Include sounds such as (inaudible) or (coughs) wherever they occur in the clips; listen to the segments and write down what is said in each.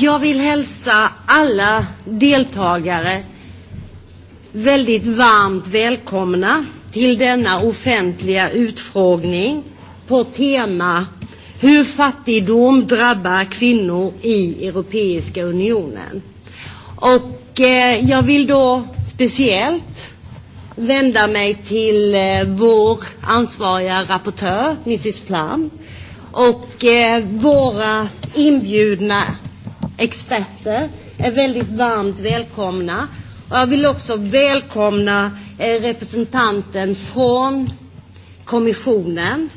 Jag vill hälsa alla deltagare väldigt varmt välkomna till denna offentliga utfrågning på tema Hur fattigdom drabbar kvinnor i Europeiska unionen. Och eh, jag vill då speciellt vända mig till eh, vår ansvariga rapportör, Mrs Plum, och eh, våra inbjudna experter är väldigt varmt välkomna. Och jag vill också välkomna eh, representanten från kommissionen.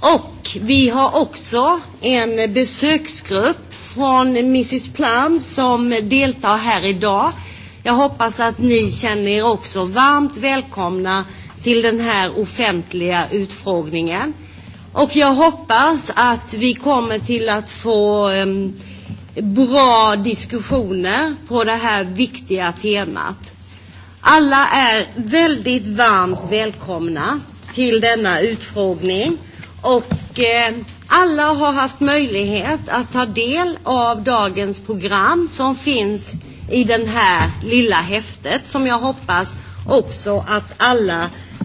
Och vi har också en besöksgrupp från Mrs Plum som deltar här idag. Jag hoppas att ni känner er också varmt välkomna till den här offentliga utfrågningen. Och jag hoppas att vi kommer till att få um, bra diskussioner på det här viktiga temat. Alla är väldigt varmt välkomna till denna utfrågning och eh, alla har haft möjlighet att ta del av dagens program som finns i den här lilla häftet som jag hoppas också att alla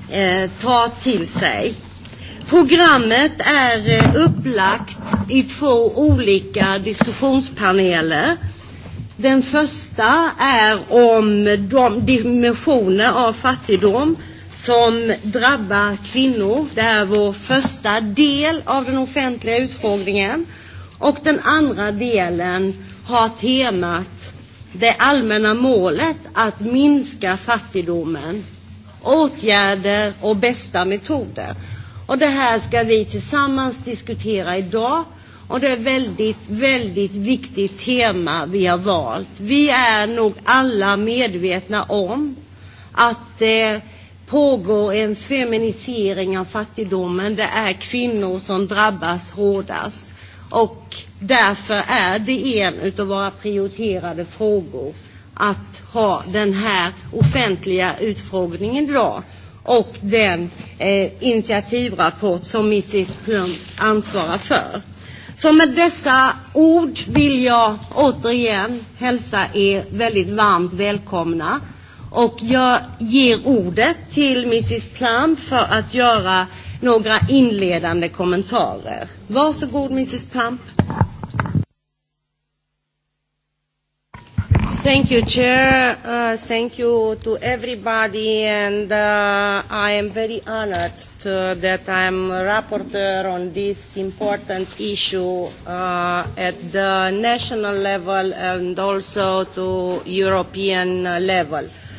eh, tar till sig. Programmet är eh, upplagt i två olika diskussionspaneler. Den första är om de dimensioner av fattigdom som drabbar kvinnor. Det är vår första del av den offentliga utfrågningen. Och den andra delen har temat det allmänna målet att minska fattigdomen, åtgärder och bästa metoder. Och det här ska vi tillsammans diskutera idag. Och det är ett väldigt, väldigt viktigt tema vi har valt. Vi är nog alla medvetna om att det pågår en feminisering av fattigdomen. Det är kvinnor som drabbas hårdast. Och därför är det en av våra prioriterade frågor att ha den här offentliga utfrågningen idag och den eh, initiativrapport som Mrs Plum ansvarar för. Så med dessa ord vill jag återigen hälsa er väldigt varmt välkomna. Och jag ger ordet till Mrs Plum för att göra några inledande kommentarer. Varsågod Mrs Plump. Thank you, Chair. Uh, thank you to everybody, and uh, I am very honored to, that I am rapporteur on this important issue uh, at the national level and also to European level. Uh,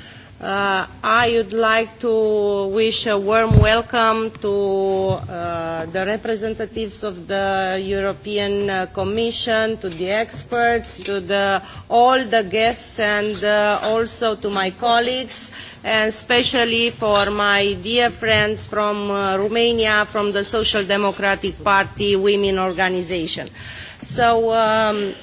Uh, I would like to wish a warm welcome to uh, the representatives of the European uh, Commission, to the experts, to the, all the guests and uh, also to my colleagues and especially for my dear friends from uh, Romania, from the Social Democratic Party Women Organization. So um,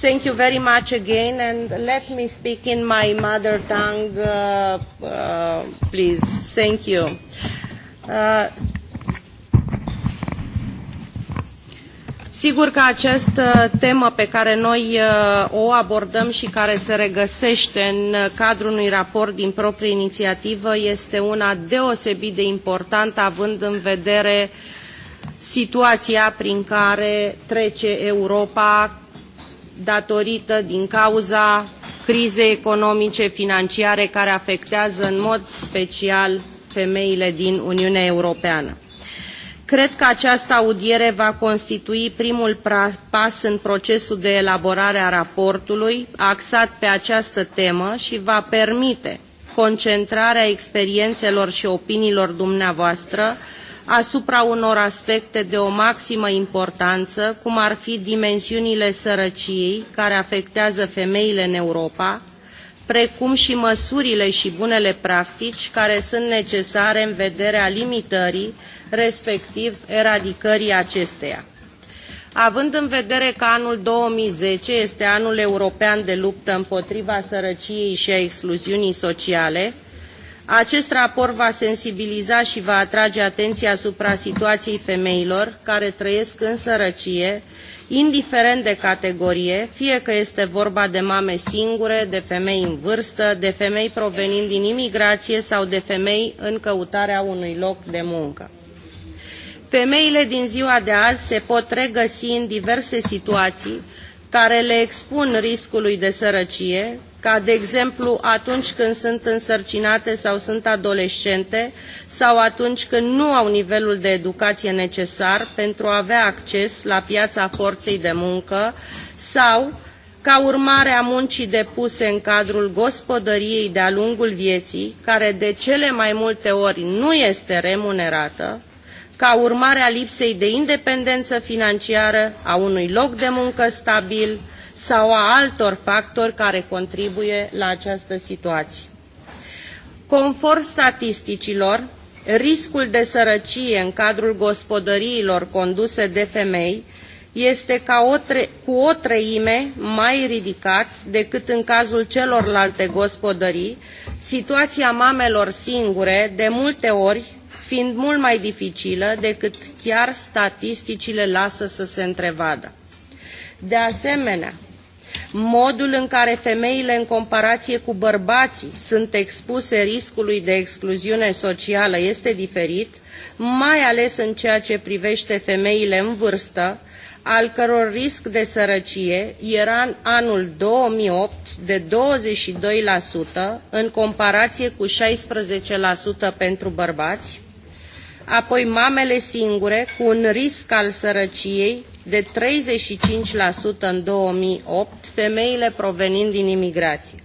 Thank you very much again, and let me speak in my mother tongue, uh, uh, please. Thank you. Uh, Sigur că această temă pe care noi uh, o abordăm și care se regăsește în cadrul unui raport din proprie inițiativă este una deosebit de importantă având în vedere situația prin care trece Europa datorită din cauza crizei economice financiare care afectează în mod special femeile din Uniunea Europeană. Cred că această audiere va constitui primul pas în procesul de elaborare a raportului axat pe această temă și va permite concentrarea experiențelor și opiniilor dumneavoastră asupra unor aspecte de o maximă importanță, cum ar fi dimensiunile sărăciei care afectează femeile în Europa, precum și măsurile și bunele practici care sunt necesare în vederea limitării, respectiv eradicării acesteia. Având în vedere că anul 2010 este anul european de luptă împotriva sărăciei și a excluziunii sociale, acest raport va sensibiliza și va atrage atenția asupra situației femeilor care trăiesc în sărăcie, indiferent de categorie, fie că este vorba de mame singure, de femei în vârstă, de femei provenind din imigrație sau de femei în căutarea unui loc de muncă. Femeile din ziua de azi se pot regăsi în diverse situații, care le expun riscului de sărăcie, ca de exemplu atunci când sunt însărcinate sau sunt adolescente sau atunci când nu au nivelul de educație necesar pentru a avea acces la piața forței de muncă sau ca urmare a muncii depuse în cadrul gospodăriei de-a lungul vieții, care de cele mai multe ori nu este remunerată, ca urmare a lipsei de independență financiară, a unui loc de muncă stabil sau a altor factori care contribuie la această situație. Conform statisticilor, riscul de sărăcie în cadrul gospodăriilor conduse de femei este ca o tre cu o treime mai ridicat decât în cazul celorlalte gospodării, situația mamelor singure de multe ori fiind mult mai dificilă decât chiar statisticile lasă să se întrevadă. De asemenea, modul în care femeile în comparație cu bărbații sunt expuse riscului de excluziune socială este diferit, mai ales în ceea ce privește femeile în vârstă, al căror risc de sărăcie era în anul 2008 de 22% în comparație cu 16% pentru bărbați, apoi mamele singure cu un risc al sărăciei de 35% în 2008, femeile provenind din imigrație.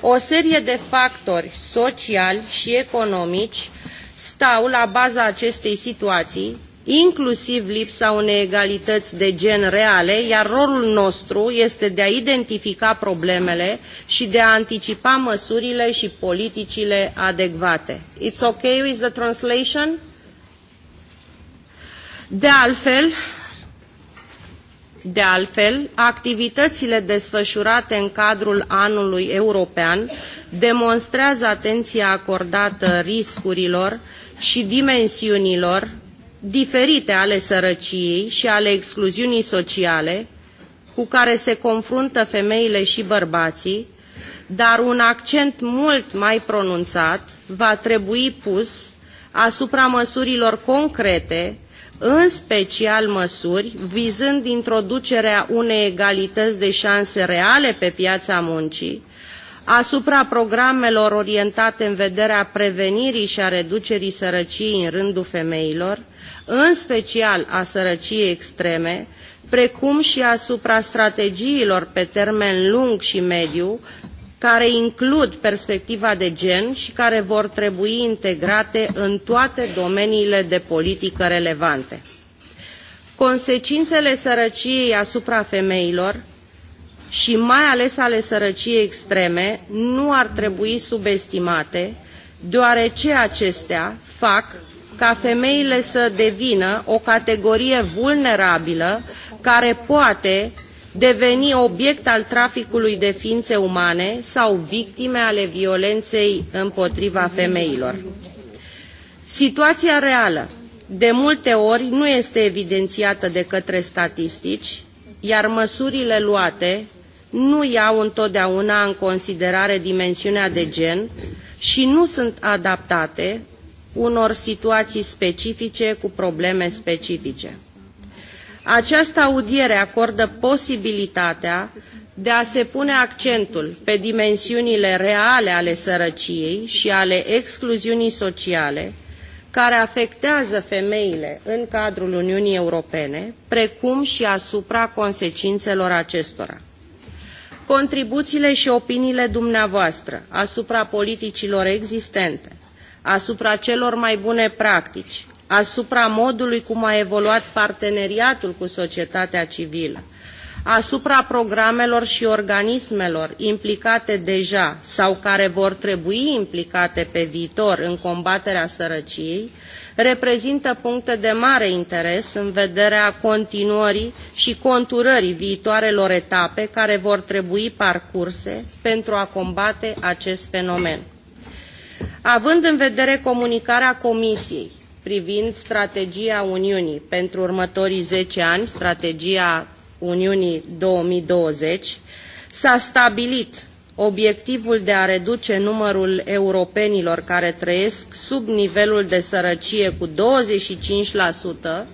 O serie de factori sociali și economici stau la baza acestei situații, inclusiv lipsa unei egalități de gen reale, iar rolul nostru este de a identifica problemele și de a anticipa măsurile și politicile adecvate. It's okay with the translation? De altfel, de altfel, activitățile desfășurate în cadrul anului european demonstrează atenția acordată riscurilor și dimensiunilor diferite ale sărăciei și ale excluziunii sociale cu care se confruntă femeile și bărbații, dar un accent mult mai pronunțat va trebui pus asupra măsurilor concrete în special măsuri vizând introducerea unei egalități de șanse reale pe piața muncii, asupra programelor orientate în vederea prevenirii și a reducerii sărăciei în rândul femeilor, în special a sărăciei extreme, precum și asupra strategiilor pe termen lung și mediu care includ perspectiva de gen și care vor trebui integrate în toate domeniile de politică relevante. Consecințele sărăciei asupra femeilor și mai ales ale sărăciei extreme nu ar trebui subestimate, deoarece acestea fac ca femeile să devină o categorie vulnerabilă care poate deveni obiect al traficului de ființe umane sau victime ale violenței împotriva femeilor. Situația reală de multe ori nu este evidențiată de către statistici, iar măsurile luate nu iau întotdeauna în considerare dimensiunea de gen și nu sunt adaptate unor situații specifice cu probleme specifice. Această audiere acordă posibilitatea de a se pune accentul pe dimensiunile reale ale sărăciei și ale excluziunii sociale, care afectează femeile în cadrul Uniunii Europene, precum și asupra consecințelor acestora. Contribuțiile și opiniile dumneavoastră asupra politicilor existente, asupra celor mai bune practici, asupra modului cum a evoluat parteneriatul cu societatea civilă, asupra programelor și organismelor implicate deja sau care vor trebui implicate pe viitor în combaterea sărăciei, reprezintă puncte de mare interes în vederea continuării și conturării viitoarelor etape care vor trebui parcurse pentru a combate acest fenomen. Având în vedere comunicarea Comisiei privind strategia Uniunii pentru următorii 10 ani, strategia Uniunii 2020, s-a stabilit obiectivul de a reduce numărul europenilor care trăiesc sub nivelul de sărăcie cu 25%,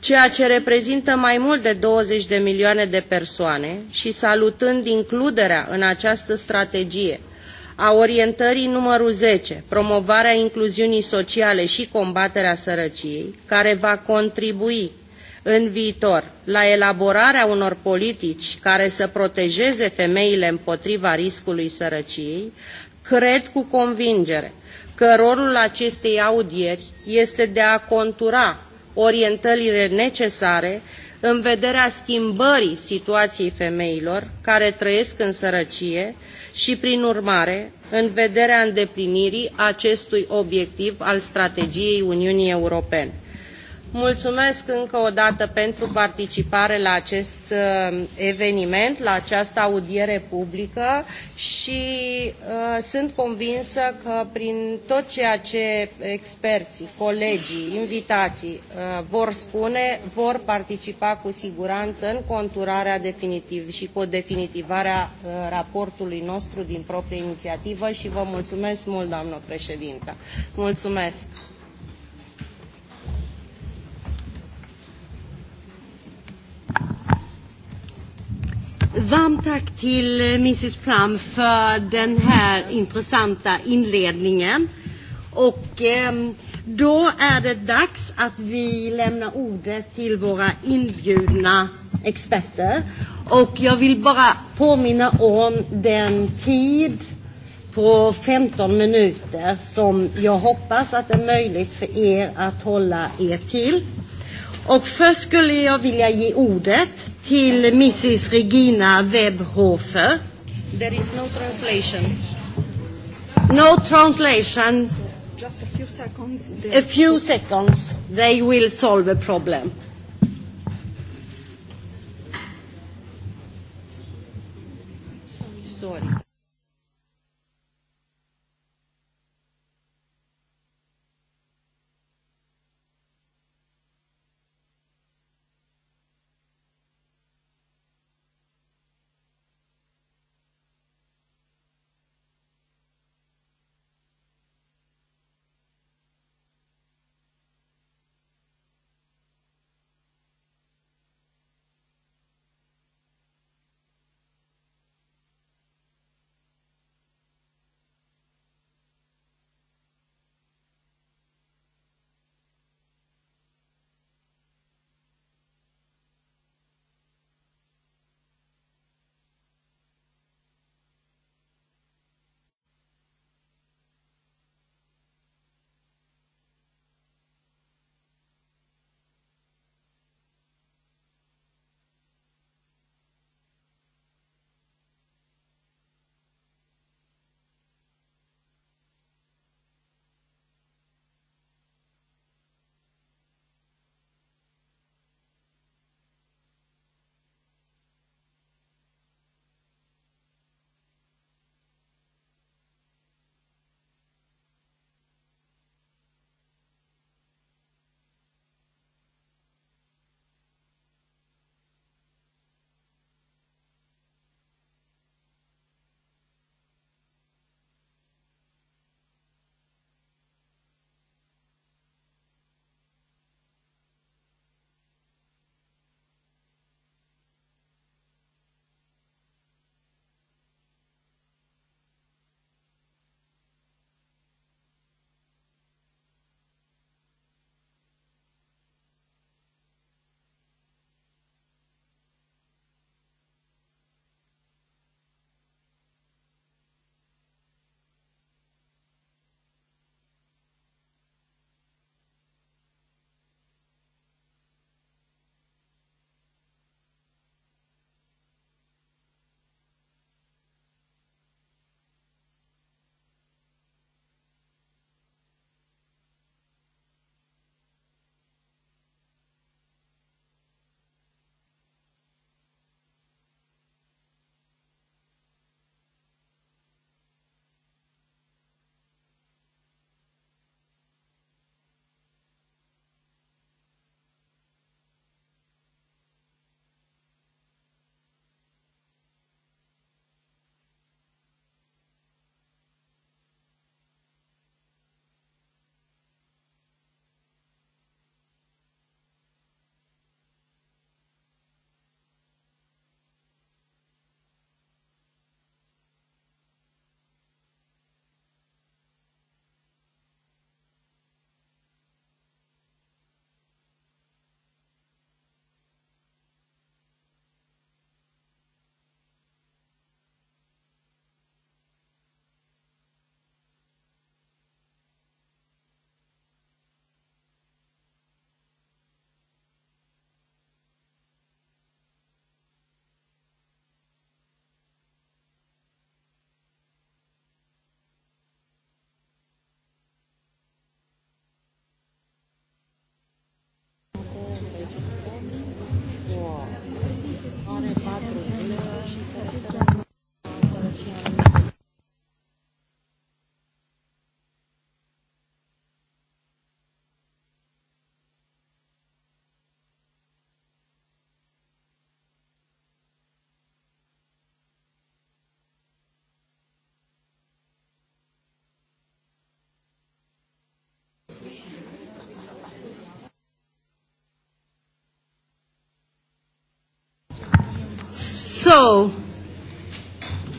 ceea ce reprezintă mai mult de 20 de milioane de persoane și salutând includerea în această strategie a orientării numărul 10, promovarea incluziunii sociale și combaterea sărăciei, care va contribui în viitor la elaborarea unor politici care să protejeze femeile împotriva riscului sărăciei, cred cu convingere că rolul acestei audieri este de a contura orientările necesare în vederea schimbării situației femeilor care trăiesc în sărăcie și, prin urmare, în vederea îndeplinirii acestui obiectiv al strategiei Uniunii Europene. Mulțumesc încă o dată pentru participare la acest uh, eveniment, la această audiere publică și uh, sunt convinsă că prin tot ceea ce experții, colegii, invitații uh, vor spune, vor participa cu siguranță în conturarea definitiv și cu definitivarea uh, raportului nostru din proprie inițiativă și vă mulțumesc mult, doamnă președintă. Mulțumesc! Varmt tack till eh, Mrs Plum för den här intressanta inledningen. Och ehm, då är det dags att vi lämnar ordet till våra inbjudna experter. Och jag vill bara påminna om den tid på 15 minuter som jag hoppas att det är möjligt för er att hålla er till. Och först skulle jag vilja ge ordet till Mrs Regina Webhofer. There is no translation. No translation. Just a few seconds. A few seconds. They will solve the problem.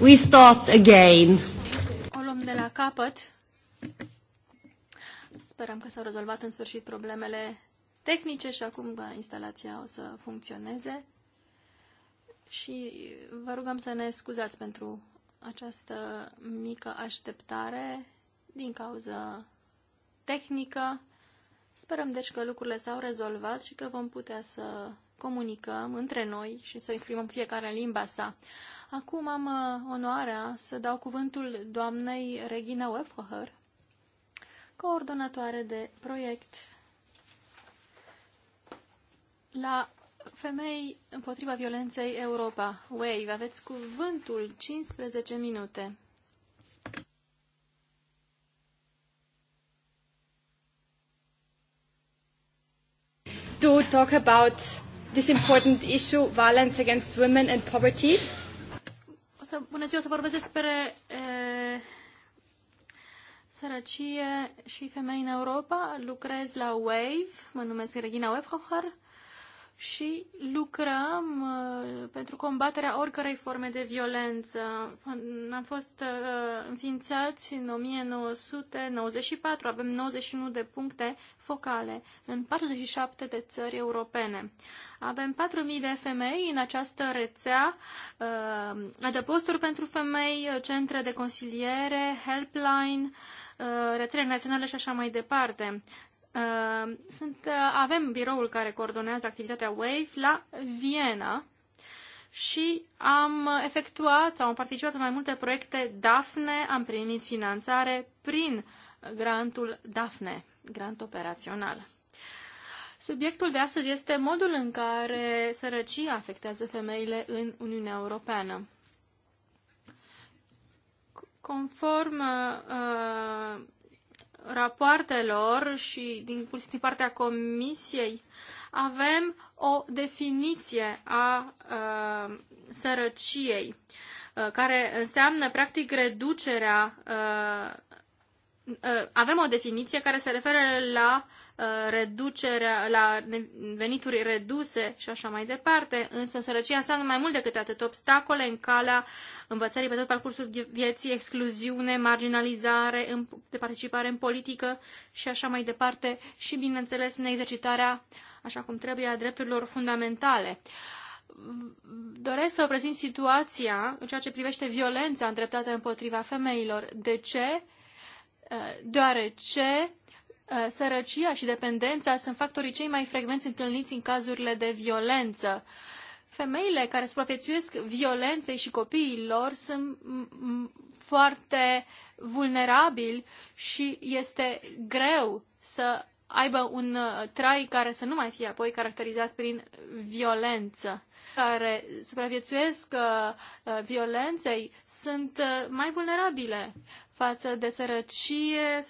We start again. O luăm de la capăt. Sperăm că s-au rezolvat în sfârșit problemele tehnice și acum instalația o să funcționeze. Și vă rugăm să ne scuzați pentru această mică așteptare din cauza tehnică. Sperăm deci că lucrurile s-au rezolvat și că vom putea să comunicăm între noi și să exprimăm fiecare în limba sa. Acum am uh, onoarea să dau cuvântul doamnei Regina Webhoher, coordonatoare de proiect la Femei împotriva violenței Europa. Wave, aveți cuvântul 15 minute. to talk about this important issue, violence against women and poverty. O să, bună ziua, o să vorbesc despre e, sărăcie și femei în Europa. Lucrez la WAVE, mă numesc Regina Webhofer și lucrăm uh, pentru combaterea oricărei forme de violență. Am fost uh, înființați în 1994, avem 91 de puncte focale în 47 de țări europene. Avem 4.000 de femei în această rețea, uh, adăposturi pentru femei, centre de consiliere, helpline, rețele naționale și așa mai departe. Uh, sunt, uh, avem biroul care coordonează activitatea WAVE la Viena și am efectuat sau am participat în mai multe proiecte DAFNE, am primit finanțare prin grantul DAFNE, grant operațional. Subiectul de astăzi este modul în care sărăcia afectează femeile în Uniunea Europeană. Conform uh, rapoartelor și din, din partea comisiei avem o definiție a uh, sărăciei, uh, care înseamnă practic reducerea uh, Uh, avem o definiție care se referă la uh, reducerea, la venituri reduse și așa mai departe, însă sărăcia înseamnă mai mult decât atât obstacole în calea învățării pe tot parcursul vieții, excluziune, marginalizare de participare în politică și așa mai departe și, bineînțeles, neexercitarea, așa cum trebuie, a drepturilor fundamentale doresc să prezint situația în ceea ce privește violența îndreptată împotriva femeilor. De ce? Uh, deoarece uh, sărăcia și dependența sunt factorii cei mai frecvenți întâlniți în cazurile de violență. Femeile care supraviețuiesc violenței și copiilor sunt foarte vulnerabili și este greu să aibă un uh, trai care să nu mai fie apoi caracterizat prin violență. Care supraviețuiesc violenței sunt mai vulnerabile față de sărăcie,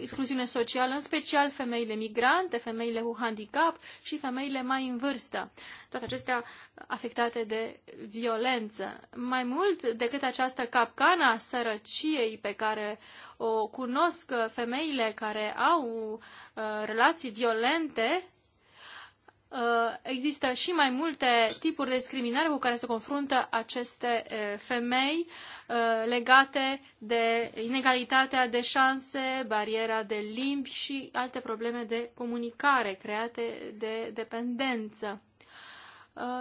excluziune socială, în special femeile migrante, femeile cu handicap și femeile mai în vârstă. Toate acestea afectate de violență. Mai mult decât această capcană sărăciei pe care o cunosc femeile care au uh, relații violente Uh, există și mai multe tipuri de discriminare cu care se confruntă aceste uh, femei uh, legate de inegalitatea de șanse, bariera de limbi și alte probleme de comunicare create de dependență.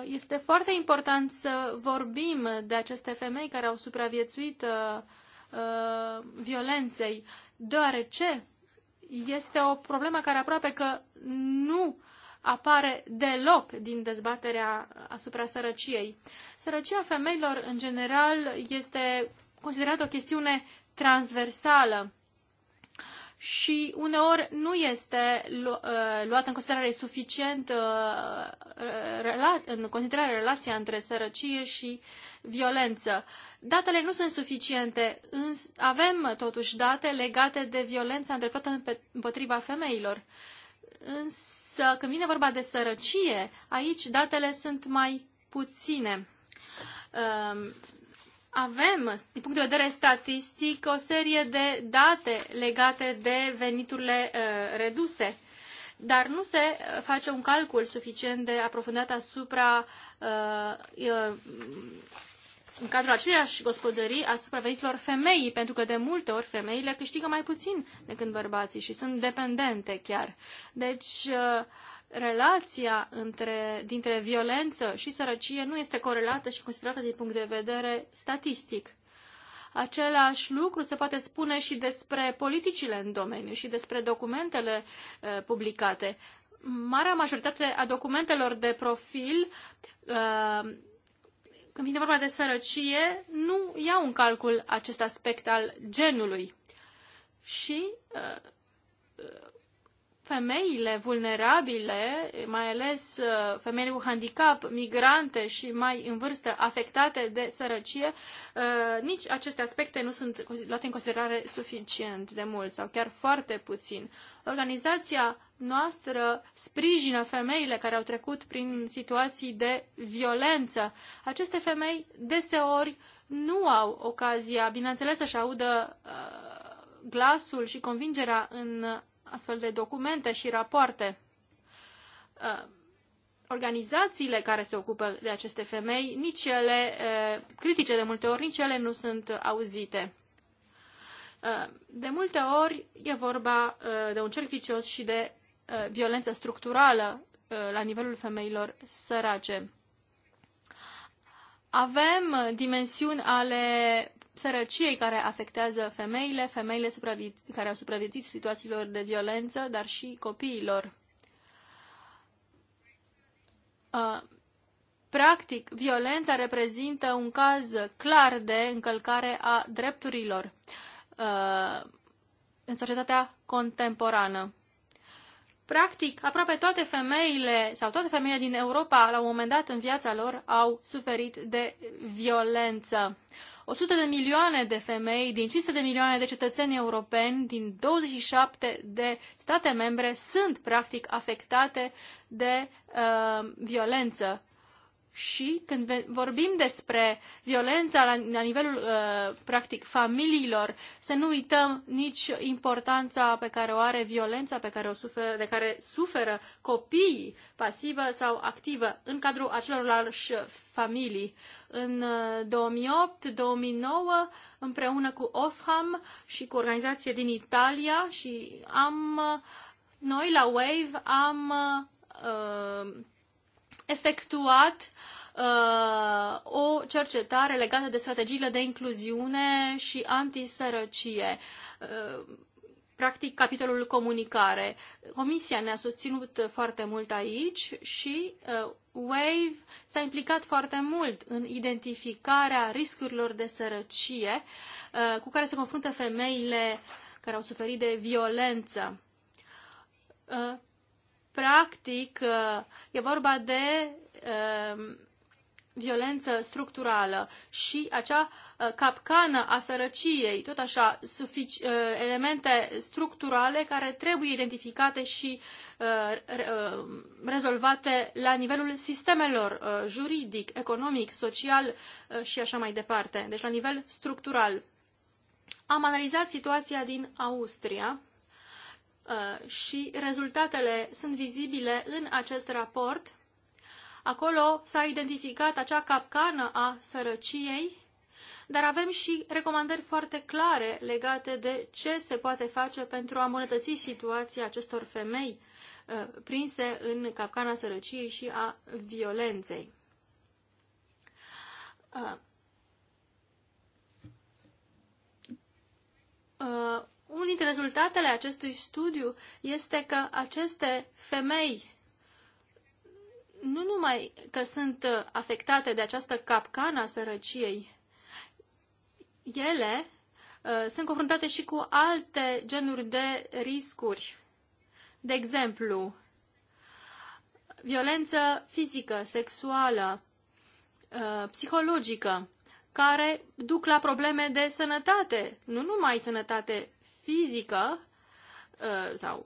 Este foarte important să vorbim de aceste femei care au supraviețuit violenței, deoarece este o problemă care aproape că nu uh, apare deloc din dezbaterea asupra sărăciei. Sărăcia femeilor, în general, este considerată o chestiune transversală și uneori nu este ă, luată în considerare suficient ă, în considerare relația între sărăcie și violență. Datele nu sunt suficiente, avem totuși date legate de violența îndreptată împotriva femeilor însă când vine vorba de sărăcie, aici datele sunt mai puține. Ehm, avem, din punct de vedere statistic, o serie de date legate de veniturile eh, reduse, dar nu se face un calcul suficient de aprofundat asupra eh, eh, în cadrul aceleiași gospodării asupra venitelor femeii, pentru că de multe ori femeile câștigă mai puțin decât bărbații și sunt dependente chiar. Deci, uh, relația între, dintre violență și sărăcie nu este corelată și considerată din punct de vedere statistic. Același lucru se poate spune și despre politicile în domeniu și despre documentele uh, publicate. Marea majoritate a documentelor de profil uh, când vine vorba de sărăcie, nu iau în calcul acest aspect al genului. Și uh, uh, femeile vulnerabile, mai ales uh, femeile cu handicap, migrante și mai în vârstă afectate de sărăcie, uh, nici aceste aspecte nu sunt luate în considerare suficient de mult sau chiar foarte puțin. Organizația noastră sprijină femeile care au trecut prin situații de violență. Aceste femei deseori nu au ocazia, bineînțeles, să-și audă uh, glasul și convingerea în astfel de documente și rapoarte. Uh, organizațiile care se ocupă de aceste femei, nici ele, uh, critice de multe ori, nici ele nu sunt auzite. Uh, de multe ori e vorba de un cerc vicios și de violență structurală la nivelul femeilor sărace. Avem dimensiuni ale sărăciei care afectează femeile, femeile care au supraviețuit situațiilor de violență, dar și copiilor. Uh, practic, violența reprezintă un caz clar de încălcare a drepturilor uh, în societatea contemporană. Practic, aproape toate femeile sau toate femeile din Europa, la un moment dat în viața lor, au suferit de violență. 100 de milioane de femei din 500 de milioane de cetățeni europeni din 27 de state membre sunt practic afectate de uh, violență și când vorbim despre violența la, la nivelul, uh, practic, familiilor, să nu uităm nici importanța pe care o are violența pe care o suferă, de care suferă copiii, pasivă sau activă, în cadrul acelorlalți familii. În 2008-2009, uh, împreună cu OSHAM și cu organizație din Italia și am, uh, noi la WAVE am uh, efectuat uh, o cercetare legată de strategiile de incluziune și antisărăcie. Uh, practic, capitolul comunicare. Comisia ne-a susținut foarte mult aici și uh, WAVE s-a implicat foarte mult în identificarea riscurilor de sărăcie uh, cu care se confruntă femeile care au suferit de violență. Uh, Practic, uh, e vorba de um, violență structurală și acea uh, capcană a sărăciei, tot așa, uh, elemente structurale care trebuie identificate și rezolvate la nivelul sistemelor juridic, economic, social și așa mai departe, deci la nivel structural. Am analizat situația din Austria Uh, și rezultatele sunt vizibile în acest raport. Acolo s-a identificat acea capcană a sărăciei, dar avem și recomandări foarte clare legate de ce se poate face pentru a îmbunătăți situația acestor femei uh, prinse în capcana sărăciei și a violenței. Uh, unul dintre rezultatele acestui studiu este că aceste femei nu numai că sunt uh, afectate de această capcană a sărăciei, ele uh, sunt confruntate și cu alte genuri de riscuri. De exemplu, violență fizică, sexuală, uh, psihologică, care duc la probleme de sănătate, nu numai sănătate fizică uh, sau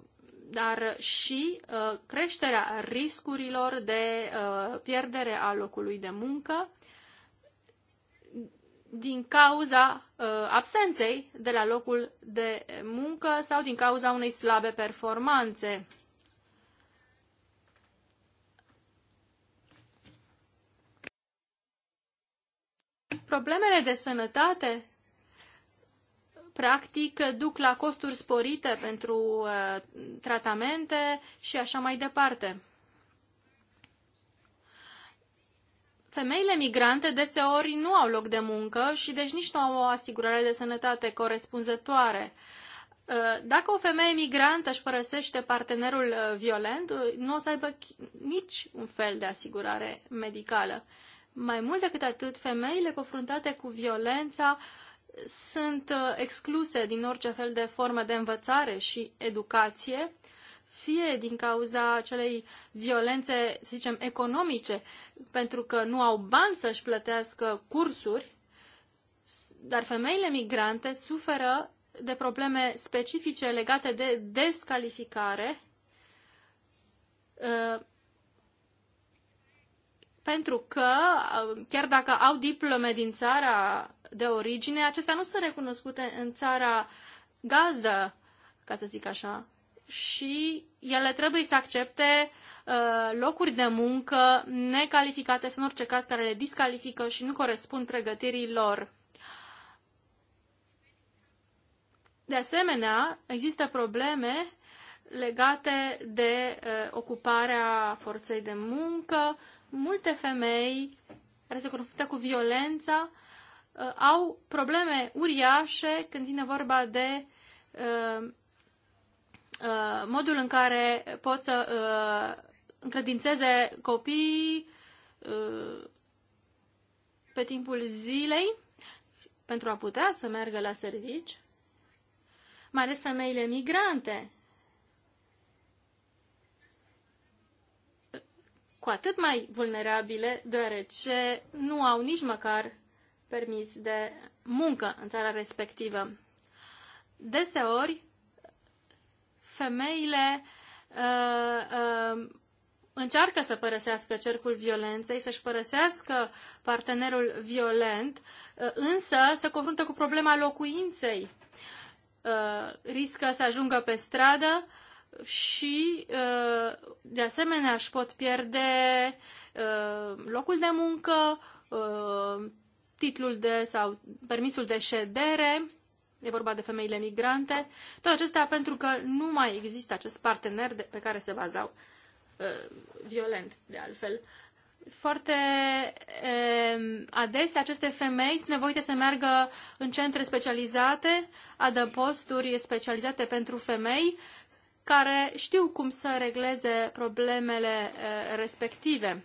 dar și uh, creșterea riscurilor de uh, pierdere a locului de muncă din cauza absenței de la locul de muncă sau din cauza unei slabe performanțe. Problemele de sănătate practic duc la costuri sporite pentru uh, tratamente și așa mai departe. Femeile migrante deseori nu au loc de muncă și deci nici nu au o asigurare de sănătate corespunzătoare. Uh, dacă o femeie migrantă își părăsește partenerul uh, violent, nu o să aibă nici un fel de asigurare medicală. Mai mult decât atât, femeile confruntate cu violența uh, sunt uh, excluse din orice fel de formă de învățare și educație, fie din cauza acelei violențe, să zicem, economice, pentru că nu au bani să-și plătească cursuri, dar femeile migrante suferă de probleme specifice legate de descalificare uh, pentru că, chiar dacă au diplome din țara de origine, acestea nu sunt recunoscute în țara gazdă, ca să zic așa. Și ele trebuie să accepte uh, locuri de muncă necalificate, sunt orice caz care le discalifică și nu corespund pregătirii lor. De asemenea, există probleme legate de uh, ocuparea forței de muncă, uh, multe femei care se confruntă cu violența uh, au probleme uriașe când vine vorba de uh, uh, modul în care pot să uh, încredințeze copiii uh, pe timpul zilei pentru a putea să meargă la servici, mai ales femeile migrante cu atât mai vulnerabile, deoarece nu au nici măcar permis de muncă în țara respectivă. Deseori, femeile uh, uh, încearcă să părăsească cercul violenței, să-și părăsească partenerul violent, uh, însă se confruntă cu problema locuinței. Uh, riscă să ajungă pe stradă uh, și, uh, de asemenea, își pot pierde uh, locul de muncă, uh, titlul de sau permisul de ședere, e vorba de femeile migrante, toate acestea pentru că nu mai există acest partener de, pe care se bazau violent, de altfel. Foarte adesea aceste femei sunt nevoite să meargă în centre specializate, adăposturi specializate pentru femei, care știu cum să regleze problemele respective.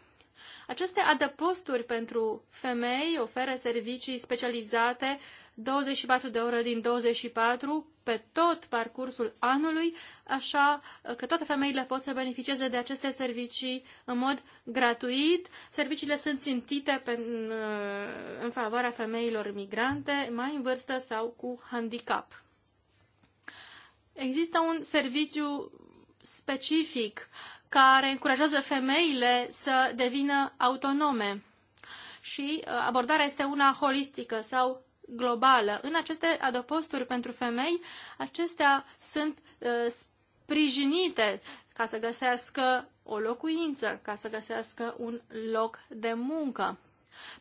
Aceste adăposturi pentru femei oferă servicii specializate 24 de ore din 24 pe tot parcursul anului, așa că toate femeile pot să beneficieze de aceste servicii în mod gratuit. Serviciile sunt țintite pe, în, în favoarea femeilor migrante mai în vârstă sau cu handicap. Există un serviciu specific care încurajează femeile să devină autonome și uh, abordarea este una holistică sau globală. În aceste adăposturi pentru femei, acestea sunt uh, sprijinite ca să găsească o locuință, ca să găsească un loc de muncă.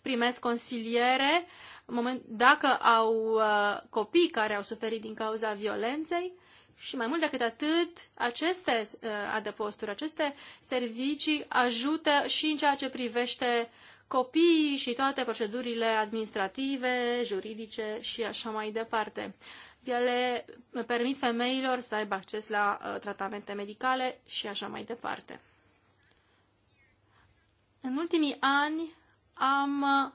Primesc consiliere moment, dacă au uh, copii care au suferit din cauza violenței și mai mult decât atât, aceste uh, adăposturi, aceste servicii ajută și în ceea ce privește copiii și toate procedurile administrative, juridice și așa mai departe. Ele permit femeilor să aibă acces la uh, tratamente medicale și așa mai departe. În ultimii ani am uh,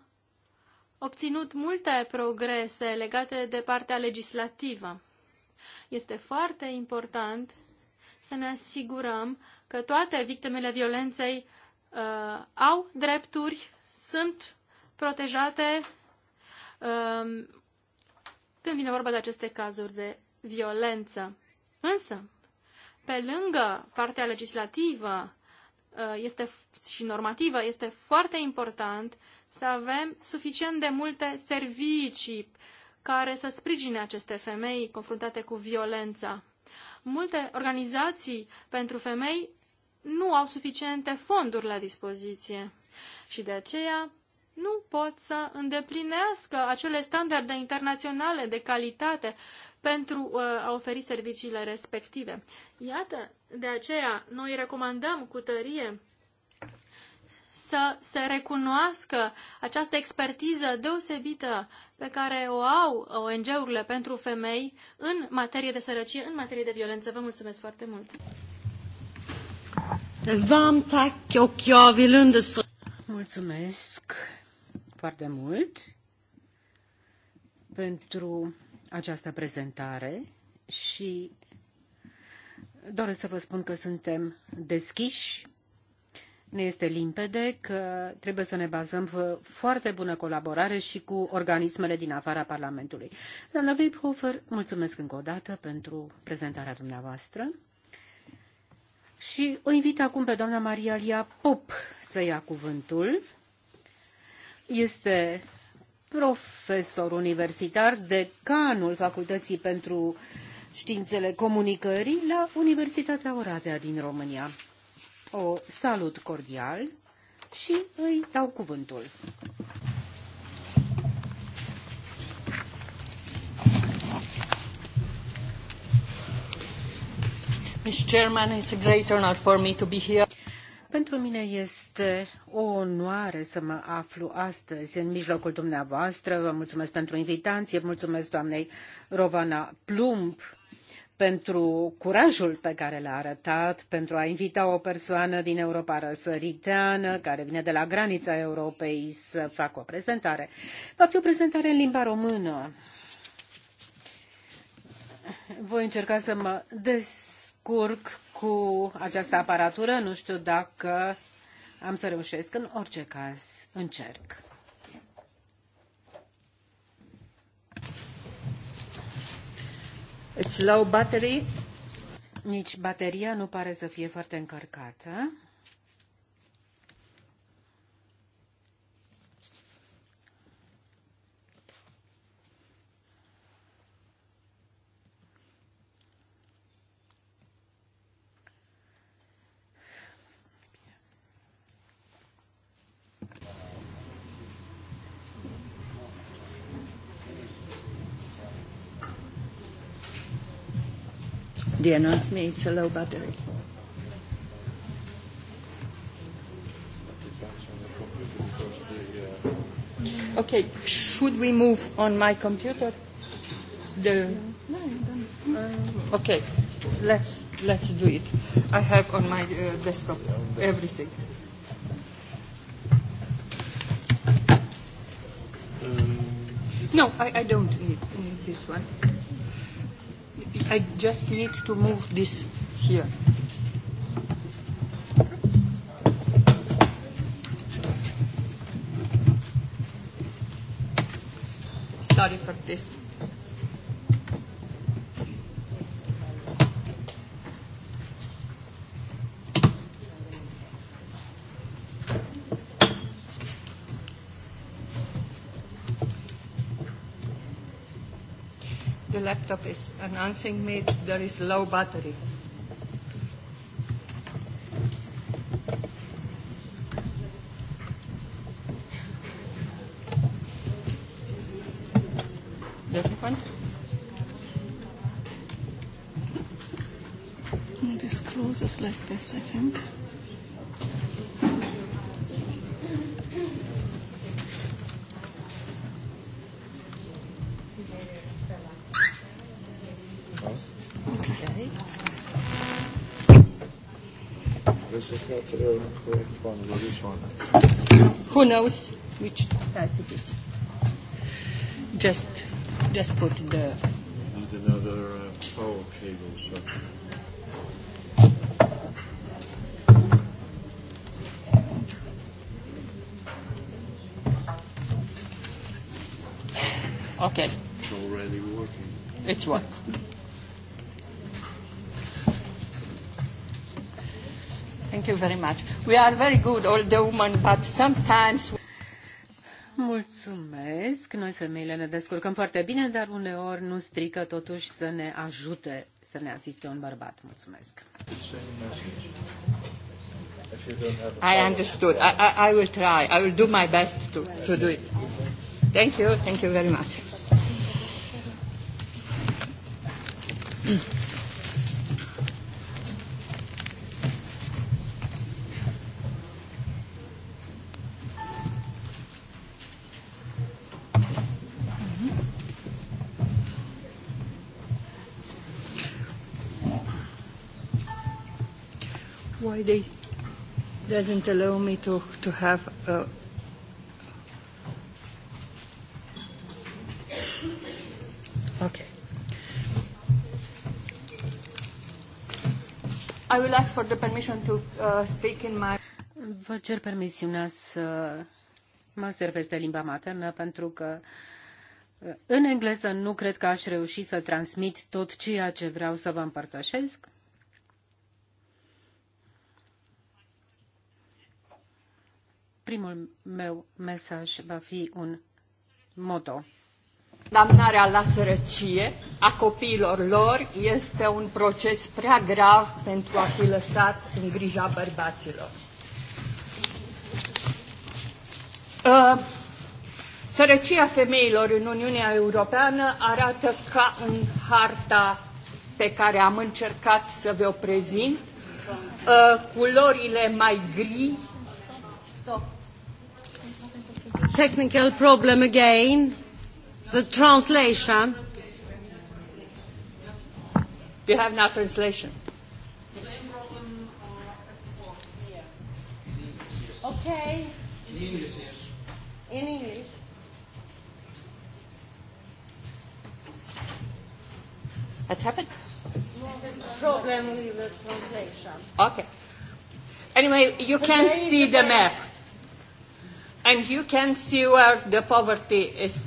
obținut multe progrese legate de partea legislativă este foarte important să ne asigurăm că toate victimele violenței uh, au drepturi, sunt protejate uh, când vine vorba de aceste cazuri de violență. Însă, pe lângă partea legislativă uh, este, și normativă, este foarte important să avem suficient de multe servicii care să sprijine aceste femei confruntate cu violența. Multe organizații pentru femei nu au suficiente fonduri la dispoziție și de aceea nu pot să îndeplinească acele standarde internaționale de calitate pentru uh, a oferi serviciile respective. Iată, de aceea noi recomandăm cu tărie să se recunoască această expertiză deosebită pe care o au ONG-urile pentru femei în materie de sărăcie, în materie de violență. Vă mulțumesc foarte mult! Mulțumesc foarte mult pentru această prezentare și doresc să vă spun că suntem deschiși ne este limpede că trebuie să ne bazăm pe foarte bună colaborare și cu organismele din afara Parlamentului. Doamna Weibhofer, mulțumesc încă o dată pentru prezentarea dumneavoastră. Și o invit acum pe doamna Maria Lia Pop să ia cuvântul. Este profesor universitar, decanul Facultății pentru Științele Comunicării la Universitatea Oradea din România o salut cordial și îi dau cuvântul. Mr. Chairman, it's a great honor for me to be here. Pentru mine este o onoare să mă aflu astăzi în mijlocul dumneavoastră. Vă mulțumesc pentru invitație, mulțumesc doamnei Rovana Plumb pentru curajul pe care l-a arătat pentru a invita o persoană din Europa răsăriteană, care vine de la granița Europei, să facă o prezentare. Va fi o prezentare în limba română. Voi încerca să mă descurc cu această aparatură. Nu știu dacă am să reușesc. În orice caz, încerc. It's low battery. Nici bateria nu pare să fie foarte încărcată. The announcement, it's a low battery. Okay, should we move on my computer? The okay, let's let's do it. I have on my uh, desktop everything. No, I, I don't need, need this one. I just need to move this here. Sorry for this. laptop is announcing me there is low battery. This one? This closes like this, I think. Who knows which has it is? Just, just put the. Need another uh, power cable. So. Okay. It's already working. It's working. you very much. We are very good, all the women, but sometimes... Mulțumesc! Noi femeile ne descurcăm foarte bine, dar uneori nu strică totuși să ne ajute, să ne asiste un bărbat. Mulțumesc! I understood. I, I, I will try. I will do my best to, to do it. Thank you. Thank you very much. Monday doesn't allow me to, to have a uh, Okay. I will ask for the permission to uh, speak in my Vă cer permisiunea să mă servesc de limba maternă pentru că uh, în engleză nu cred că aș reuși să transmit tot ceea ce vreau să vă împărtășesc. primul meu mesaj va fi un moto. Damnarea la sărăcie a copiilor lor este un proces prea grav pentru a fi lăsat în grija bărbaților. Uh, sărăcia femeilor în Uniunea Europeană arată ca în harta pe care am încercat să vă o prezint, uh, culorile mai gri Technical problem again. The translation. You have no translation. Okay. In English, yes. In English. What's happened? Problem with the translation. Okay. Anyway, you can see the map and you can see where the poverty is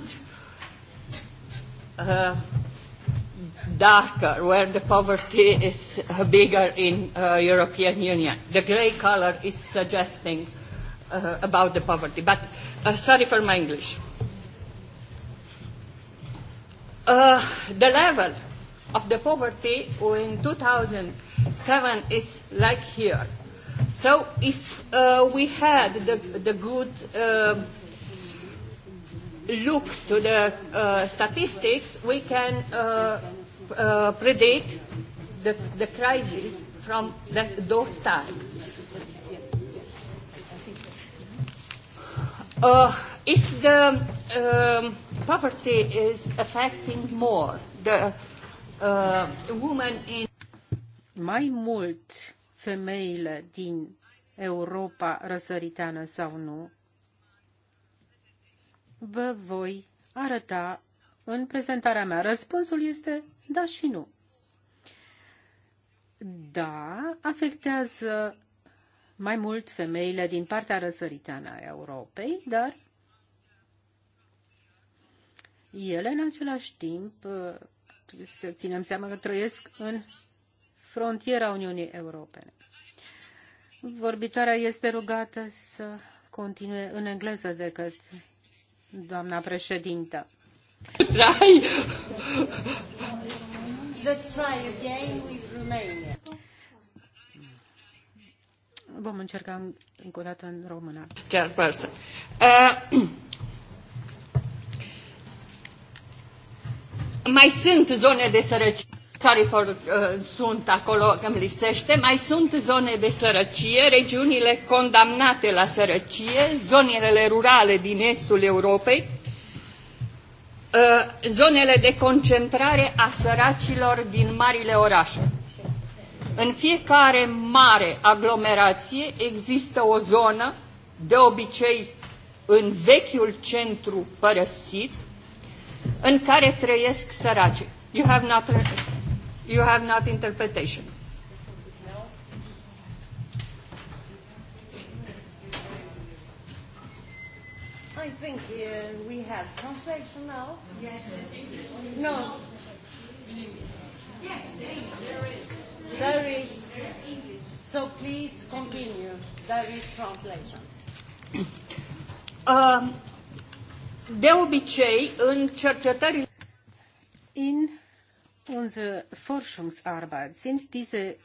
uh, darker, where the poverty is bigger in uh, European Union. The grey color is suggesting uh, about the poverty. But uh, sorry for my English. Uh, the level of the poverty in 2007 is like here. So if uh, we had the, the good uh, look to the uh, statistics, we can uh, uh, predict the, the crisis from the, those times. Uh, if the um, poverty is affecting more the uh, woman in mai mult femeile din Europa răsăriteană sau nu, vă voi arăta în prezentarea mea. Răspunsul este da și nu. Da, afectează mai mult femeile din partea răsăriteană a Europei, dar ele, în același timp, uh, să ținem seama că trăiesc în frontiera Uniunii Europene. Vorbitoarea este rugată să continue în engleză decât doamna președintă. Try. Let's try again with Romania. Vom încerca încă o dată în română. Chairperson. Uh, (clears throat) mai sunt zone de sărăcie. Tarifor uh, sunt acolo că îmi lisește. mai sunt zone de sărăcie, regiunile condamnate la sărăcie, zonele rurale din estul Europei, uh, zonele de concentrare a săracilor din marile orașe. În fiecare mare aglomerație există o zonă, de obicei în vechiul centru părăsit, în care trăiesc săracii. You have not You have not interpretation. I think uh, we have translation now. Yes. No. Yes, there is. There is. So please continue. There is translation. Uh, de obicei, în cercetările unsere Forschungsarbeit. Sind diese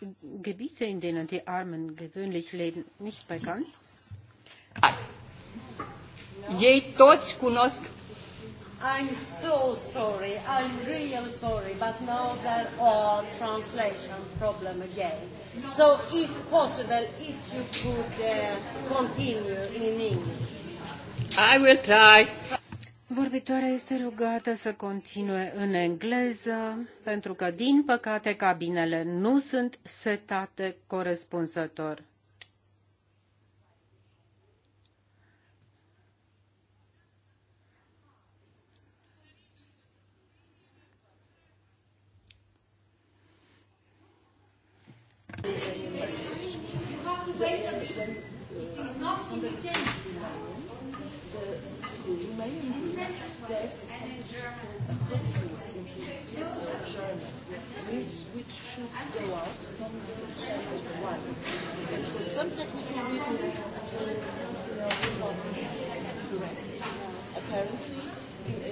Gebiete, in denen die Armen gewöhnlich leben, nicht bekannt? Ei toți cunosc. I'm so sorry. I'm real sorry, but now there are translation problem again. So if possible, if you could uh, continue in English. I will try. Vorbitoarea este rugată să continue în engleză, pentru că, din păcate, cabinele nu sunt setate corespunzător. It is not simultaneous. this. And in German. A which should go out from the channel one. And for some technical reason, the results correct. Apparently, in, uh,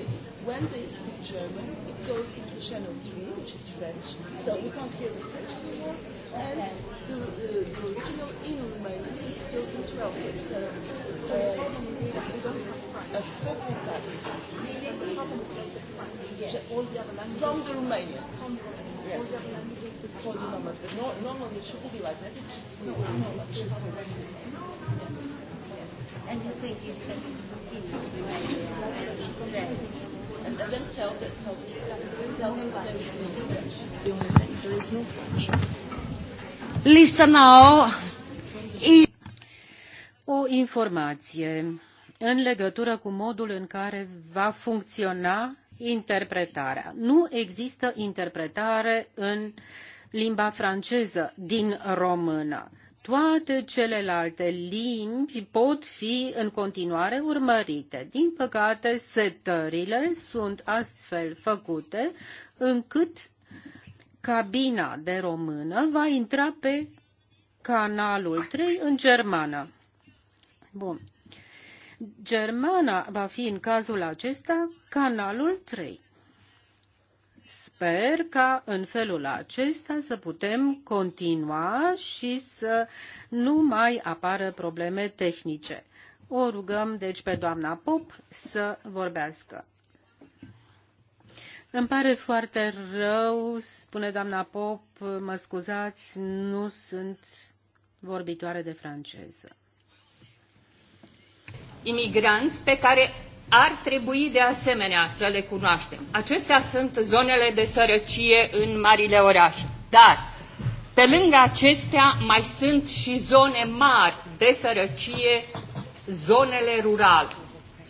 when they speak German, it goes into channel three, which is French. So we can't hear the French anymore. And the, the, uh, the original in Romanian is still in 12, so it's a uh, from the Romanian. Yes. For the moment, but no, normally it shouldn't be like that. It should be no, no, it should be like And you think it's and then tell tell, tell them that there is no French. The only thing, there is no French. Listen now o informație în legătură cu modul în care va funcționa interpretarea. Nu există interpretare în limba franceză din română. Toate celelalte limbi pot fi în continuare urmărite. Din păcate, setările sunt astfel făcute încât cabina de română va intra pe canalul 3 în germană. Bun. Germana va fi în cazul acesta canalul 3. Sper ca în felul acesta să putem continua și să nu mai apară probleme tehnice. O rugăm deci pe doamna Pop să vorbească. Îmi pare foarte rău, spune doamna Pop, mă scuzați, nu sunt vorbitoare de franceză imigranți pe care ar trebui de asemenea să le cunoaștem. Acestea sunt zonele de sărăcie în marile orașe. Dar, pe lângă acestea, mai sunt și zone mari de sărăcie, zonele rurale.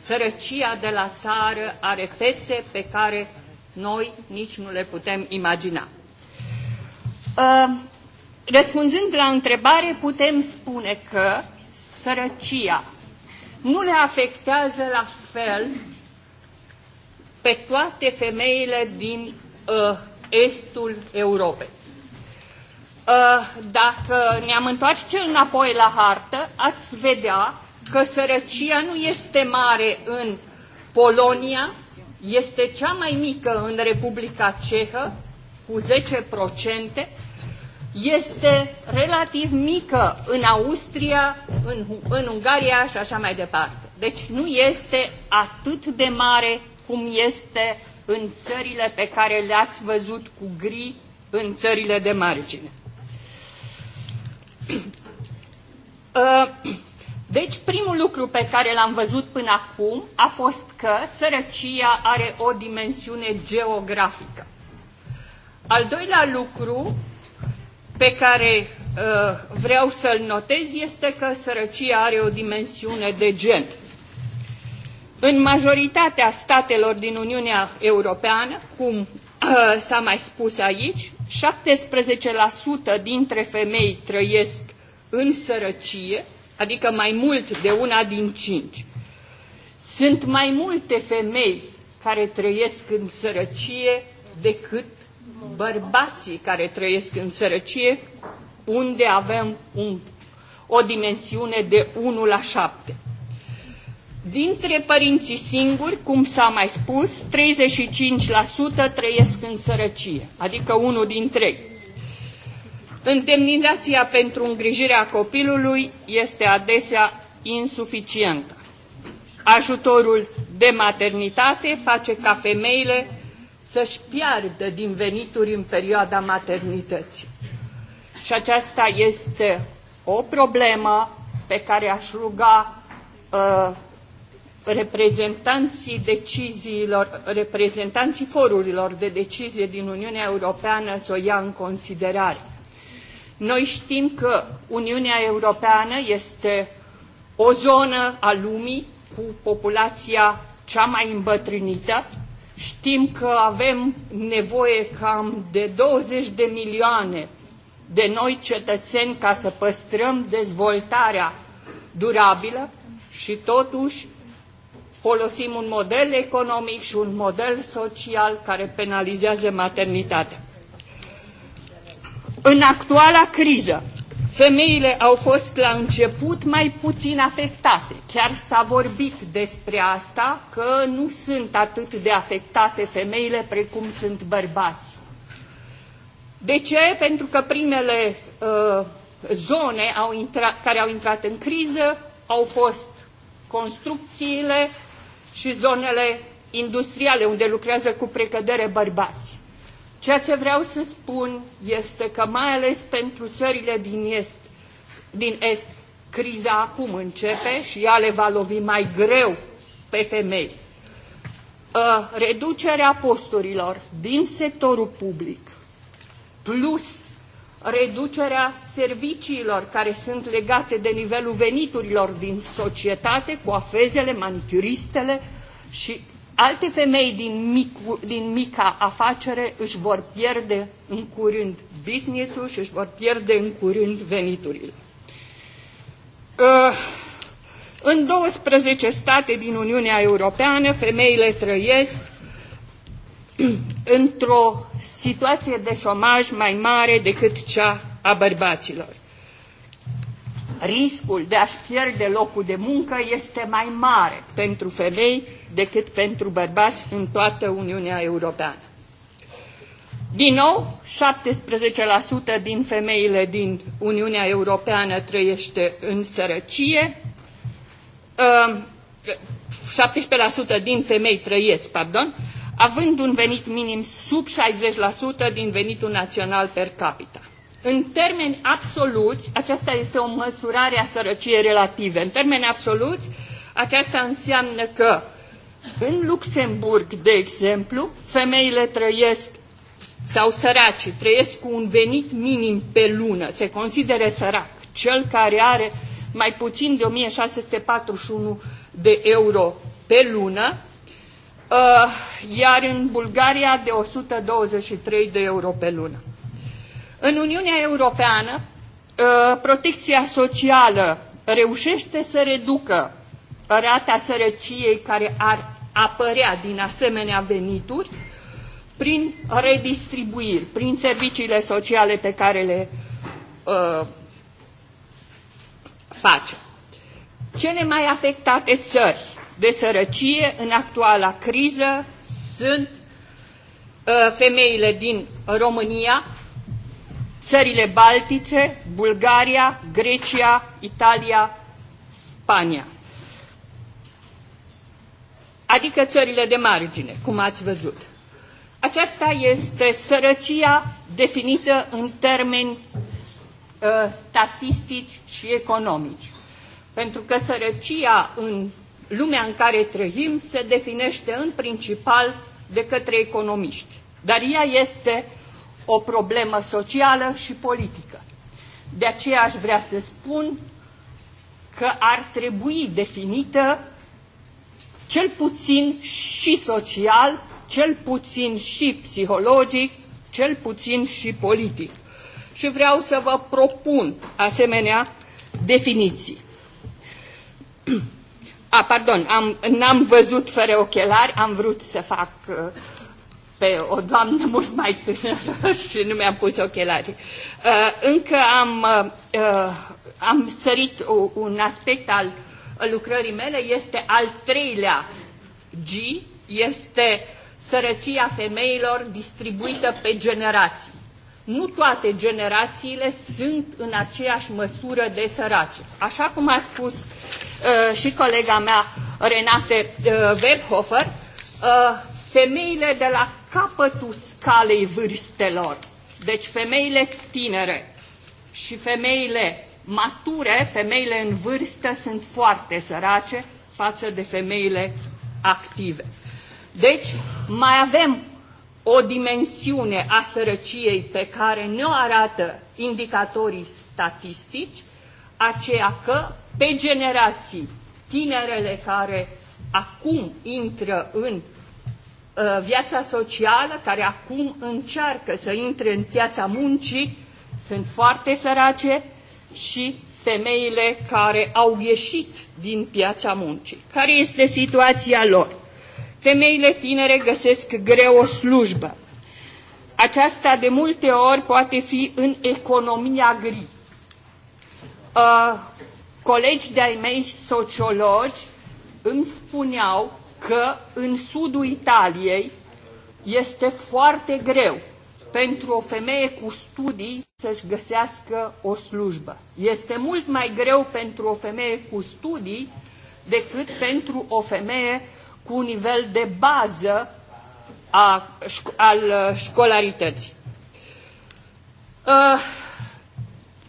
Sărăcia de la țară are fețe pe care noi nici nu le putem imagina. Uh, răspunzând la întrebare, putem spune că sărăcia nu le afectează la fel pe toate femeile din uh, estul Europei. Uh, dacă ne-am întoarce înapoi la hartă, ați vedea că sărăcia nu este mare în Polonia, este cea mai mică în Republica Cehă, cu 10%, este relativ mică în Austria, în, în Ungaria și așa mai departe. Deci nu este atât de mare cum este în țările pe care le-ați văzut cu gri în țările de margine. (clears throat) Uh, deci primul lucru pe care l-am văzut până acum a fost că sărăcia are o dimensiune geografică. Al doilea lucru pe care uh, vreau să-l notez este că sărăcia are o dimensiune de gen. În majoritatea statelor din Uniunea Europeană, cum uh, s-a mai spus aici, 17% dintre femei trăiesc în sărăcie, adică mai mult de una din cinci. Sunt mai multe femei care trăiesc în sărăcie decât bărbații care trăiesc în sărăcie, unde avem un, o dimensiune de 1 la 7. Dintre părinții singuri, cum s-a mai spus, 35% trăiesc în sărăcie, adică unul din trei. Indemnizația pentru îngrijirea copilului este adesea insuficientă. Ajutorul de maternitate face ca femeile să-și piardă din venituri în perioada maternității. Și aceasta este o problemă pe care aș ruga uh, reprezentanții deciziilor, reprezentanții forurilor de decizie din Uniunea Europeană să o ia în considerare. Noi știm că Uniunea Europeană este o zonă a lumii cu populația cea mai îmbătrânită Știm că avem nevoie cam de 20 de milioane de noi cetățeni ca să păstrăm dezvoltarea durabilă și totuși folosim un model economic și un model social care penalizează maternitatea. În actuala criză, Femeile au fost la început mai puțin afectate. Chiar s-a vorbit despre asta, că nu sunt atât de afectate femeile precum sunt bărbații. De ce? Pentru că primele uh, zone au intra, care au intrat în criză au fost construcțiile și zonele industriale unde lucrează cu precădere bărbați. Ceea ce vreau să spun este că, mai ales pentru țările din Est, din Est criza acum începe și ea le va lovi mai greu pe femei. Uh, reducerea posturilor din sectorul public plus reducerea serviciilor care sunt legate de nivelul veniturilor din societate, coafezele, manicuristele și Alte femei din, micu, din mica afacere își vor pierde în curând business-ul și își vor pierde în curând veniturile. Uh, în 12 state din Uniunea Europeană, femeile trăiesc într-o situație de șomaj mai mare decât cea a bărbaților riscul de a-și pierde locul de muncă este mai mare pentru femei decât pentru bărbați în toată Uniunea Europeană. Din nou, 17% din femeile din Uniunea Europeană trăiește în sărăcie, 17% ehm, din femei trăiesc, pardon, având un venit minim sub 60% din venitul național per capita în termeni absoluți, aceasta este o măsurare a sărăciei relative, în termeni absoluți, aceasta înseamnă că în Luxemburg, de exemplu, femeile trăiesc sau săracii trăiesc cu un venit minim pe lună, se consideră sărac cel care are mai puțin de 1641 de euro pe lună, uh, iar în Bulgaria de 123 de euro pe lună. În Uniunea Europeană, ă, protecția socială reușește să reducă rata sărăciei care ar apărea din asemenea venituri prin redistribuiri, prin serviciile sociale pe care le uh, face. Cele mai afectate țări de sărăcie în actuala criză sunt uh, femeile din România, țările Baltice, Bulgaria, Grecia, Italia, Spania. Adică țările de margine, cum ați văzut. Aceasta este sărăcia definită în termeni uh, statistici și economici. Pentru că sărăcia în lumea în care trăim se definește în principal de către economiști. Dar ea este o problemă socială și politică. De aceea aș vrea să spun că ar trebui definită cel puțin și social, cel puțin și psihologic, cel puțin și politic. Și vreau să vă propun asemenea definiții. (clears throat) A, pardon, am, n-am văzut fără ochelari, am vrut să fac uh, pe o doamnă mult mai tânără (laughs) și nu mi-am pus ochelarii. Uh, încă am, uh, uh, am sărit un aspect al lucrării mele, este al treilea G, este sărăcia femeilor distribuită pe generații. Nu toate generațiile sunt în aceeași măsură de sărace. Așa cum a spus uh, și colega mea Renate uh, Webhofer, uh, femeile de la capătul scalei vârstelor, deci femeile tinere și femeile mature, femeile în vârstă sunt foarte sărace față de femeile active. Deci mai avem o dimensiune a sărăciei pe care ne o arată indicatorii statistici, aceea că pe generații tinerele care acum intră în Uh, viața socială, care acum încearcă să intre în piața muncii, sunt foarte sărace și femeile care au ieșit din piața muncii. Care este situația lor? Femeile tinere găsesc greu o slujbă. Aceasta de multe ori poate fi în economia gri. Uh, colegi de-ai mei sociologi îmi spuneau că în sudul Italiei este foarte greu pentru o femeie cu studii să-și găsească o slujbă. Este mult mai greu pentru o femeie cu studii decât pentru o femeie cu un nivel de bază a, al uh, școlarității. Uh,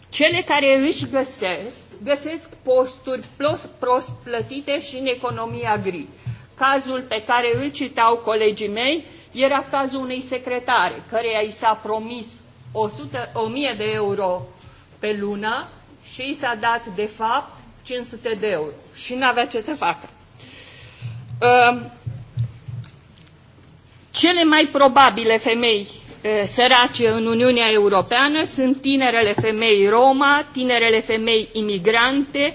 cele care își găsesc, găsesc posturi prost plătite și în economia gri cazul pe care îl citau colegii mei era cazul unei secretare, căreia i s-a promis 100, 1000 de euro pe lună și i s-a dat, de fapt, 500 de euro și nu avea ce să facă. Ehm, cele mai probabile femei sărace în Uniunea Europeană sunt tinerele femei Roma, tinerele femei imigrante,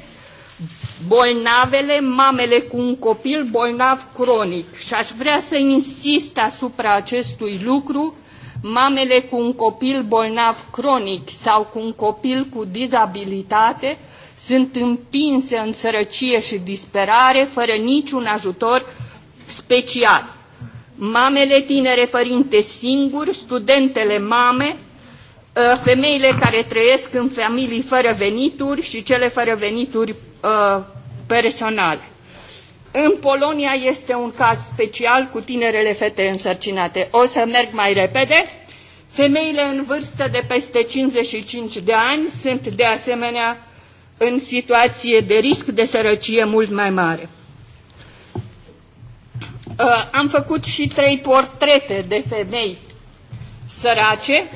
bolnavele, mamele cu un copil bolnav cronic. Și aș vrea să insist asupra acestui lucru, mamele cu un copil bolnav cronic sau cu un copil cu dizabilitate sunt împinse în sărăcie și disperare fără niciun ajutor special. Mamele tinere părinte singuri, studentele mame, Uh, femeile care trăiesc în familii fără venituri și cele fără venituri uh, personale. În Polonia este un caz special cu tinerele fete însărcinate. O să merg mai repede. Femeile în vârstă de peste 55 de ani sunt de asemenea în situație de risc de sărăcie mult mai mare. Uh, am făcut și trei portrete de femei sărace,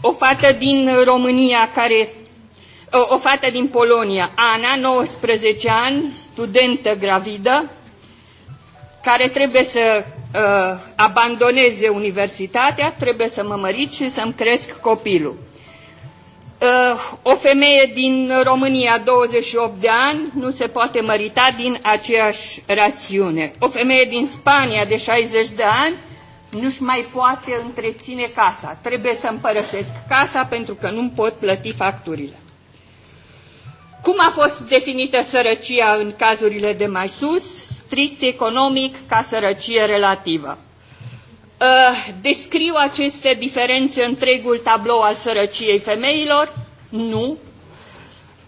o fată din România care o fată din Polonia, Ana, 19 ani, studentă gravidă, care trebuie să uh, abandoneze universitatea, trebuie să mă mărit și să-mi cresc copilul. Uh, o femeie din România, 28 de ani, nu se poate mărita din aceeași rațiune. O femeie din Spania, de 60 de ani, nu-și mai poate întreține casa. Trebuie să împărășesc casa pentru că nu-mi pot plăti facturile. Cum a fost definită sărăcia în cazurile de mai sus? Strict economic ca sărăcie relativă. Ă, descriu aceste diferențe întregul tablou al sărăciei femeilor? Nu.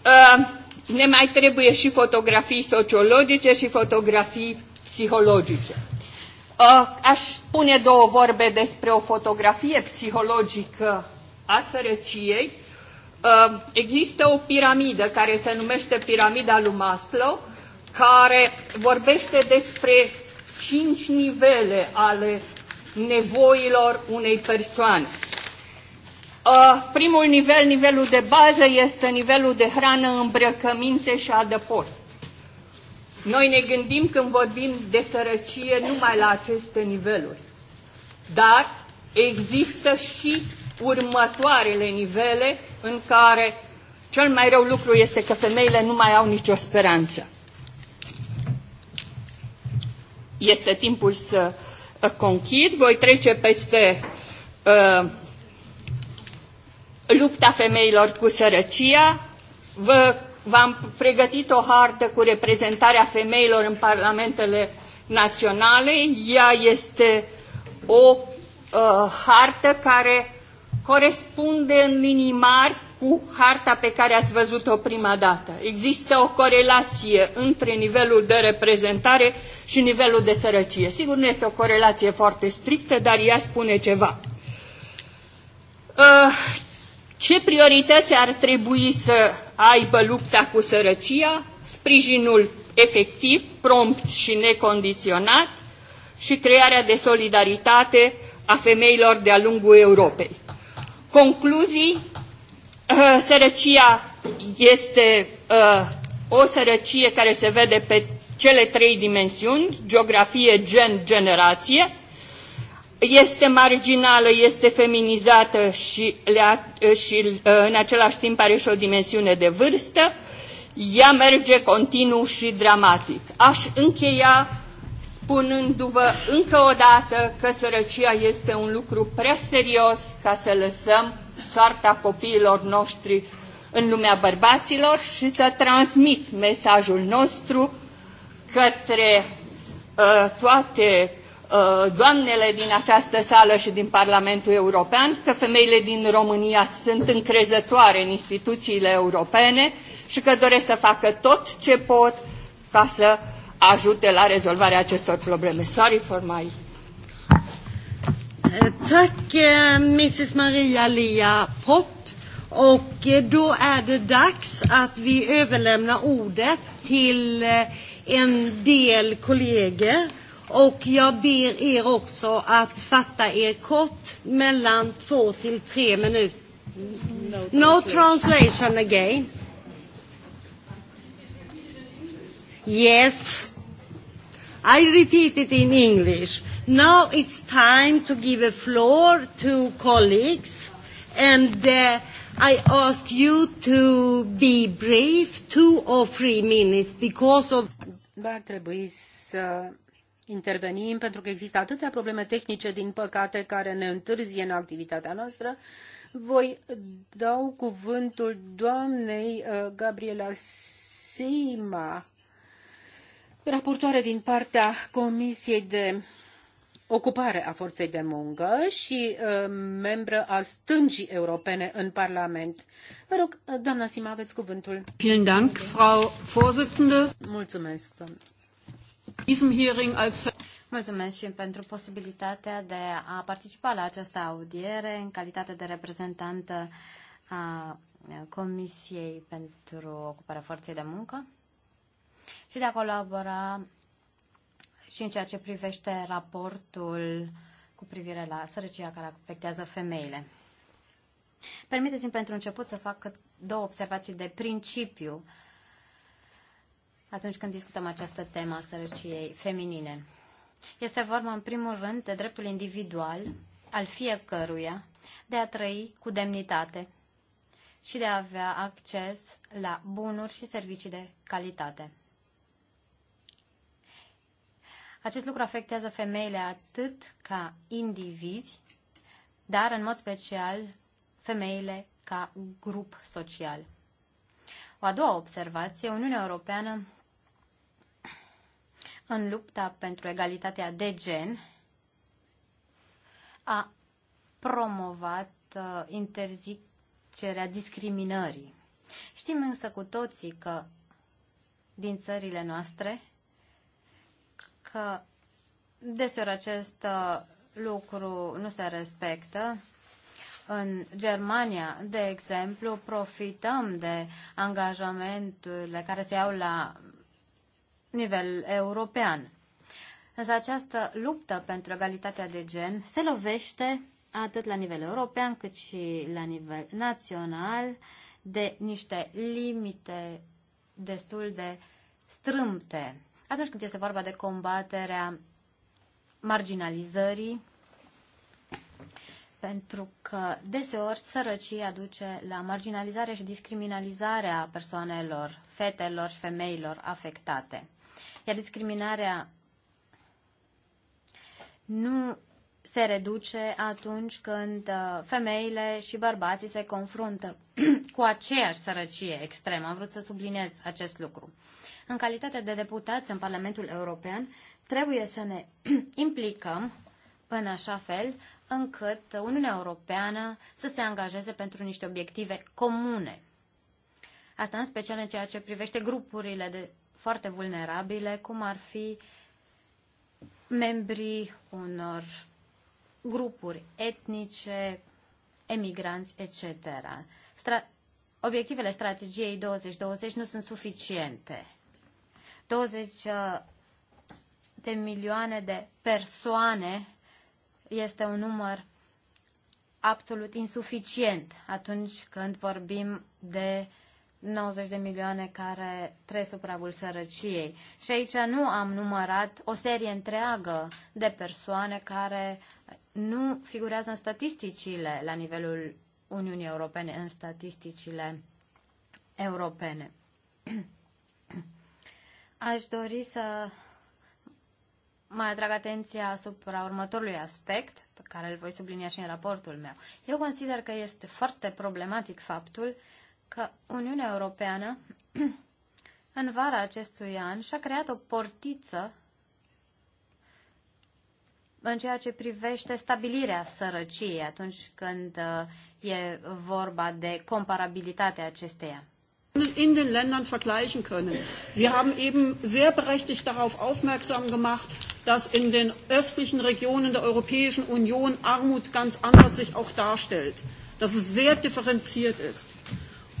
Ă, ne mai trebuie și fotografii sociologice și fotografii psihologice. Uh, aș spune două vorbe despre o fotografie psihologică a sărăciei. Uh, există o piramidă care se numește piramida lui Maslow, care vorbește despre cinci nivele ale nevoilor unei persoane. Uh, primul nivel, nivelul de bază, este nivelul de hrană, îmbrăcăminte și adăpost. Noi ne gândim când vorbim de sărăcie numai la aceste niveluri. Dar există și următoarele nivele în care cel mai rău lucru este că femeile nu mai au nicio speranță. Este timpul să uh, conchid. Voi trece peste uh, lupta femeilor cu sărăcia. Vă V-am pregătit o hartă cu reprezentarea femeilor în parlamentele naționale. Ea este o uh, hartă care corespunde în linii mari cu harta pe care ați văzut-o prima dată. Există o corelație între nivelul de reprezentare și nivelul de sărăcie. Sigur, nu este o corelație foarte strictă, dar ea spune ceva. Uh, ce priorități ar trebui să aibă lupta cu sărăcia, sprijinul efectiv, prompt și necondiționat și crearea de solidaritate a femeilor de-a lungul Europei. Concluzii, uh, sărăcia este uh, o sărăcie care se vede pe cele trei dimensiuni, geografie, gen, generație, este marginală, este feminizată și, le, și uh, în același timp are și o dimensiune de vârstă, ea merge continuu și dramatic. Aș încheia spunându-vă încă o dată că sărăcia este un lucru prea serios ca să lăsăm soarta copiilor noștri în lumea bărbaților și să transmit mesajul nostru către uh, toate Uh, doamnele din această sală și din Parlamentul European că femeile din România sunt încrezătoare în instituțiile europene și că doresc să facă tot ce pot ca să ajute la rezolvarea acestor probleme. Sorry for my... Eh, Tack eh, Mrs Maria Lea Pop och eh, då är det dags att vi överlämnar ordet till en del kollegor Och jag ber er också att fatta er kort mellan två till tre minuter. No translation again. Yes. I repeat it in English. Now it's time to give a floor to colleagues, and uh, I ask you to be brief, two or three minutes, because of... Va trebui să intervenim pentru că există atâtea probleme tehnice, din păcate, care ne întârzie în activitatea noastră. Voi dau cuvântul doamnei uh, Gabriela Sima, raportoare din partea Comisiei de ocupare a forței de muncă și uh, membră a stângii europene în Parlament. Vă rog, uh, doamna Sima, aveți cuvântul. Mulțumesc, doamnă Mulțumesc și pentru posibilitatea de a participa la această audiere în calitate de reprezentantă a Comisiei pentru Ocuparea Forței de Muncă și de a colabora și în ceea ce privește raportul cu privire la sărăcia care afectează femeile. Permiteți-mi pentru început să fac două observații de principiu uh, atunci când discutăm această temă a sărăciei feminine. Este vorba, în primul rând, de dreptul individual al fiecăruia de a trăi cu demnitate și de a avea acces la bunuri și servicii de calitate. Acest lucru afectează femeile atât ca indivizi, dar în mod special femeile ca grup social. O a doua observație, Uniunea Europeană în lupta pentru egalitatea de gen a promovat uh, interzicerea discriminării. Știm însă cu toții că din țările noastre că deseori acest uh, lucru nu se respectă. În Germania, de exemplu, profităm de angajamentele care se iau la nivel european. Însă această luptă pentru egalitatea de gen se lovește atât la nivel european cât și la nivel național de niște limite destul de strâmte atunci când este vorba de combaterea marginalizării, pentru că deseori sărăcia duce la marginalizarea și discriminalizarea persoanelor, fetelor și femeilor afectate. Iar discriminarea nu se reduce atunci când uh, femeile și bărbații se confruntă (clears throat) cu aceeași sărăcie extremă. Am vrut să subliniez acest lucru. În calitate de deputați în Parlamentul European, trebuie să ne (clears throat) implicăm în așa fel încât Uniunea Europeană să se angajeze pentru niște obiective comune. Asta în special în ceea ce privește grupurile de foarte vulnerabile, cum ar fi membrii unor grupuri etnice, emigranți, etc. Stra- obiectivele strategiei 2020 nu sunt suficiente. 20 uh, de milioane de persoane este un număr absolut insuficient atunci când vorbim de uh, 90 de milioane care trăiesc sub pragul sărăciei. Și aici nu am numărat o serie întreagă de persoane care nu figurează în statisticile la nivelul Uniunii Europene, în statisticile europene. (clears throat) Aș dori să mai atrag atenția asupra următorului aspect, pe care îl voi sublinia și în raportul meu. Eu consider că este foarte problematic faptul că Uniunea Europeană (clears throat) în vara acestui an și-a creat o portiță în ceea ce privește stabilirea sărăciei atunci când uh, e vorba de comparabilitatea acesteia. in den Ländern vergleichen können. Sie haben eben sehr berechtigt darauf aufmerksam gemacht, dass in den östlichen Regionen der Europäischen Union Armut ganz anders sich auch darstellt, dass es sehr differenziert ist.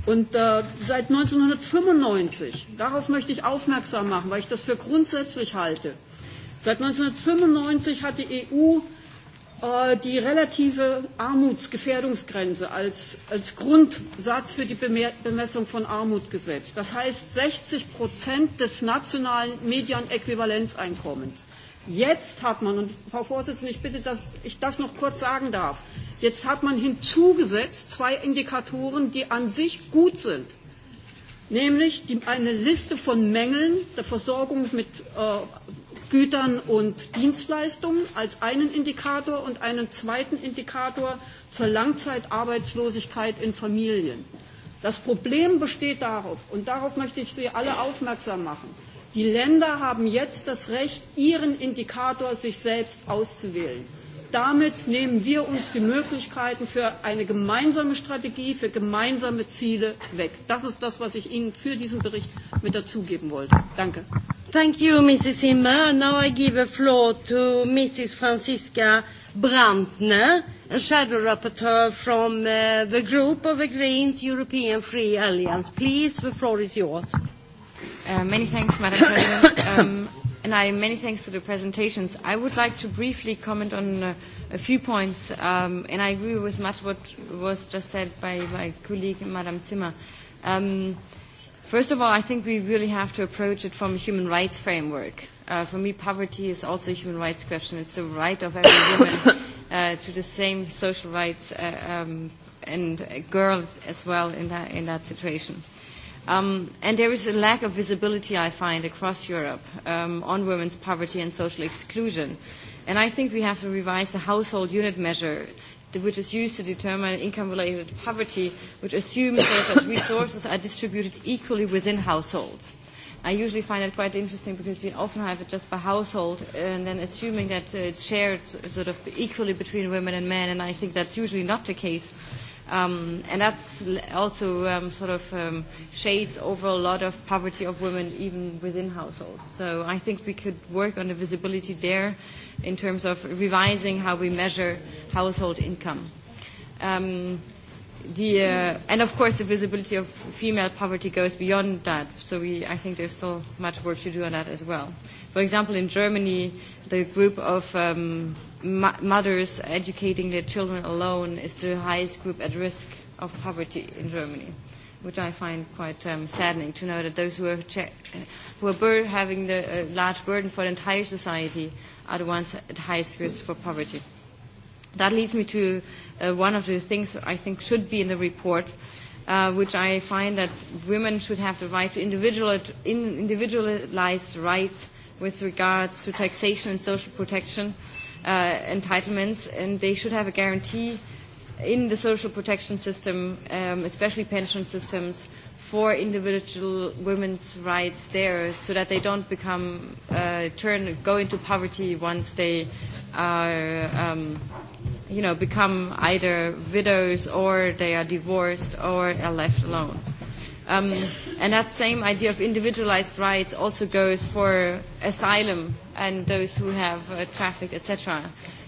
Und äh, seit 1995, darauf möchte ich aufmerksam machen, weil ich das für grundsätzlich halte, seit 1995 hat die EU äh, die relative Armutsgefährdungsgrenze als, als Grundsatz für die Bemessung von Armut gesetzt. Das heißt 60 Prozent des nationalen Medianäquivalenzeinkommens. Jetzt hat man, und Frau Vorsitzende, ich bitte, dass ich das noch kurz sagen darf, jetzt hat man hinzugesetzt zwei Indikatoren, die an sich gut sind, nämlich die, eine Liste von Mängeln der Versorgung mit äh, Gütern und Dienstleistungen als einen Indikator und einen zweiten Indikator zur Langzeitarbeitslosigkeit in Familien. Das Problem besteht darauf, und darauf möchte ich Sie alle aufmerksam machen, Die Länder haben jetzt das Recht, ihren Indikator sich selbst auszuwählen. Damit nehmen wir uns die Möglichkeiten für eine gemeinsame Strategie, für gemeinsame Ziele weg. Das ist das, was ich Ihnen für diesen Bericht mit dazugeben wollte. Danke. Thank you, Mrs. Now I give the floor to Mrs. Franziska Brandner, a shadow rapporteur from uh, the group of the Greens European Free Alliance. Please, the floor is yours. Uh, many thanks, Madam President. (coughs) Um, and I, many thanks to the presentations. I would like to briefly comment on uh, a few points, um, and I agree with much what was just said by my colleague, Madam Zimmer. Um, first of all, I think we really have to approach it from a human rights framework. Uh, for me, poverty is also a human rights question. It's the right of every woman (coughs) uh, to the same social rights uh, um, and uh, girls as well in that, in that situation. Uh, Um, and there is a lack of visibility, I find, across Europe um, on women's poverty and social exclusion. And I think we have to revise the household unit measure which is used to determine income-related poverty, which assumes (coughs) that resources are distributed equally within households. I usually find it quite interesting because you often have it just by household and then assuming that it's shared sort of equally between women and men, and I think that's usually not the case. Um, and that's also um, sort of um, shades over a lot of poverty of women even within households. So I think we could work on the visibility there in terms of revising how we measure household income. Um, the, uh, and of course the visibility of female poverty goes beyond that. So we, I think there's still much work to do on that as well. For example, in Germany, the group of um, mothers educating their children alone is the highest group at risk of poverty in Germany, which I find quite um, saddening to know that those who are, who are having the uh, large burden for the entire society are the ones at highest risk for poverty. That leads me to uh, one of the things I think should be in the report, uh, which I find that women should have the right to individual, individualized rights with regards to taxation and social protection uh, entitlements, and they should have a guarantee in the social protection system, um, especially pension systems, for individual women's rights there, so that they don't become uh, turn go into poverty once they are, um, you know, become either widows or they are divorced or are left alone. Um, and that same idea of individualized rights also goes for asylum and those who have uh, trafficked, etc.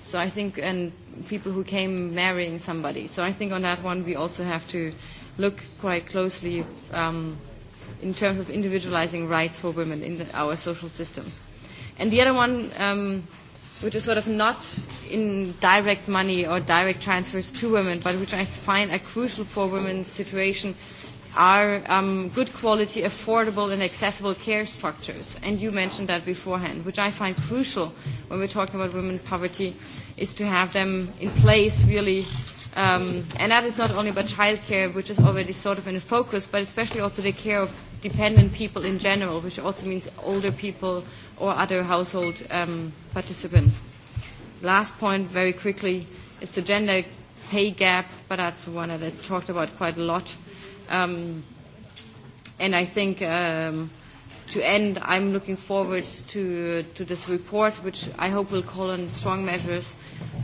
So I think, and people who came marrying somebody. So I think on that one we also have to look quite closely um, in terms of individualizing rights for women in the, our social systems. And the other one, um, which is sort of not in direct money or direct transfers to women, but which I find are crucial for women's situation are um, good quality, affordable and accessible care structures. And you mentioned that beforehand, which I find crucial when we're talking about women poverty, is to have them in place really. Um, and that is not only about childcare, which is already sort of in a focus, but especially also the care of dependent people in general, which also means older people or other household um, participants. Last point, very quickly, is the gender pay gap, but that's one that is talked about quite a lot Um, and I think um, to end, I'm looking forward to, to this report, which I hope will call on strong measures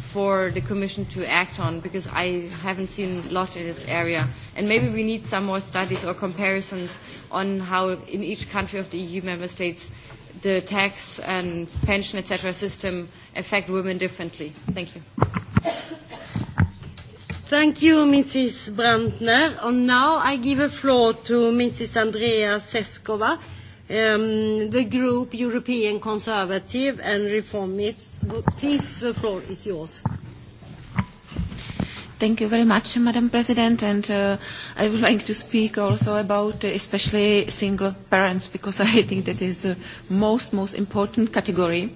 for the Commission to act on, because I haven't seen a lot in this area. And maybe we need some more studies or comparisons on how in each country of the EU member states the tax and pension, etc. system affect women differently. Thank you. Thank you, Mrs. Brandner. And now I give the floor to Mrs. Andrea Seskova, um, the group European Conservative and Reformists. Please, the floor is yours. Thank you very much, Madam President, and uh, I would like to speak also about uh, especially single parents because (laughs) I think that is the most, most important category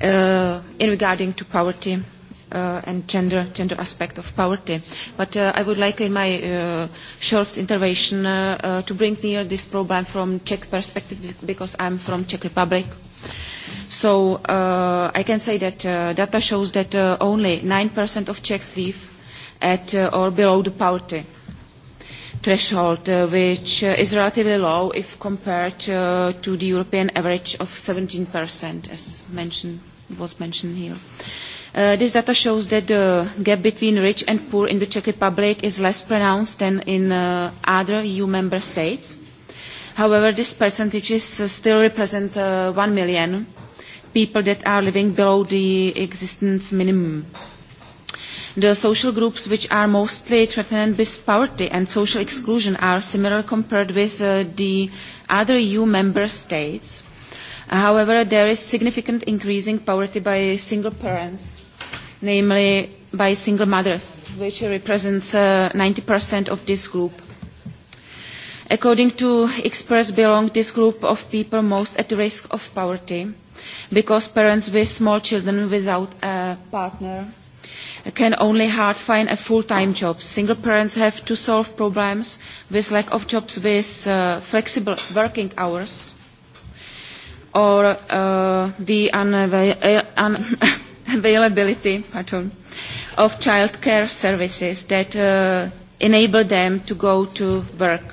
uh, in regarding to poverty uh, and gender, gender aspect of poverty. But uh, I would like in my uh, short intervention uh, uh, to bring near this problem from Czech perspective because I'm from Czech Republic. So uh, I can say that uh, data shows that uh, only 9% of Czechs live at uh, or below the poverty threshold, uh, which uh, is relatively low if compared uh, to the European average of 17%, as mentioned, was mentioned here. Uh, Uh, this data shows that the gap between rich and poor in the Czech Republic is less pronounced than in uh, other EU member states. However, these percentages uh, still represent uh, 1 million people that are living below the existence minimum. The social groups which are mostly threatened with poverty and social exclusion are similar compared with uh, the other EU member states. However, there is significant increasing poverty by single parents, namely by single mothers, which represents uh, 90% of this group. According to experts, belong this group of people most at risk of poverty, because parents with small children without a partner can only hard find a full-time job. Single parents have to solve problems with lack of jobs with uh, flexible working hours or uh, the unavailability uh, (laughs) pardon, of childcare services that uh, enable them to go to work.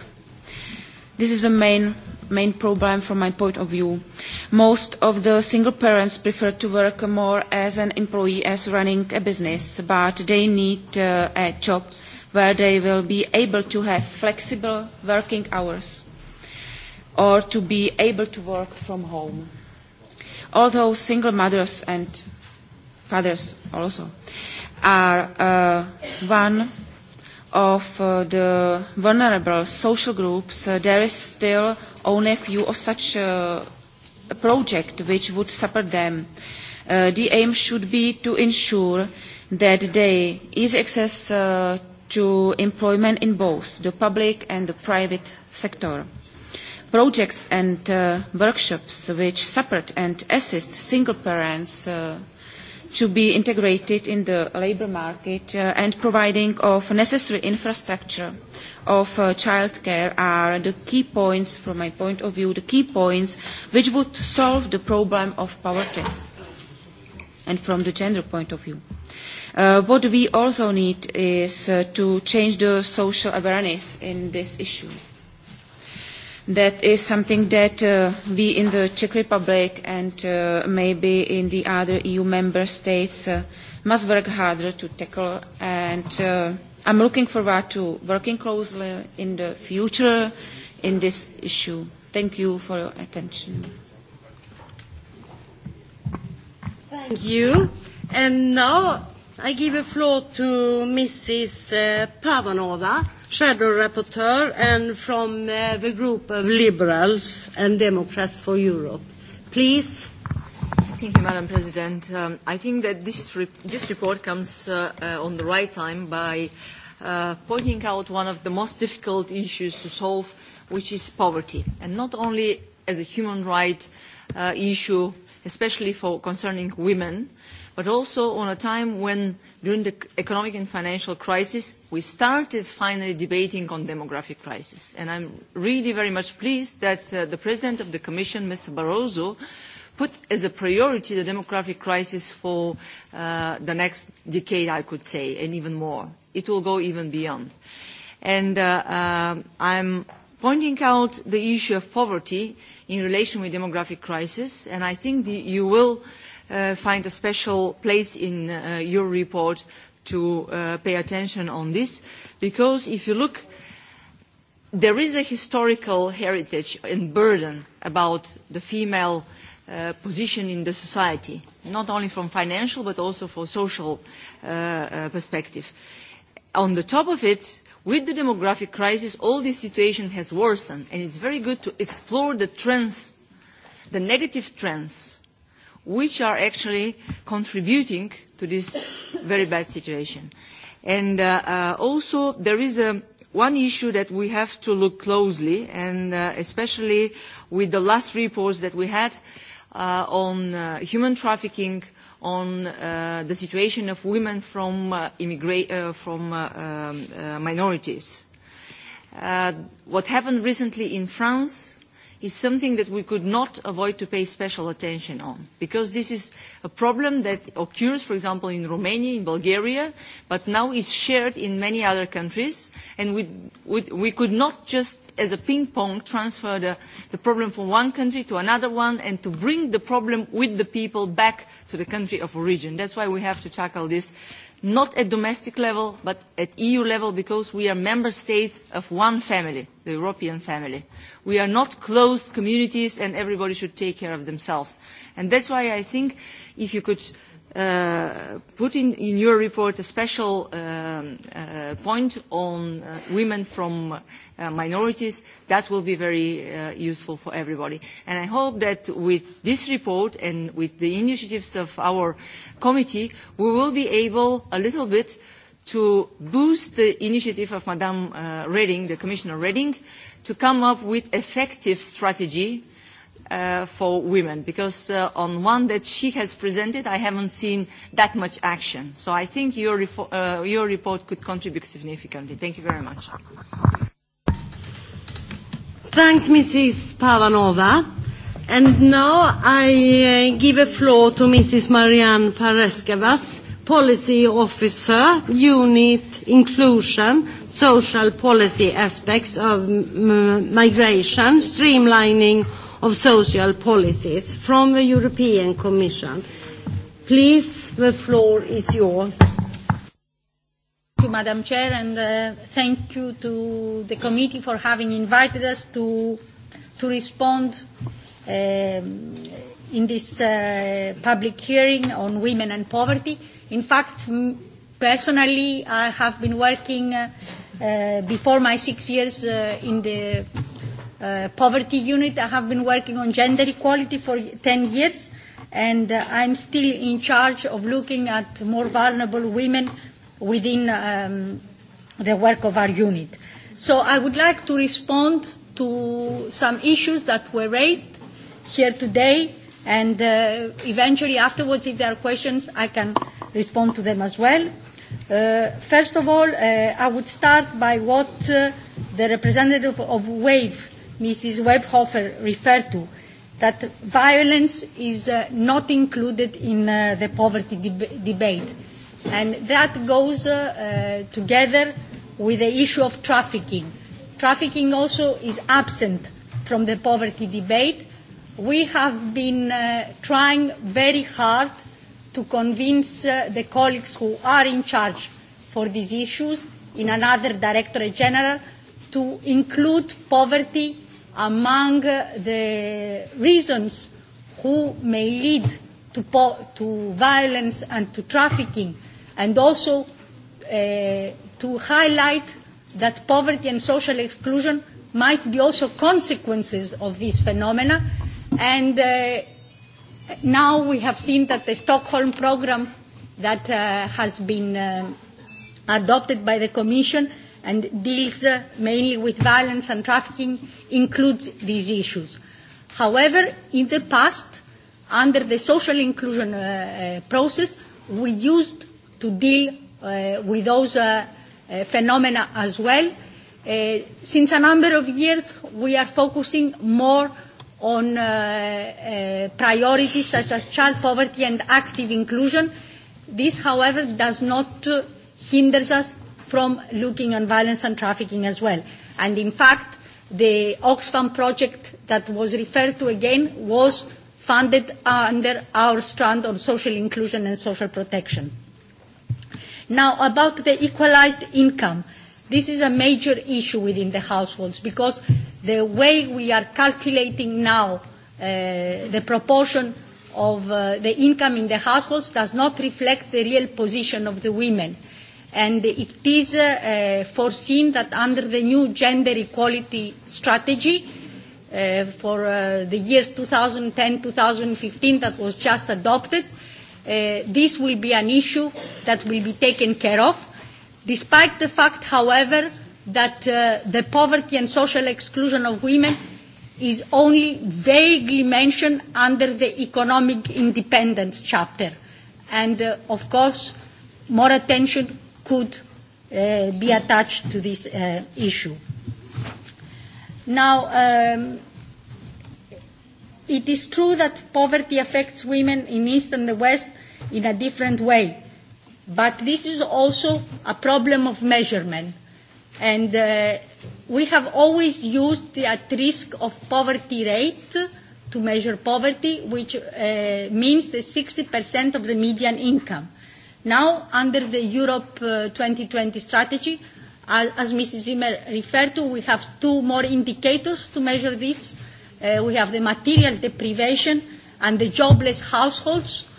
This is the main main problem from my point of view. Most of the single parents prefer to work more as an employee as running a business, but they need uh, a job where they will be able to have flexible working hours or to be able to work from home. Although single mothers and fathers also are uh, one of uh, the vulnerable social groups, uh, there is still only a few of such uh, a project which would support them. Uh, the aim should be to ensure that they easy access uh, to employment in both the public and the private sector projects and uh, workshops which support and assist single parents uh, to be integrated in the labour market uh, and providing of necessary infrastructure of uh, childcare are the key points, from my point of view, the key points which would solve the problem of poverty and from the gender point of view. Uh, what we also need is uh, to change the social awareness in this issue That is something that uh, we in the Czech Republic and uh, maybe in the other EU member states uh, must work harder to tackle. And uh, I'm looking forward to working closely in the future in this issue. Thank you for your attention. Thank you. And now I give the floor to Mrs. Uh, Pavanova shadow rapporteur and from uh, the group of Liberals and Democrats for Europe. Please. Thank you, Madam President. Um, I think that this, re this report comes uh, uh, on the right time by uh, pointing out one of the most difficult issues to solve, which is poverty, and not only as a human right uh, issue, especially for concerning women, uh, but also on a time when, during the economic and financial crisis, we started finally debating on demographic crisis. And I'm really very much pleased that uh, the President of the Commission, Mr. Barroso, put as a priority the demographic crisis for uh, the next decade, I could say, and even more. It will go even beyond. And uh, uh, I'm pointing out the issue of poverty in relation with demographic crisis, and I think the, you will uh, find a special place in uh, your report to uh, pay attention on this, because if you look, there is a historical heritage and burden about the female Uh, position in the society, not only from financial but also for social uh, uh, perspective. On the top of it, with the demographic crisis, all this situation has worsened, and it's very good to explore the trends, the negative trends which are actually contributing to this very bad situation. And uh, uh, also there is a, one issue that we have to look closely, and uh, especially with the last reports that we had uh, on uh, human trafficking, on uh, the situation of women from, uh, uh, from uh, um, uh, minorities. Uh, what happened recently in France is something that we could not avoid to pay special attention on because this is a problem that occurs, for example, in Romania, in Bulgaria, but now is shared in many other countries and we, we, we could not just as a ping pong transfer the, the problem from one country to another one and to bring the problem with the people back to the country of origin. That's why we have to tackle this not at domestic level, but at EU level, because we are member states of one family, the European family. We are not closed communities, and everybody should take care of themselves. And that's why I think if you could put in, in your report a special um, uh, point on uh, women from uh, minorities. That will be very uh, useful for everybody. And I hope that with this report and with the initiatives of our committee, we will be able a little bit to boost the initiative of Madame uh, Reding, the Commissioner Reding, to come up with effective strategy uh, Uh, for women because uh, on one that she has presented, I haven't seen that much action. So I think your, uh, your report could contribute significantly. Thank you very much. Thanks, Mrs. Pavanova. And now I uh, give a floor to Mrs. Marianne Fareskevas, Policy Officer, Unit Inclusion, Social Policy Aspects of Migration, Streamlining of social policies from the European Commission. Please, the floor is yours. Thank you, Madam Chair, and uh, thank you to the committee for having invited us to, to respond um, in this uh, public hearing on women and poverty. In fact, personally, I have been working uh, uh, before my six years uh, in the Uh, poverty unit. I have been working on gender equality for 10 years, and uh, I'm still in charge of looking at more vulnerable women within um, the work of our unit. So I would like to respond to some issues that were raised here today, and uh, eventually afterwards, if there are questions, I can respond to them as well. Uh, first of all, uh, I would start by what uh, the representative of WAVE Mrs. Webhofer referred to, that violence is uh, not included in uh, the poverty deb debate. And that goes uh, uh, together with the issue of trafficking. Trafficking also is absent from the poverty debate. We have been uh, trying very hard to convince uh, the colleagues who are in charge for these issues in another Directorate General to include poverty among the reasons who may lead to, po- to violence and to trafficking, and also uh, to highlight that poverty and social exclusion might be also consequences of these phenomena. And uh, now we have seen that the Stockholm program that uh, has been uh, adopted by the Commission and deals uh, mainly with violence and trafficking includes these issues. However, in the past, under the social inclusion uh, uh, process, we used to deal uh, with those uh, uh, phenomena as well. Uh, since a number of years, we are focusing more on uh, uh, priorities such as child poverty and active inclusion. This, however, does not uh, hinders us from looking on violence and trafficking as well. And in fact, The Oxfam project that was referred to again was funded under our strand on social inclusion and social protection. Now, about the equalized income. This is a major issue within the households because the way we are calculating now uh, the proportion of uh, the income in the households does not reflect the real position of the women. Uh, And it is uh, foreseen that under the new gender equality strategy uh, for uh, the years 2010-2015 that was just adopted, uh, this will be an issue that will be taken care of, despite the fact, however, that uh, the poverty and social exclusion of women is only vaguely mentioned under the economic independence chapter. And uh, of course, more attention could uh, be attached to this uh, issue. Now, um, it is true that poverty affects women in East and the West in a different way, but this is also a problem of measurement. And uh, we have always used the at-risk of poverty rate to measure poverty, which uh, means the 60% of the median income. Now, under the Europe uh, 2020 strategy, uh, as Mrs. Zimmer referred to, we have two more indicators to measure this. Uh, we have the material deprivation and the jobless households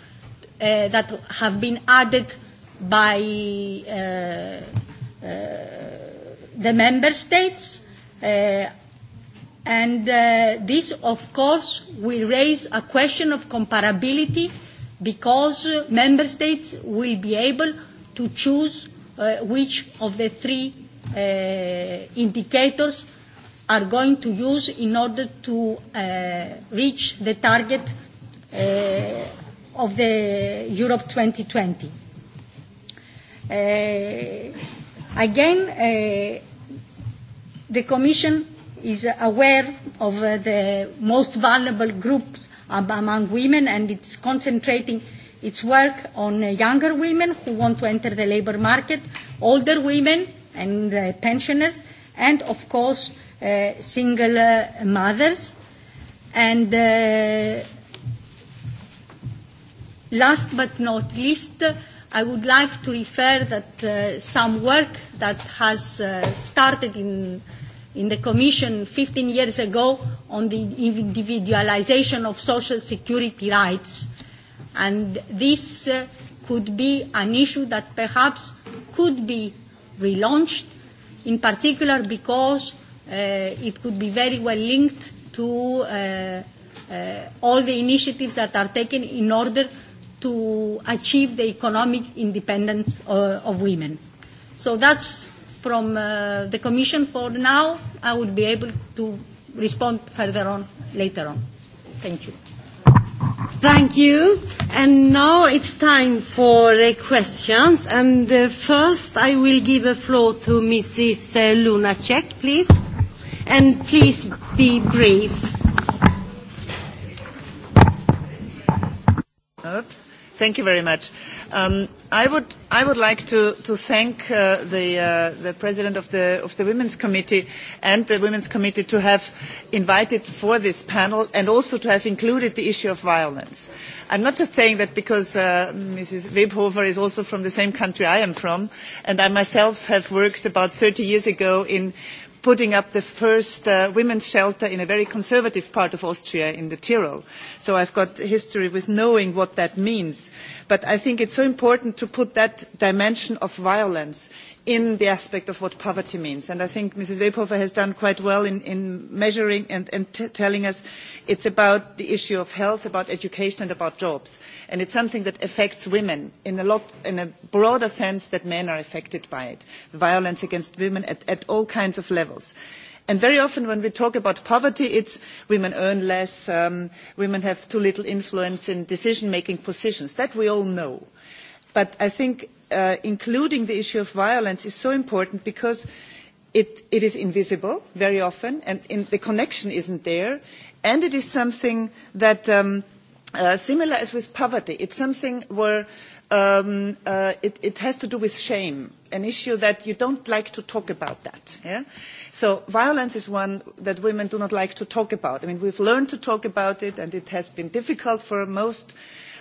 uh, that have been added by uh, uh, the member states. Uh, and uh, this, of course, will raise a question of comparability because member states will be able to choose uh, which of the three uh, indicators are going to use in order to uh, reach the target uh, of the Europe 2020. Uh, again, uh, the Commission is aware of uh, the most vulnerable groups among women and it's concentrating its work on uh, younger women who want to enter the labour market, older women and uh, pensioners, and of course uh, single uh, mothers. And uh, last but not least, I would like to refer that uh, some work that has uh, started in uh, in the Commission 15 years ago on the individualization of social security rights. And this uh, could be an issue that perhaps could be relaunched, in particular because uh, it could be very well linked to uh, uh, all the initiatives that are taken in order to achieve the economic independence uh, of women. So that's from uh, the Commission for now. I would be able to respond further on later on. Thank you. Thank you. And now it's time for uh, questions. And uh, first, I will give the floor to Mrs. Uh, Lunacek, please. And please be brief. Oops. Thank you very much. Um, I would I would like to to thank uh, the uh, the president of the of the Women's Committee and the Women's Committee to have invited for this panel and also to have included the issue of violence. I'm not just saying that because uh, Mrs. Webhofer is also from the same country I am from, and I myself have worked about 30 years ago in putting up the first uh, women's shelter in a very conservative part of Austria in the Tyrol. So I've got history with knowing what that means. But I think it's so important to put that dimension of violence in the aspect of what poverty means. And I think Mrs. Weiphofer has done quite well in, in measuring and, and t telling us it's about the issue of health, about education and about jobs. And it's something that affects women in a, lot, in a broader sense that men are affected by it, violence against women at, at all kinds of levels. And very often when we talk about poverty, it's women earn less, um, women have too little influence in decision-making positions. That we all know. But I think Uh, including the issue of violence is so important because it, it is invisible very often and in, the connection isn't there and it is something that um, uh, similar as with poverty it's something where um, uh, it, it, has to do with shame an issue that you don't like to talk about that yeah? so violence is one that women do not like to talk about i mean we've learned to talk about it and it has been difficult for most uh,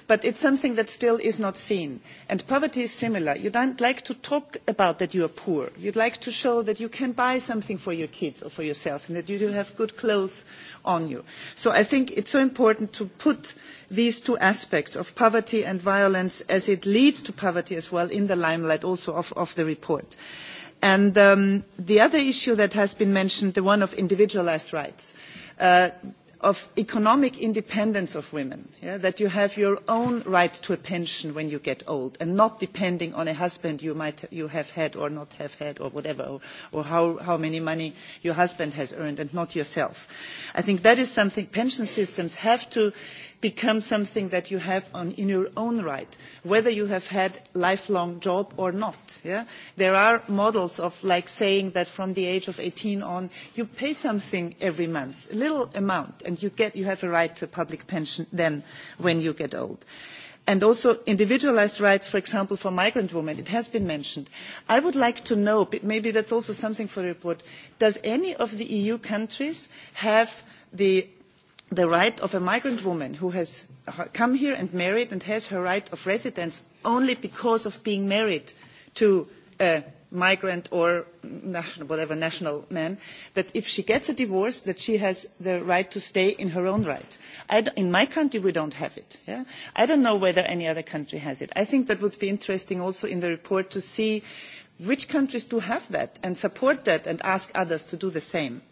but it's something that still is not seen. And poverty is similar. You don't like to talk about that you are poor. You'd like to show that you can buy something for your kids or for yourself and that you do have good clothes on you. So I think it's so important to put these two aspects of poverty and violence as it leads to poverty as well in the limelight also of, of the report. And um, the other issue that has been mentioned, the one of individualised rights. Uh, of economic independence of women, yeah? that you have your own right to a pension when you get old and not depending on a husband you might you have had or not have had or whatever, or, or how, how many money your husband has earned and not yourself. I think that is something pension systems have to become something that you have on, in your own right, whether you have had lifelong job or not. Yeah? There are models of like saying that from the age of 18 on, you pay something every month, a little amount, and you, get, you have a right to a public pension then when you get old and also individualised rights for example for migrant women it has been mentioned i would like to know maybe that's also something for the report does any of the eu countries have the the right of a migrant woman who has come here and married and has her right of residence only because of being married to a migrant or national, whatever national man, that if she gets a divorce, that she has the right to stay in her own right. in my country, we don't have it. Yeah? I don't know whether any other country has it. I think that would be interesting also in the report to see which countries do have that and support that and ask others to do the same.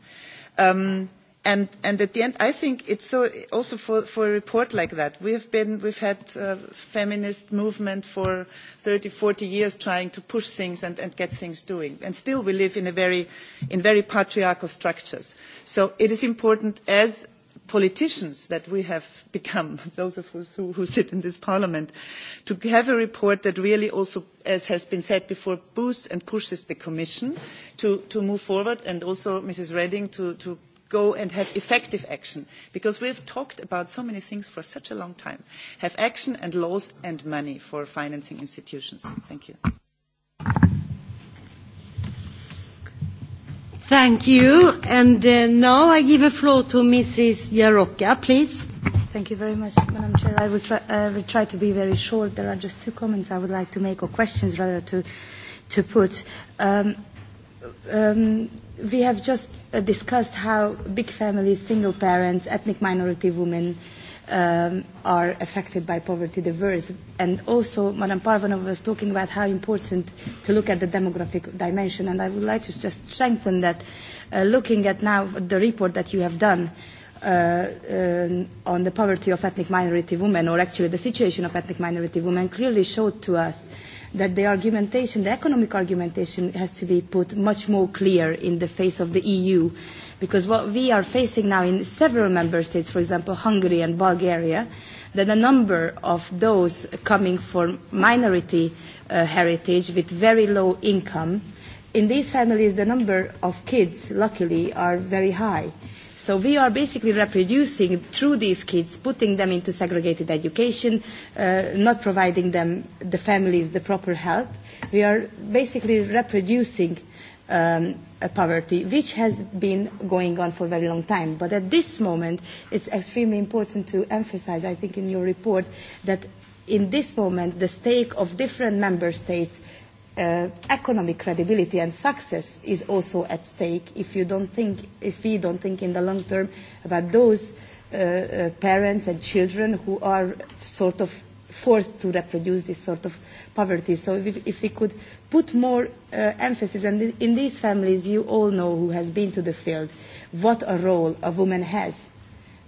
Um, And, and at the end i think it's so also for, for a report like that we've been we've had a uh, feminist movement for 30 40 years trying to push things and, and get things doing and still we live in a very in very patriarchal structures so it is important as politicians that we have (laughs) become those of us who, who sit in this parliament to have a report that really also as has been said before boosts and pushes the commission to, to move forward and also mrs reding to, to go and have effective action because we have talked about so many things for such a long time have action and laws and money for financing institutions thank you Thank you. And uh, now I give the floor to Mrs. Jaroka, please. Thank you very much, Madam Chair. I will try, will try to be very short. There are just two comments I would like to make, or questions rather, to, to put. Um, um, we have just uh, discussed how big families, single parents, ethnic minority women um, are affected by poverty the worst. And also, Madam Parvanov was talking about how important to look at the demographic dimension. And I would like to just strengthen that, uh, looking at now the report that you have done uh, uh, on the poverty of ethnic minority women, or actually the situation of ethnic minority women, clearly showed to us uh, that the argumentation, the economic argumentation has to be put much more clear in the face of the EU. Because what we are facing now in several member states, for example, Hungary and Bulgaria, that a number of those coming from minority uh, heritage with very low income, in these families the number of kids, luckily, are very high. So we are basically reproducing through these kids, putting them into segregated education, uh, not providing them, the families, the proper help. We are basically reproducing um, poverty, which has been going on for a very long time. But at this moment, it's extremely important to emphasize, I think in your report, that in this moment, the stake of different member states – uh, economic credibility and success is also at stake if, you don't think, if we don't think in the long term about those uh, uh, parents and children who are sort of forced to reproduce this sort of poverty. So if, if we could put more uh, emphasis, and in these families you all know who has been to the field, what a role a woman has.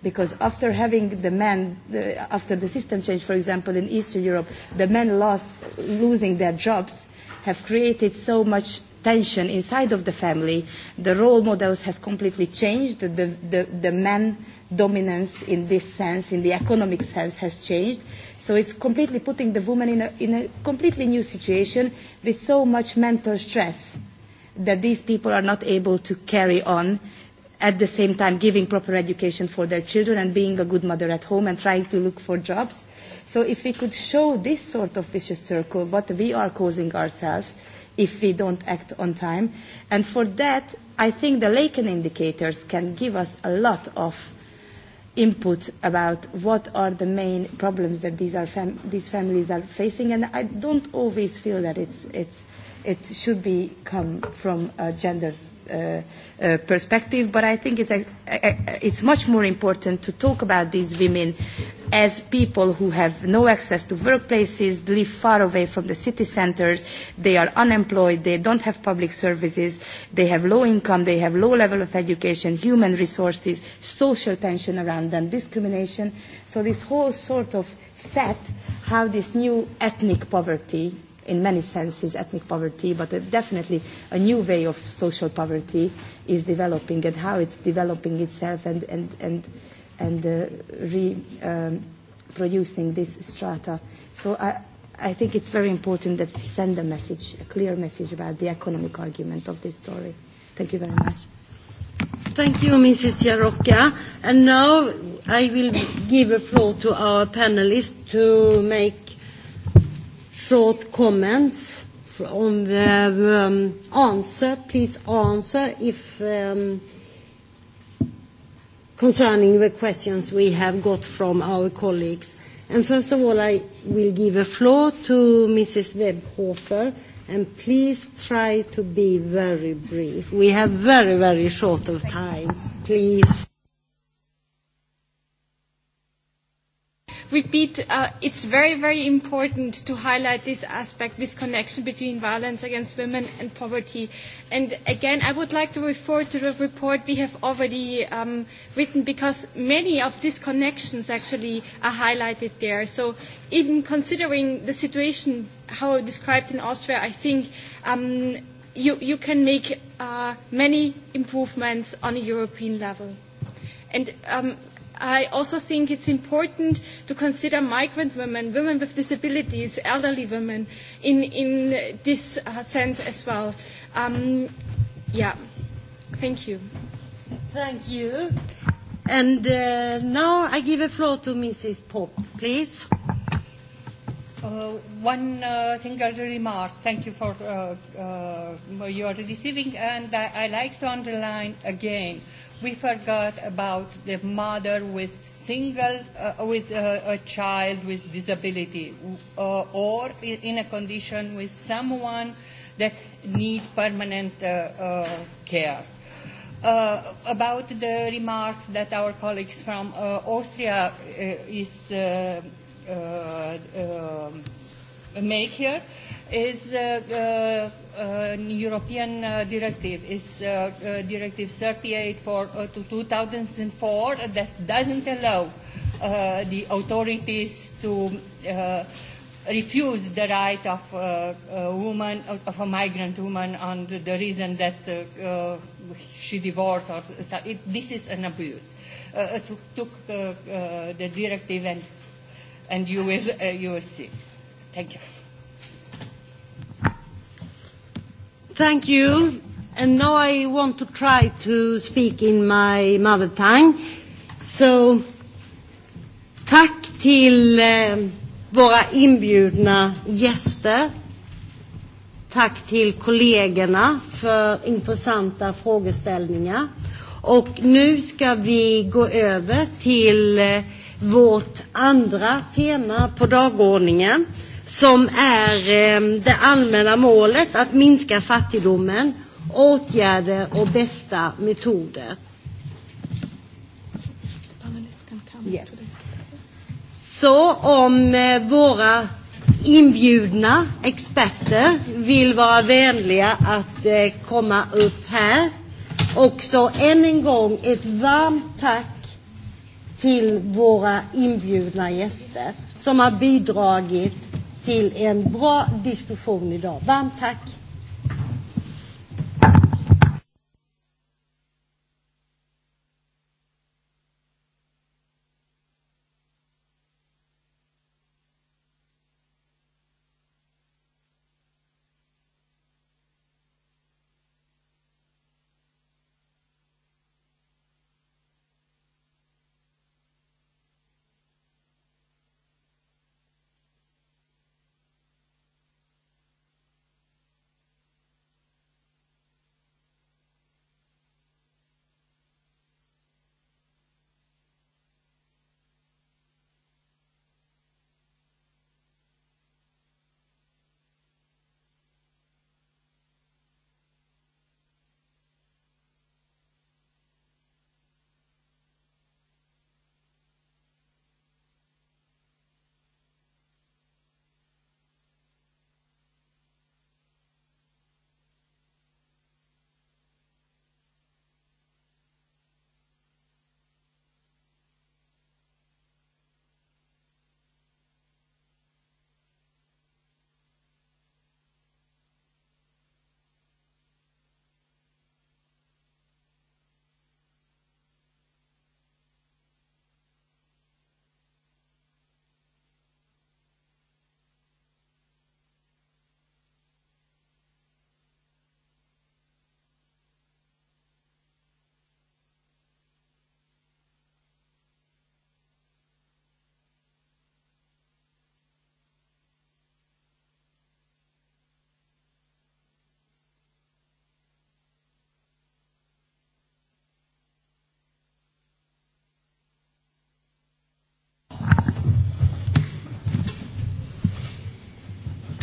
Because after having the men, the, after the system change, for example, in Eastern Europe, the men lost, losing their jobs, have created so much tension inside of the family, the role models has completely changed. The, the, the men dominance in this sense, in the economic sense, has changed. So it's completely putting the woman in a, in a completely new situation with so much mental stress that these people are not able to carry on at the same time giving proper education for their children and being a good mother at home and trying to look for jobs So if we could show this sort of vicious circle, what we are causing ourselves if we don't act on time, and for that, I think the Laken indicators can give us a lot of input about what are the main problems that these, are fam these families are facing, and I don't always feel that it's, it's, it should be come from a gender Uh, uh, perspective, but I think it's, a, a, it's much more important to talk about these women as people who have no access to workplaces, live far away from the city centers, they are unemployed, they don't have public services, they have low income, they have low level of education, human resources, social tension around them, discrimination. So this whole sort of set how this new ethnic poverty in many senses ethnic poverty, but uh, definitely a new way of social poverty is developing and how it's developing itself and, and, and, and uh, reproducing um, this strata. So I, I think it's very important that we send a message, a clear message about the economic argument of this story. Thank you very much. Thank you, Mrs. Jarocka. And now I will give the floor to our panelists to make short comments on the um, answer. Please answer if um, concerning the questions we have got from our colleagues. And First of all, I will give a floor to Mrs. Webhofer, and please try to be very brief. We have very, very short of time. Please. repeat, uh, it's very, very important to highlight this aspect, this connection between violence against women and poverty. And again, I would like to refer to the report we have already um, written because many of these connections actually are highlighted there. So even considering the situation, how described in Austria, I think um, you, you can make uh, many improvements on a European level. And um, I also think it's important to consider migrant women, women with disabilities, elderly women in, in this uh, sense as well. Um, yeah, thank you. Thank you. And uh, now I give the floor to Mrs. Pope, please. Uh, one uh, single remark. Thank you for uh, uh, your receiving, and I, I like to underline again We forgot about the mother with single, uh, with uh, a child with disability uh, or in a condition with someone that need permanent uh, uh, care. Uh, about the remarks that our colleagues from uh, Austria uh, is uh, uh, uh, make here, is uh, uh, European uh, directive, is uh, uh, Directive 38 for, uh, to 2004 that doesn't allow uh, the authorities to uh, refuse the right of uh, a woman, of a migrant woman on the, the reason that uh, uh, she divorced. Or, so it, this is an abuse. Uh, uh took took uh, uh, the directive and, and you, will, uh, you will see. Thank you. Thank you. And now I want to try to speak in my mother tongue. So, tack till eh, våra inbjudna gäster. Tack till kollegorna för intressanta frågeställningar. Och nu ska vi gå över till eh, vårt andra tema på dagordningen. Eh, som är ehm, det allmänna målet att minska fattigdomen, åtgärder och bästa metoder. Så om eh, våra inbjudna experter vill vara vänliga att eh, komma upp här. Också än en gång ett varmt tack till våra inbjudna gäster som har bidragit till en bra diskussion idag. Varmt tack!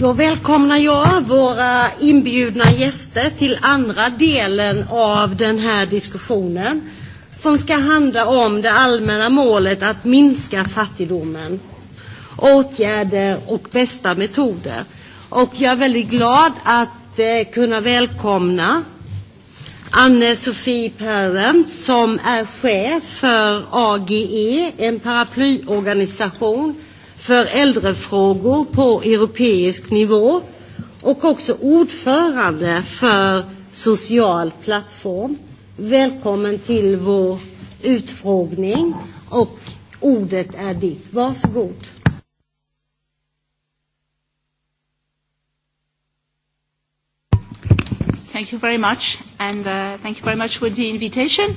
Då välkomnar jag våra inbjudna gäster till andra delen av den här diskussionen som ska handla om det allmänna målet att minska fattigdomen, åtgärder och bästa metoder. Och jag är väldigt glad att eh, kunna välkomna Anne-Sofie Parent som är chef för AGE, en paraplyorganisation för äldrefrågor på europeisk nivå och också ordförande för Social plattform. Välkommen till vår utfrågning och ordet är ditt. Varsågod. Thank you very much and uh, thank you very much for the invitation.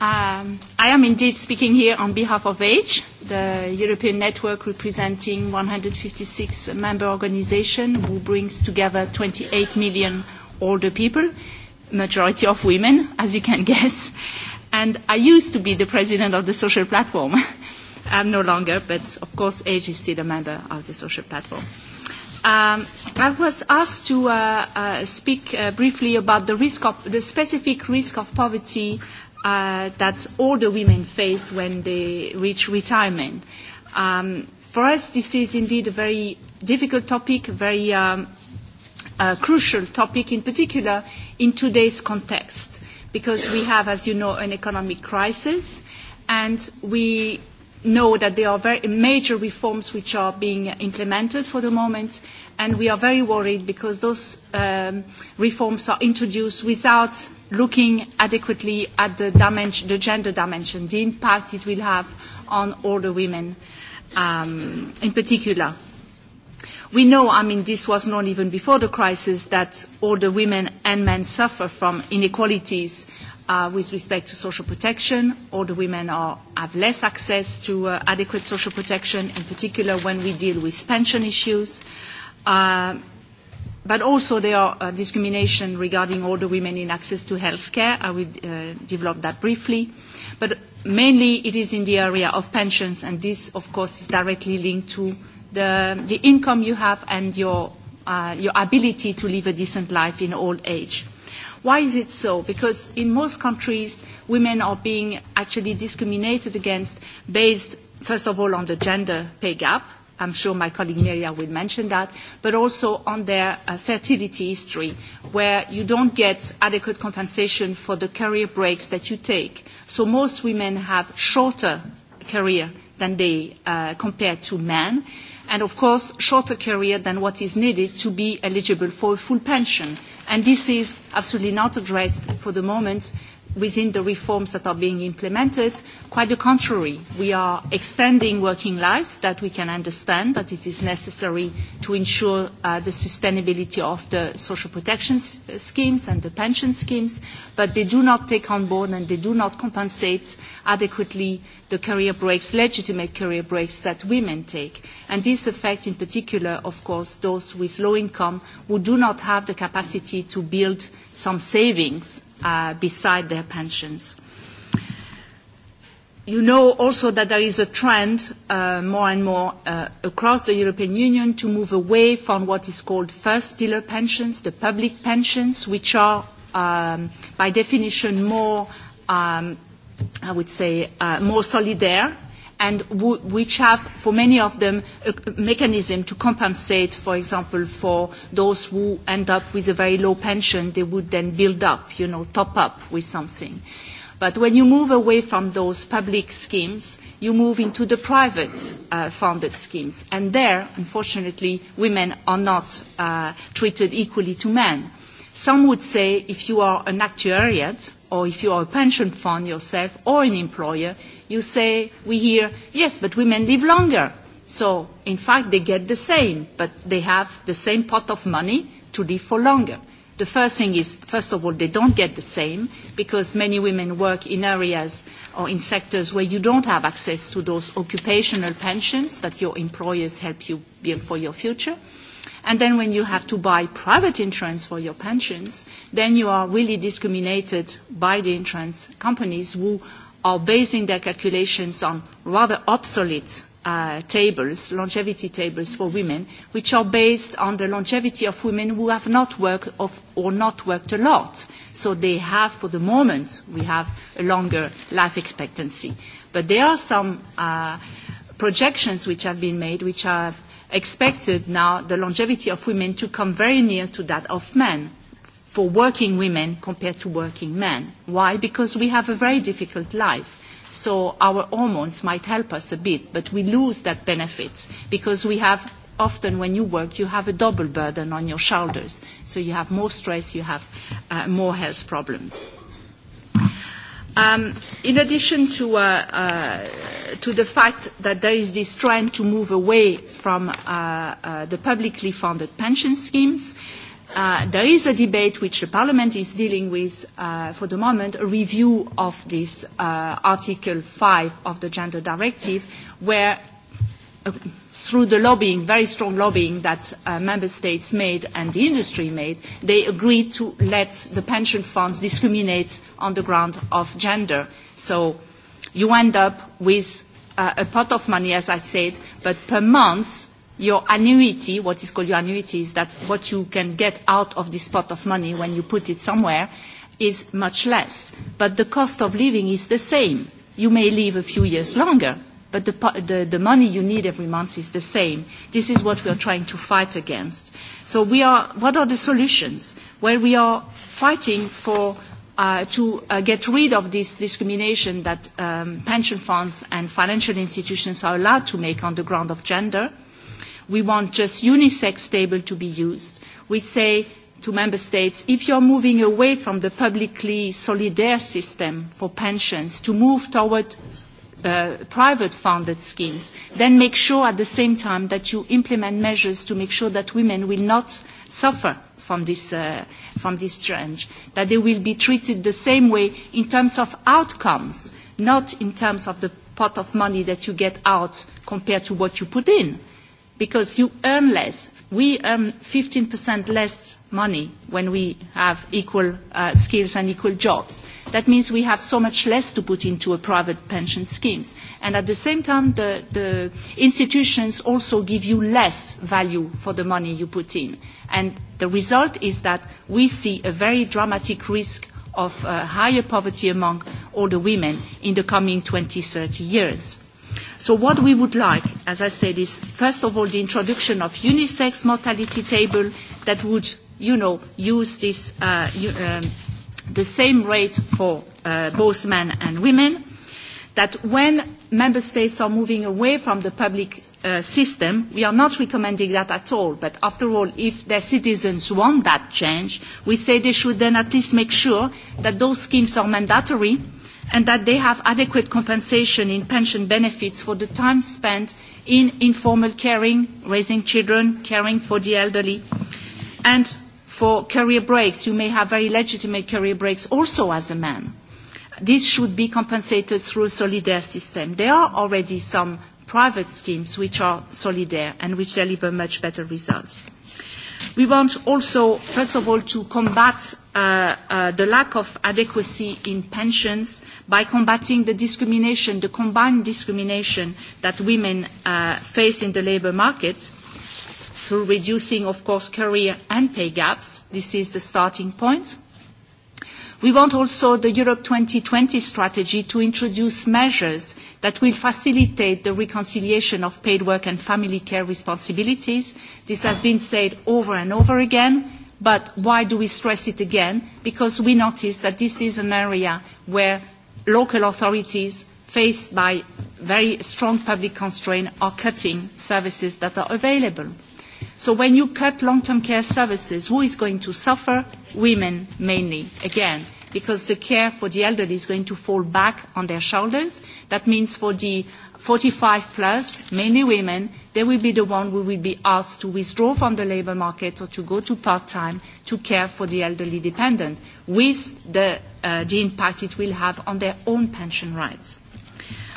Um, I am indeed speaking here on behalf of AGE, the European network representing 156 member organizations who brings together 28 million older people, majority of women, as you can (laughs) guess. And I used to be the president of the social platform. (laughs) I'm no longer, but of course AGE is still a member of the social platform. Um, I was asked to uh, uh, speak uh, briefly about the, risk of, the specific risk of poverty uh, that older women face when they reach retirement. Um, for us, this is indeed a very difficult topic, a very um, crucial topic, in particular in today's context, because we have, as you know, an economic crisis, and we know that there are very major reforms which are being implemented for the moment, and we are very worried because those um, reforms are introduced without looking adequately at the, the gender dimension, the impact it will have on older women um, in particular. We know, I mean, this was known even before the crisis, that older women and men suffer from inequalities uh, with respect to social protection. Older women are, have less access to uh, adequate social protection, in particular when we deal with pension issues. Uh, but also there are uh, discrimination regarding older women in access to healthcare. I will uh, develop that briefly. But mainly it is in the area of pensions, and this, of course, is directly linked to the, the income you have and your, uh, your ability to live a decent life in old age. Why is it so? Because in most countries, women are being actually discriminated against based, first of all, on the gender pay gap, I'm sure my colleague Neria will mention that, but also on their uh, fertility history, where you don't get adequate compensation for the career breaks that you take. So most women have shorter career than they uh, compared to men, and of course shorter career than what is needed to be eligible for a full pension. And this is absolutely not addressed for the moment within the reforms that are being implemented. Quite the contrary, we are extending working lives that we can understand that it is necessary to ensure uh, the sustainability of the social protection schemes and the pension schemes, but they do not take on board and they do not compensate adequately the career breaks, legitimate career breaks that women take. And this affects in particular, of course, those with low income who do not have the capacity to build some savings Uh, beside their pensions. You know also that there is a trend uh, more and more uh, across the European Union to move away from what is called first pillar pensions, the public pensions, which are um, by definition more, um, I would say, uh, more solidaire and which have, for many of them, a mechanism to compensate, for example, for those who end up with a very low pension, they would then build up, you know, top up with something. But when you move away from those public schemes, you move into the private uh, funded schemes. And there, unfortunately, women are not uh, treated equally to men. Some would say if you are an actuariat or if you are a pension fund yourself or an employer, you say, we hear, yes, but women live longer. So in fact, they get the same, but they have the same pot of money to live for longer. The first thing is, first of all, they don't get the same because many women work in areas or in sectors where you don't have access to those occupational pensions that your employers help you build for your future. And then when you have to buy private insurance for your pensions, then you are really discriminated by the insurance companies who are basing their calculations on rather obsolete uh, tables, longevity tables for women, which are based on the longevity of women who have not worked of, or not worked a lot. So they have, for the moment, we have a longer life expectancy. But there are some uh, projections which have been made which have expected now the longevity of women to come very near to that of men for working women compared to working men. Why? Because we have a very difficult life. So our hormones might help us a bit, but we lose that benefit because we have often when you work, you have a double burden on your shoulders. So you have more stress, you have uh, more health problems. Um, in addition to, uh, uh, to the fact that there is this trend to move away from uh, uh, the publicly funded pension schemes, uh, there is a debate which the Parliament is dealing with uh, for the moment, a review of this uh, Article 5 of the Gender Directive, where uh, through the lobbying, very strong lobbying that uh, member states made and the industry made, they agreed to let the pension funds discriminate on the ground of gender. So you end up with uh, a pot of money, as I said, but per month, your annuity, what is called your annuity, is that what you can get out of this pot of money when you put it somewhere is much less. But the cost of living is the same. You may live a few years longer, but the, the, the money you need every month is the same. This is what we are trying to fight against. So we are, what are the solutions? Well, we are fighting for Uh, to uh, get rid of this discrimination that um, pension funds and financial institutions are allowed to make on the ground of gender. We want just unisex table to be used. We say to member states, if you're moving away from the publicly solidaire system for pensions to move toward Uh, private funded schemes, then make sure at the same time that you implement measures to make sure that women will not suffer from this, uh, from this change, that they will be treated the same way in terms of outcomes, not in terms of the pot of money that you get out compared to what you put in because you earn less. We earn 15% less money when we have equal uh, skills and equal jobs. That means we have so much less to put into a private pension schemes. And at the same time, the, the institutions also give you less value for the money you put in. And the result is that we see a very dramatic risk of uh, higher poverty among older women in the coming 20, 30 years. So what we would like, as I said, is first of all the introduction of unisex mortality table that would, you know, use this, uh, um, the same rate for uh, both men and women, that when member states are moving away from the public uh, system, we are not recommending that at all, but after all, if their citizens want that change, we say they should then at least make sure that those schemes are mandatory, and that they have adequate compensation in pension benefits for the time spent in informal caring, raising children, caring for the elderly, and for career breaks. You may have very legitimate career breaks also as a man. This should be compensated through a solidaire system. There are already some private schemes which are solidaire and which deliver much better results. We want also, first of all, to combat uh, uh, the lack of adequacy in pensions by combating the discrimination, the combined discrimination that women uh, face in the labour market through reducing, of course, career and pay gaps. This is the starting point. We want also the Europe 2020 strategy to introduce measures that will facilitate the reconciliation of paid work and family care responsibilities. This has been said over and over again, but why do we stress it again? Because we notice that this is an area where local authorities faced by very strong public constraint are cutting services that are available. So when you cut long-term care services, who is going to suffer? Women mainly, again, because the care for the elderly is going to fall back on their shoulders. That means for the 45 plus, mainly women, they will be the one who will be asked to withdraw from the labour market or to go to part-time to care for the elderly dependent with the the uh, impact it will have on their own pension rights.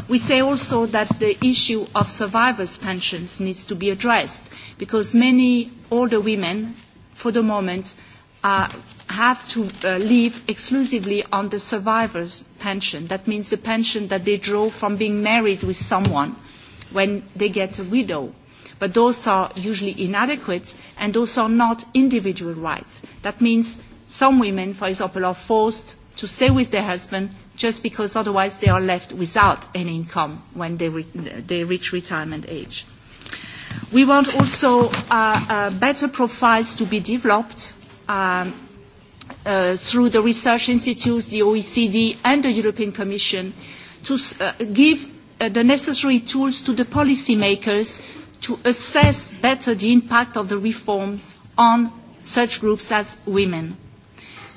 We say also that the issue of survivors' pensions needs to be addressed because many older women, for the moment, uh, have to uh, live exclusively on the survivor's pension. That means the pension that they draw from being married with someone when they get a widow. But those are usually inadequate and those are not individual rights. That means some women, for example, are forced to stay with their husband just because otherwise they are left without any income when they, re they reach retirement age. We want also uh, uh, better profiles to be developed um, uh, through the research institutes, the OECD and the European Commission to uh, give uh, the necessary tools to the policymakers to assess better the impact of the reforms on such groups as women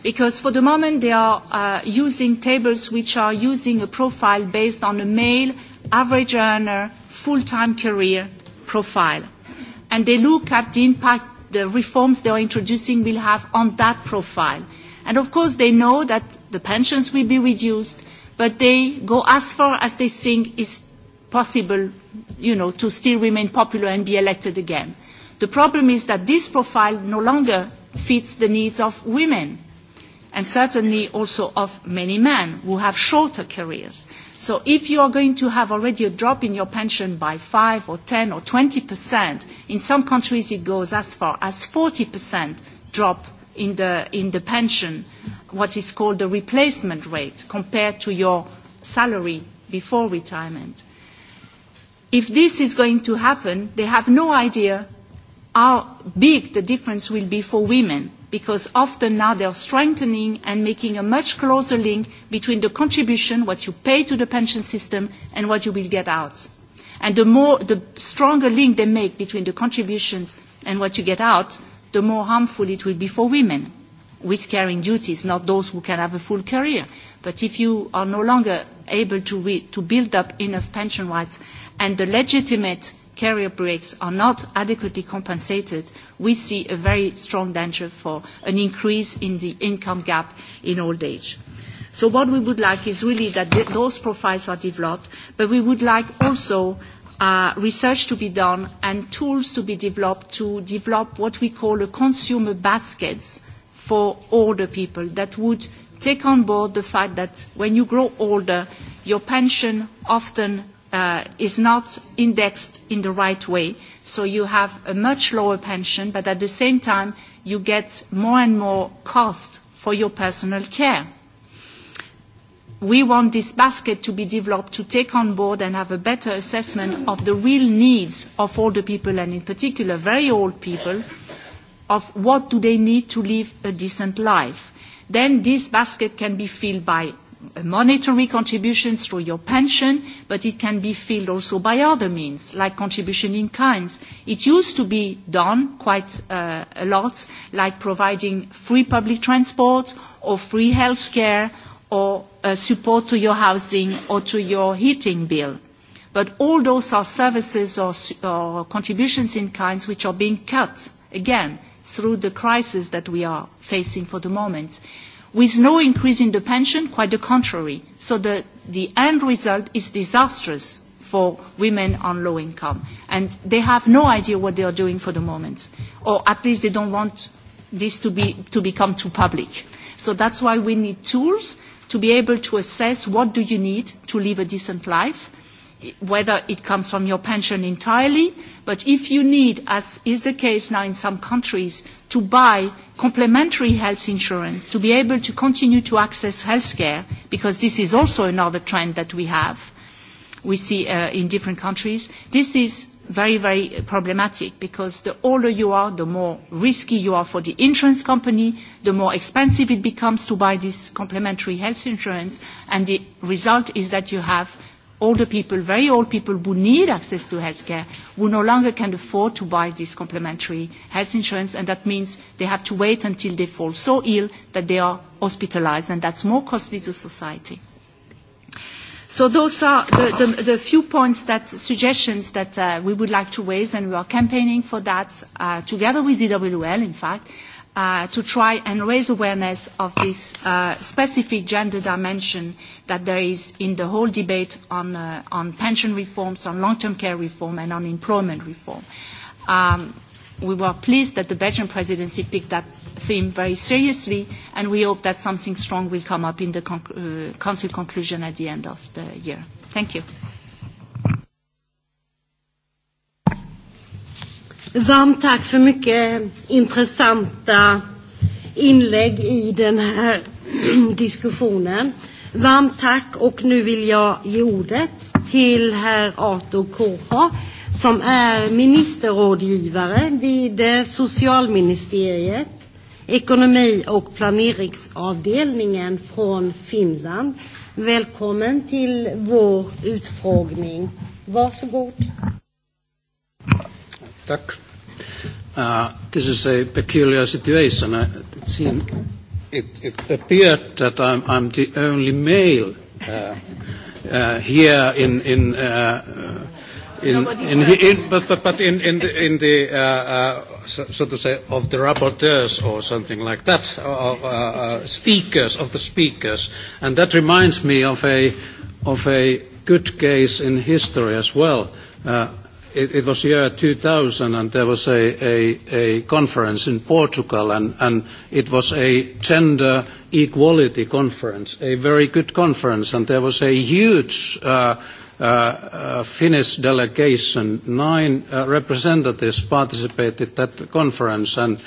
because for the moment they are uh, using tables which are using a profile based on a male average earner full-time career profile. And they look at the impact the reforms they are introducing will have on that profile. And of course they know that the pensions will be reduced, but they go as far as they think is possible, you know, to still remain popular and be elected again. The problem is that this profile no longer fits the needs of women and certainly also of many men who have shorter careers. So if you are going to have already a drop in your pension by 5 or 10 or 20 percent, in some countries it goes as far as 40 percent drop in the, in the pension, what is called the replacement rate compared to your salary before retirement. If this is going to happen, they have no idea how big the difference will be for women because often now they are strengthening and making a much closer link between the contribution, what you pay to the pension system, and what you will get out. And the, more, the stronger link they make between the contributions and what you get out, the more harmful it will be for women with caring duties, not those who can have a full career. But if you are no longer able to, to build up enough pension rights and the legitimate carrier breaks are not adequately compensated, we see a very strong danger for an increase in the income gap in old age. So what we would like is really that th those profiles are developed, but we would like also uh, research to be done and tools to be developed to develop what we call a consumer baskets for older people that would take on board the fact that when you grow older, your pension often uh, is not indexed in the right way. So you have a much lower pension, but at the same time, you get more and more cost for your personal care. We want this basket to be developed to take on board and have a better assessment of the real needs of older people, and in particular very old people, of what do they need to live a decent life. Then this basket can be filled by monetary contributions through your pension, but it can be filled also by other means, like contribution in kinds. It used to be done quite uh, a lot, like providing free public transport or free health care or uh, support to your housing or to your heating bill. But all those are services or, or contributions in kinds which are being cut, again, through the crisis that we are facing for the moment with no increase in the pension, quite the contrary. So the, the end result is disastrous for women on low income. And they have no idea what they are doing for the moment, or at least they don't want this to, be, to become too public. So that's why we need tools to be able to assess what do you need to live a decent life, whether it comes from your pension entirely, but if you need, as is the case now in some countries, to buy complementary health insurance to be able to continue to access healthcare, because this is also another trend that we have, we see uh, in different countries. This is very, very problematic because the older you are, the more risky you are for the insurance company, the more expensive it becomes to buy this complementary health insurance, and the result is that you have older people, very old people who need access to healthcare, who no longer can afford to buy this complementary health insurance, and that means they have to wait until they fall so ill that they are hospitalized, and that's more costly to society. So those are the, the, the few points that suggestions that uh, we would like to raise, and we are campaigning for that uh, together with EWL, in fact, uh, to try and raise awareness of this uh, specific gender dimension that there is in the whole debate on, uh, on pension reforms, on long-term care reform, and on employment reform. Um, we were pleased that the Belgian presidency picked that theme very seriously, and we hope that something strong will come up in the conc uh, Council conclusion at the end of the year. Thank you. Varmt tack för mycket intressanta inlägg i den här (clears throat) diskussionen. Varmt tack och nu vill jag ge ordet till herr Arto Koha som är ministerrådgivare vid eh, socialministeriet, ekonomi och planeringsavdelningen från Finland. Välkommen till vår utfrågning. Varsågod. Tack. Uh, this is a peculiar situation. Uh, it, seemed, it, it appeared that I'm, I'm the only male uh, uh, here in in. Uh, uh in, in, in, in, but, but, but in, in the, in the uh, uh, so, so to say, of the rapporteurs or something like that, of uh, uh, speakers of the speakers, and that reminds me of a of a good case in history as well. Uh, it, it was year 2000 and there was a, a, a conference in Portugal and, and it was a gender equality conference, a very good conference and there was a huge uh, uh, uh, Finnish delegation, nine uh, representatives participated that conference and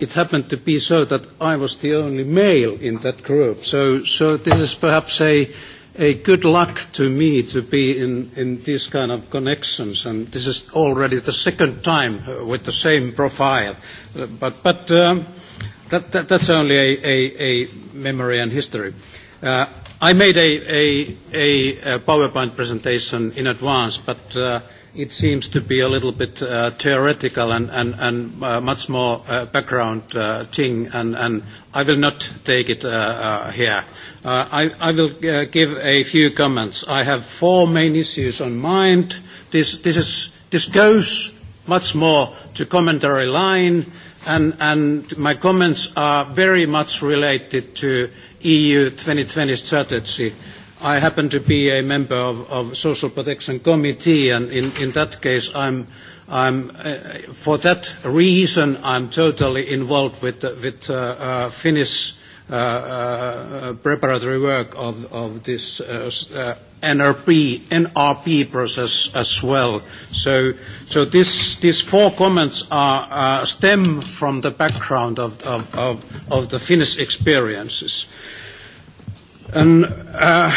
it happened to be so that I was the only male in that group. So, so this is perhaps a a good luck to me to be in, in these kind of connections, and this is already the second time uh, with the same profile. Uh, but, but um, that, that, that's only a, a, a memory and history. Uh, I made a, a, a PowerPoint presentation in advance, but uh, it seems to be a little bit uh, theoretical and, and, and uh, much more uh, background uh, thing, and, and I will not take it uh, uh, here. I, I will give a few comments. I have four main issues on mind. This, this, is, this goes much more to commentary line, and, and my comments are very much related to EU 2020 strategy I happen to be a member of, of Social Protection Committee, and in, in that case, I'm, I'm, uh, for that reason, I'm totally involved with, with uh, uh, Finnish uh, uh, preparatory work of, of this uh, uh, NRP, NRP process as well. So, so this, these four comments are, uh, stem from the background of, of, of, of the Finnish experiences. Uh, And, uh,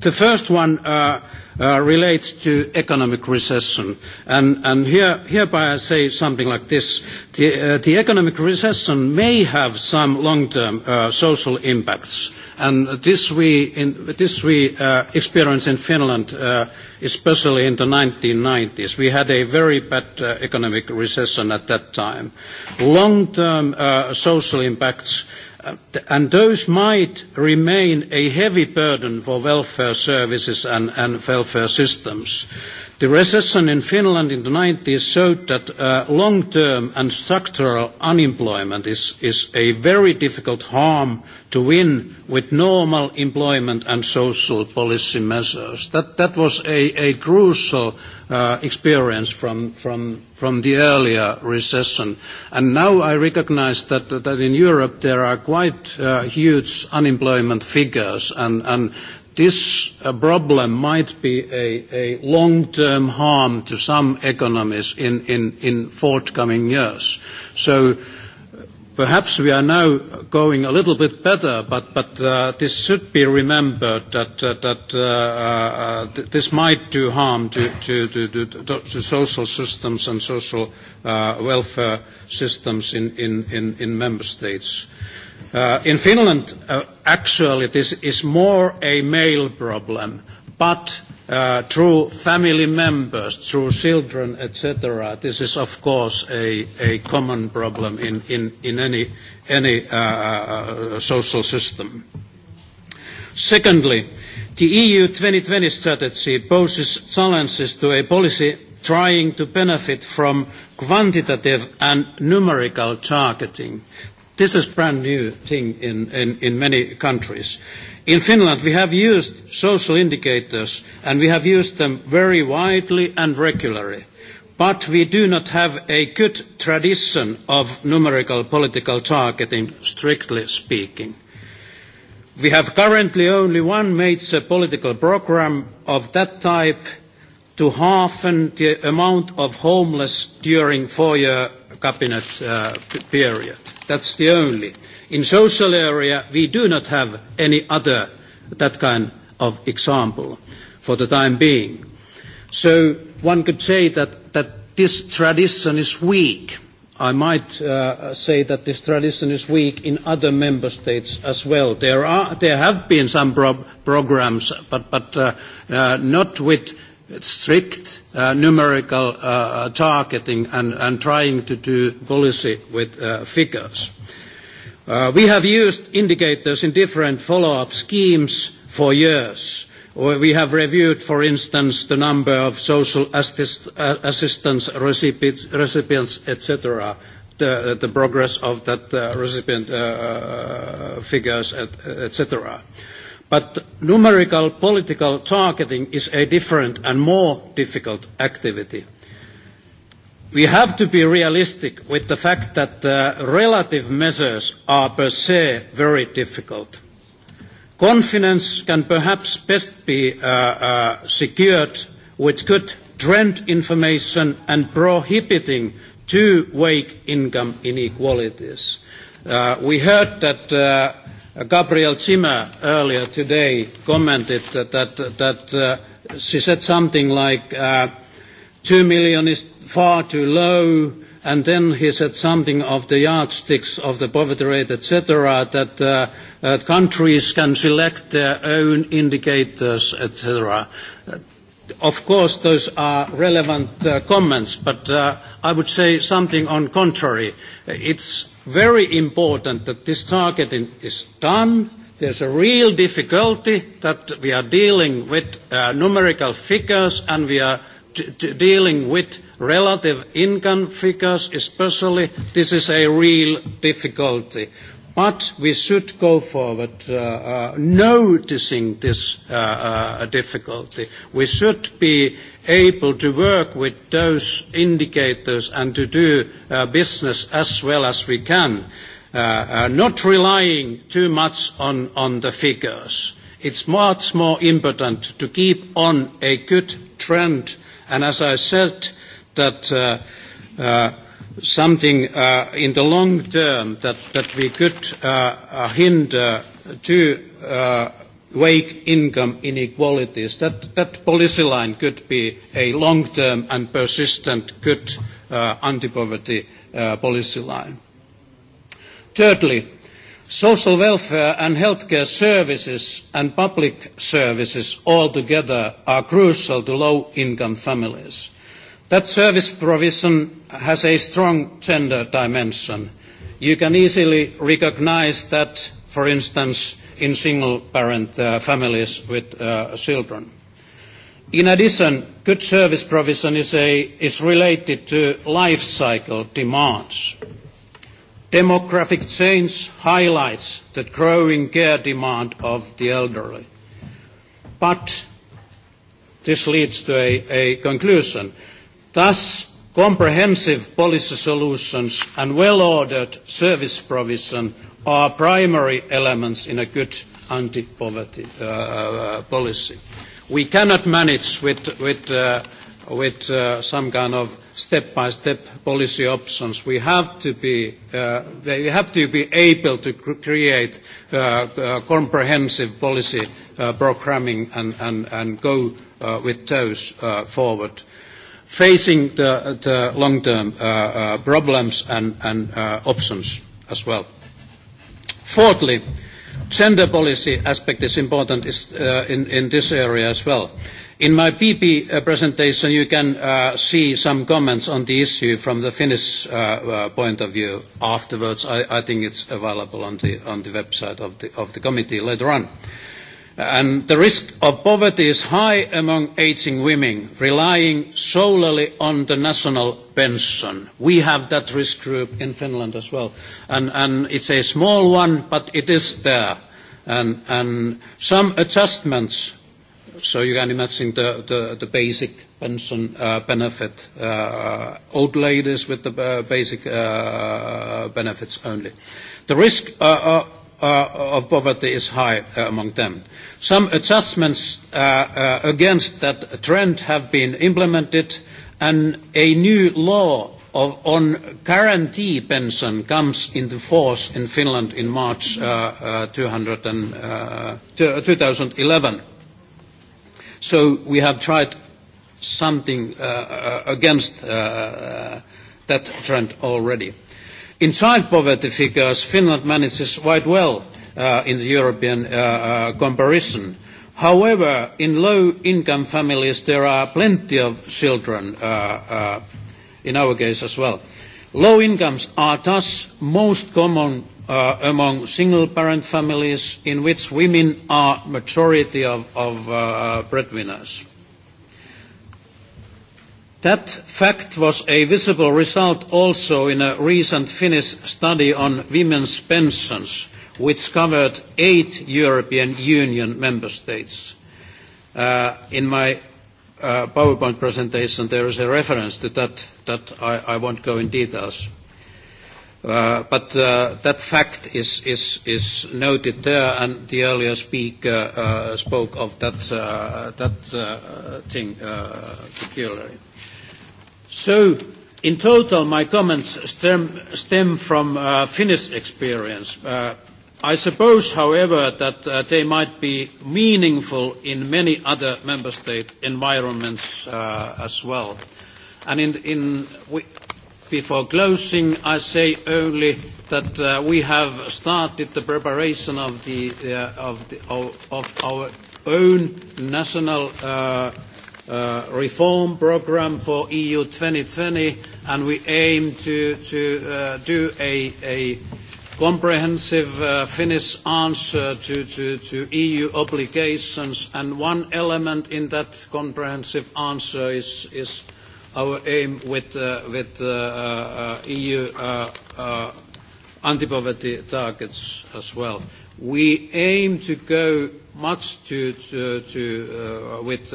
the first one uh, uh, relates to economic recession. And, and here, hereby I say something like this. The, uh, the economic recession may have some long-term uh, social impacts, and this we, in, this we uh, experienced in Finland, especially in the 1990s. We had a very bad economic recession at that time. Long-term social impacts and those might remain a heavy burden for welfare services and, and welfare systems. The recession in Finland in the 90s showed that uh, long-term and structural unemployment is, is a very difficult harm to win with normal employment and social policy measures. That, that was a, a crucial uh, experience from, from, from the earlier recession. And now I recognize that, that in Europe there are quite uh, huge unemployment figures and, and this uh, problem might be a, a long-term harm to some economies in, in, in forthcoming years. So uh, perhaps we are now going a little bit better, but, but uh, this should be remembered that, uh, that uh, uh, uh th this might do harm to, to, to, to social systems and social welfare systems in, in, in member states. Uh, in Finland, uh, actually, this is more a male problem, but uh, through family members, through children, etc., this is, of course, a, a common problem in, in, in any, any uh, uh social system. Secondly, the EU 2020 strategy poses challenges to a policy trying to benefit from quantitative and numerical targeting. This is brand new thing in, in, in many countries. In Finland, we have used social indicators, and we have used them very widely and regularly. But we do not have a good tradition of numerical political targeting, strictly speaking. We have currently only one major political program of that type to halven the amount of homeless during four-year cabinet uh, period. That's the only. In social area, we do not have any other that kind of example for the time being. So one could say that, that this tradition is weak. I might uh, say that this tradition is weak in other member states as well. There, are, there have been some programs, but, but uh, uh, not with strict uh, numerical uh, uh, targeting and, trying to do policy with figures. we have used indicators in different follow-up schemes for years. We have reviewed, for instance, the number of social assistance recipients, et etc., the, progress of that recipient figures, etc. cetera. But numerical political targeting is a different and more difficult activity. We have to be realistic with the fact that uh, relative measures are per se very difficult. Confidence can perhaps best be uh, uh, secured with good trend information and prohibiting too wake income inequalities. Uh, we heard that uh, Gabriel Zimmer earlier today commented that, that, that uh, she said something like uh, 2 million is far too low, and then he said something of the yardsticks of the poverty rate, etc., that uh, uh, countries can select their own indicators, etc. Uh, of course, those are relevant uh, comments, but uh, I would say something on contrary. It's very important that this targeting is done. There's a real difficulty that we are dealing with uh, numerical figures and we are dealing with relative income figures especially. This is a real difficulty. But we should go forward uh, uh, noticing this uh, uh difficulty. We should be able to work with those indicators and to do uh, business as well as we can, uh, uh, not relying too much on, on the figures. It's much more important to keep on a good trend. And as I said, that something in the long term that, that we could hinder to wage income inequalities. That, that policy line could be a long-term and persistent good uh, anti-poverty uh, policy line. Thirdly, social welfare and healthcare services and public services altogether are crucial to low-income families. That service provision has a strong gender dimension. You can easily recognize that, for instance, in single-parent uh, families with uh, children. In addition, good service provision is, related to life cycle demands. Demographic change highlights the growing care demand of the elderly. But this leads to a conclusion. Thus, comprehensive policy solutions and well-ordered service provision are primary elements in a good anti-poverty uh, uh, policy. We cannot manage with, with, uh, with uh, some kind of step-by-step policy options. We have to be, uh, we have to be able to create uh, uh, comprehensive policy uh, programming and, and, and go uh, with those uh, forward facing the, the long-term uh, uh, problems and, and uh, options as well. Fourthly, gender policy aspect is important is, uh, in, in this area as well. In my PP uh, presentation, you can uh, see some comments on the issue from the Finnish uh, uh, point of view afterwards. I, I think it's available on the, on the website of the, of the committee later on. Uh, And the risk of poverty is high among aging women relying solely on the national pension. We have that risk group in Finland as well. And, and it's a small one, but it is there. And, and some adjustments, so you can imagine the, the, the basic pension uh, benefit, uh, old ladies with the uh, basic uh, benefits only. The risk uh, uh, Uh, uh, of poverty is high uh, among them. Some adjustments uh, uh, against that trend have been implemented, and a new law of, on guarantee pension comes into force in Finland in March uh, uh, and, uh, 2011. Uh, so we have tried something uh, uh against uh, that trend already. In child poverty figures, Finland manages quite well uh, in the European uh, uh, comparison. However, in low-income families, there are plenty of children, uh, uh, in our case as well. Low incomes are thus most common uh, among single-parent families in which women are majority of, of uh, breadwinners. That fact was a visible result also in a recent Finnish study on women's pensions, which covered eight European Union member states. Uh, in my uh, PowerPoint presentation, there is a reference to that, that I, I won't go in details. Uh, but uh, that fact is, is, is noted there, and the earlier speaker uh, spoke of that, uh, that uh, thing uh, peculiarly. So, in total, my comments stem, stem from uh, Finnish experience. Uh, I suppose, however, that uh, they might be meaningful in many other member state environments uh, as well. And in, in, we, before closing, I say only that uh, we have started the preparation of, the, uh, of, the, of, of our own national uh, Uh, reform program for EU 2020, and we aim to, to uh, do a, comprehensive uh, Finnish answer to, to, to EU obligations, and one element in that comprehensive answer is, is our aim with, the with EU anti-poverty targets as well. We aim to go much to, to, with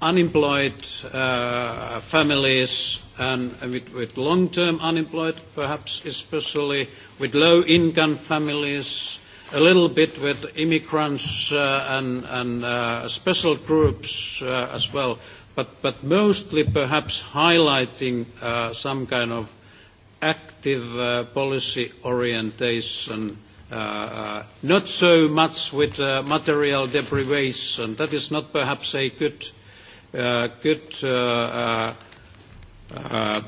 unemployed uh, families and with, with long-term unemployed, perhaps especially with low-income families, a little bit with immigrants uh, and, and uh, special groups uh, as well, but, but mostly perhaps highlighting uh, some kind of active uh, policy orientation Uh, uh, not so much with uh, material deprivation. That is not perhaps a good Uh, good uh, uh, uh,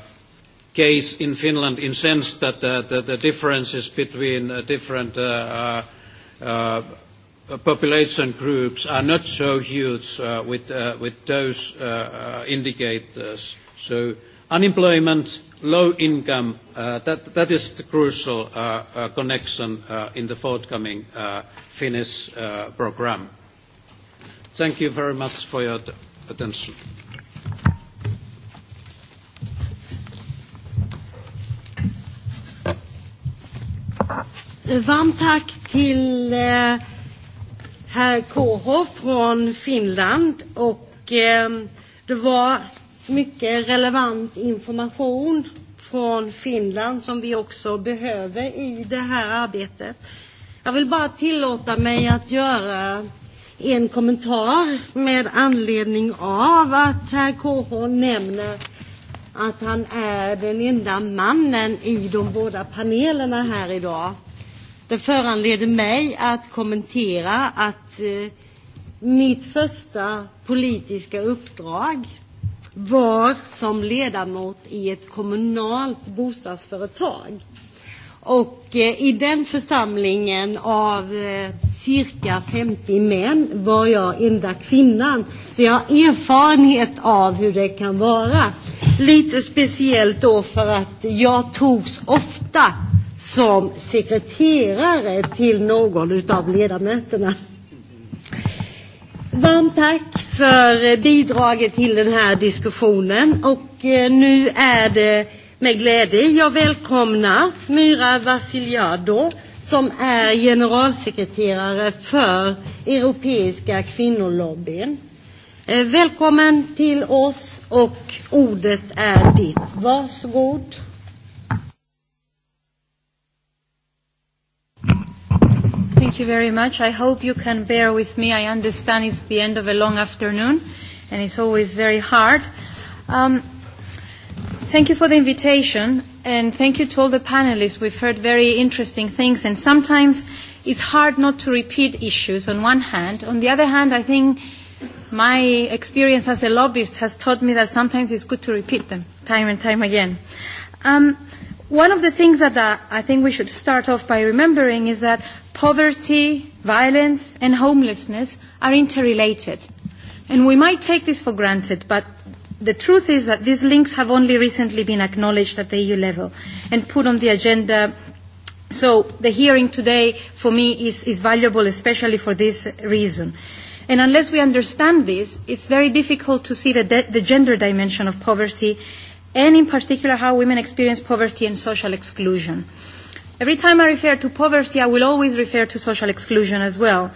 case in Finland in sense that uh, the, the differences between uh, different uh, uh, uh, population groups are not so huge uh, with, uh, with those uh, indicators. So unemployment, low income, uh, that, that is the crucial uh, uh, connection uh, in the forthcoming uh, Finnish uh, program. Thank you very much for your attention. Varmt tack till eh, herr KH från Finland och eh, det var mycket relevant information från Finland som vi också behöver i det här arbetet. Jag vill bara tillåta mig att göra en kommentar med anledning av att herr KH nämner att han är den enda mannen i de båda panelerna här idag. Det föranleder mig att kommentera att eh, mitt första politiska uppdrag var som ledamot i ett kommunalt bostadsföretag. Och eh, i den församlingen av eh, cirka 50 män var jag enda kvinnan. Så jag har erfarenhet av hur det kan vara. Lite speciellt då för att jag togs ofta som sekreterare till någon av ledamöterna. Varmt tack för eh, bidraget till den här diskussionen och eh, nu är det med glädje. Jag välkomnar Myra Vassiliado som är generalsekreterare för Europeiska kvinnolobbyn. Eh, välkommen till oss och ordet är ditt. Varsågod. Thank you very much. I hope you can bear with me. I understand it's the end of a long afternoon and it's always very hard. Um, Thank you for the invitation, and thank you to all the panelists. We've heard very interesting things, and sometimes it's hard not to repeat issues on one hand. On the other hand, I think my experience as a lobbyist has taught me that sometimes it's good to repeat them time and time again. Um, one of the things that uh, I think we should start off by remembering is that poverty, violence, and homelessness are interrelated. And we might take this for granted, but the truth is that these links have only recently been acknowledged at the EU level and put on the agenda. So the hearing today, for me, is, is valuable, especially for this reason. And unless we understand this, it's very difficult to see the, de- the gender dimension of poverty, and in particular how women experience poverty and social exclusion. Every time I refer to poverty, I will always refer to social exclusion as well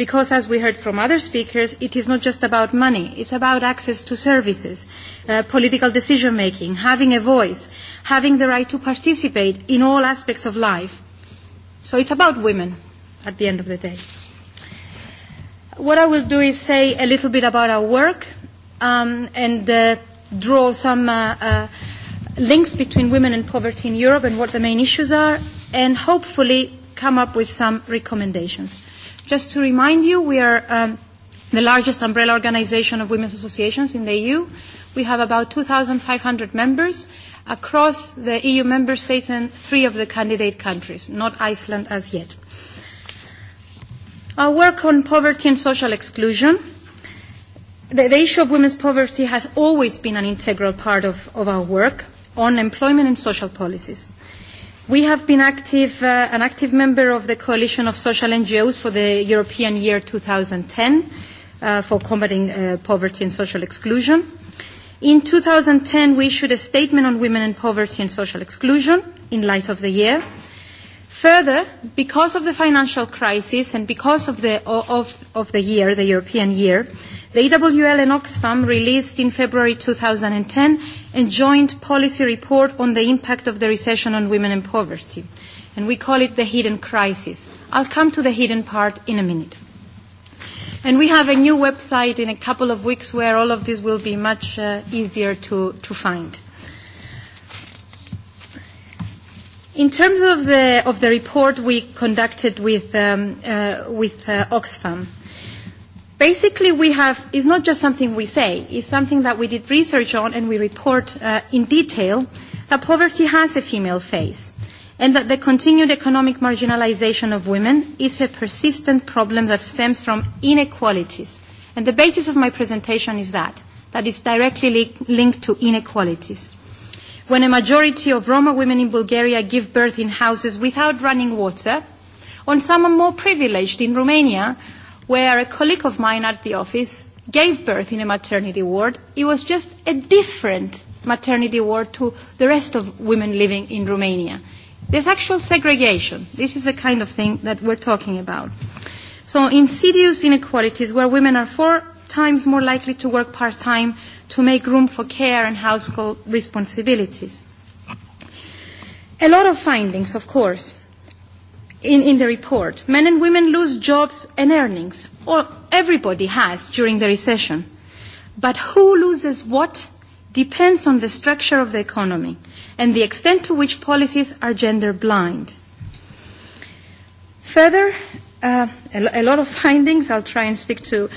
because as we heard from other speakers, it is not just about money, it's about access to services, uh, political decision making, having a voice, having the right to participate in all aspects of life. So it's about women at the end of the day. What I will do is say a little bit about our work um, and uh, draw some uh, uh, links between women and poverty in Europe and what the main issues are, and hopefully come up with some recommendations. Just to remind you, we are um, the largest umbrella organization of women's associations in the EU. We have about 2,500 members across the EU member states and three of the candidate countries, not Iceland as yet. Our work on poverty and social exclusion. The, the issue of women's poverty has always been an integral part of, of our work on employment and social policies. We have been active, uh, an active member of the Coalition of Social NGOs for the European Year 2010 uh, for combating uh, poverty and social exclusion. In 2010, we issued a statement on women and poverty and social exclusion in light of the year. Further, because of the financial crisis and because of the, of, of the year, the European year, the EWL and Oxfam released in February 2010 a joint policy report on the impact of the recession on women in poverty. And we call it the hidden crisis. I'll come to the hidden part in a minute. And we have a new website in a couple of weeks where all of this will be much uh, easier to, to find. In terms of the, of the report we conducted with, um, uh, with uh, Oxfam, basically we have, it's not just something we say, it's something that we did research on and we report uh, in detail that poverty has a female face and that the continued economic marginalization of women is a persistent problem that stems from inequalities. And the basis of my presentation is that, that is directly li- linked to inequalities when a majority of Roma women in Bulgaria give birth in houses without running water, and some are more privileged in Romania, where a colleague of mine at the office gave birth in a maternity ward. It was just a different maternity ward to the rest of women living in Romania. There's actual segregation. This is the kind of thing that we're talking about. So insidious inequalities where women are four times more likely to work part-time to make room for care and household responsibilities. A lot of findings, of course, in, in the report. Men and women lose jobs and earnings. Or everybody has during the recession. But who loses what depends on the structure of the economy and the extent to which policies are gender blind. Further, uh, a, a lot of (laughs) findings, I'll try and stick to.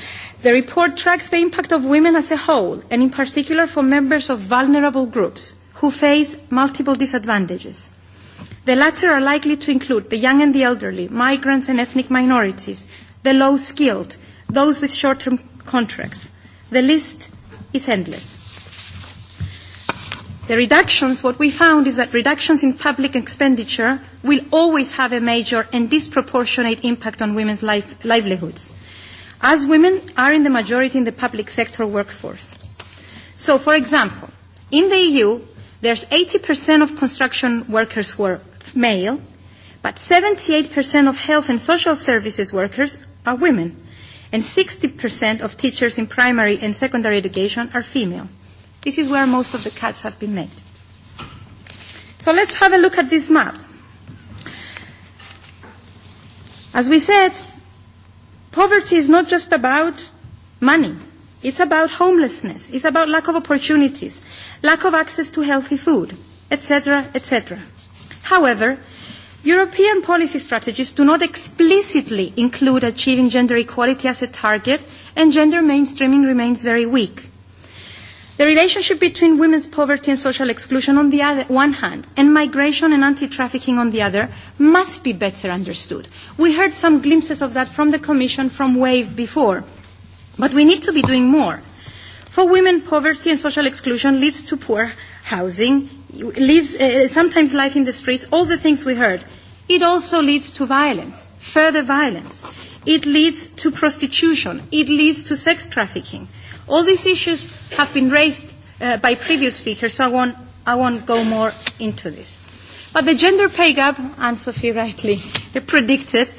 The report tracks the impact of women as a whole, and in particular for members of vulnerable groups who face multiple disadvantages. The latter are likely to include the young and the elderly, migrants and ethnic minorities, the low-skilled, those with short-term contracts. The list is endless. The reductions, what we found is that reductions in public expenditure will always have a major and disproportionate impact on women's life, livelihoods as women are in the majority in the public sector workforce. So, for example, in the EU, there's 80% of construction workers who are male, but 78% of health and social services workers are women, and 60% of teachers in primary and secondary education are female. This is where most of the cuts have been made. So let's have a look at this map. As we said, Poverty is not just about money. It's about homelessness. It's about lack of opportunities, lack of access to healthy food, etc., etc. However, European policy strategies do not explicitly include achieving gender equality as a target, and gender mainstreaming remains very weak. The relationship between women's poverty and social exclusion on the other, one hand, and migration and anti-trafficking on the other, must be better understood. We heard some glimpses of that from the Commission, from WAVE before, but we need to be doing more. For women, poverty and social exclusion leads to poor housing, leaves, uh, sometimes life in the streets, all the things we heard. It also leads to violence, further violence. It leads to prostitution. It leads to sex trafficking All these issues have been raised uh, by previous speakers, so I won't, I won't go more into this. But the gender pay gap, and Sophie rightly (laughs) predicted,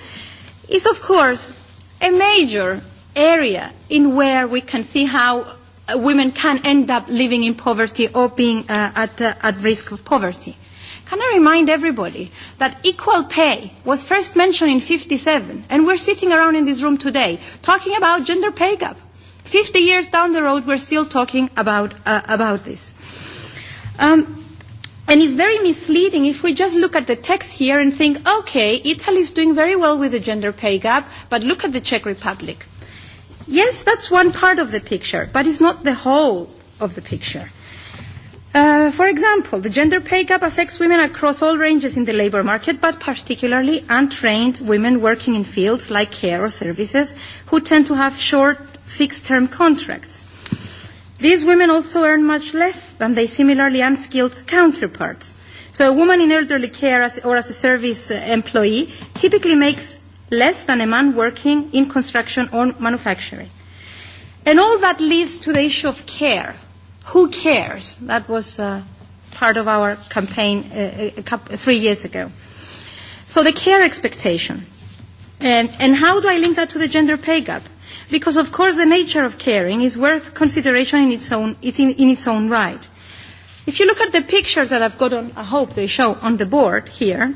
is of course a major area in where we can see how uh, women can end up living in poverty or being uh, at, uh, at risk of poverty. Can I remind everybody that equal pay was first mentioned in 57, and we're sitting around in this room today talking about gender pay gap. 50 years down the road, we're still talking about, uh, about this. Um, and it's very misleading if we just look at the text here and think, okay, Italy is doing very well with the gender pay gap, but look at the Czech Republic. Yes, that's one part of the picture, but it's not the whole of the picture. Uh, for example, the gender pay gap affects women across all ranges in the labor market, but particularly untrained women working in fields like care or services who tend to have short fixed-term contracts. These women also earn much less than their similarly unskilled counterparts. So a woman in elderly care as, or as a service uh, employee typically makes less than a man working in construction or manufacturing. And all that leads to the issue of care. Who cares? That was uh, part of our campaign uh, uh a couple, three years ago. So the care expectation. And, and how do I link that to the gender pay gap? because of course the nature of caring is worth consideration in its own, it's in, in its own right. If you look at the pictures that I've got on, I hope they show on the board here,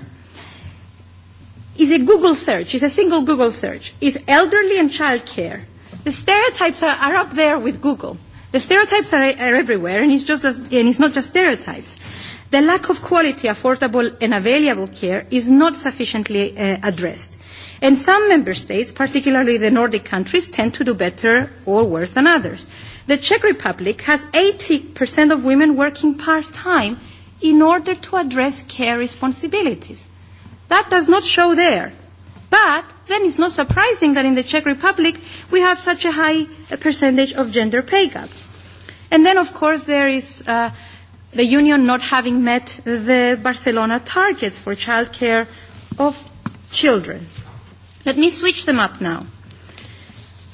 is a Google search, is a single Google search, is elderly and childcare. The stereotypes are, are up there with Google. The stereotypes are, are everywhere, and it's, just as, and it's not just stereotypes. The lack of quality, affordable, and available care is not sufficiently uh, addressed. And some member states, particularly the Nordic countries, tend to do better or worse than others. The Czech Republic has 80% of women working part-time in order to address care responsibilities. That does not show there. But then it's not surprising that in the Czech Republic we have such a high percentage of gender pay gap. And then, of course, there is uh, the union not having met the Barcelona targets for childcare of children. Let me switch them up now.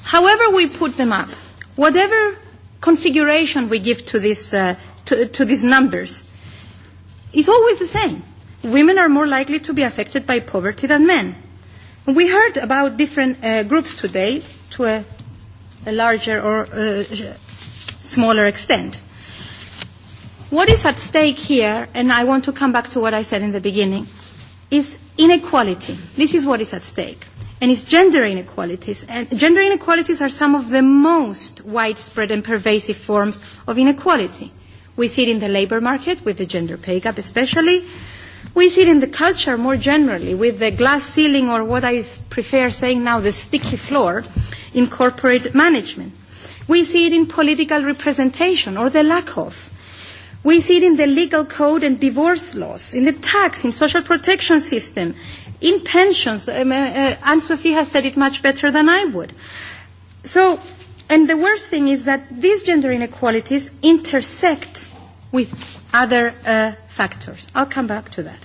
However we put them up, whatever configuration we give to, this, uh, to, to these numbers is always the same. Women are more likely to be affected by poverty than men. We heard about different uh, groups today to a, a larger or uh, smaller extent. What is at stake here, and I want to come back to what I said in the beginning, is inequality. This is what is at stake and it's gender inequalities. And gender inequalities are some of the most widespread and pervasive forms of inequality. We see it in the labor market with the gender pay gap especially. We see it in the culture more generally with the glass ceiling or what I prefer saying now the sticky floor in corporate management. We see it in political representation or the lack of. We see it in the legal code and divorce laws, in the tax, in social protection system, in pensions. Um, uh, uh, uh Anne Sophie has said it much better than I would. So, and the worst thing is that these gender inequalities intersect with other uh, factors. I'll come back to that.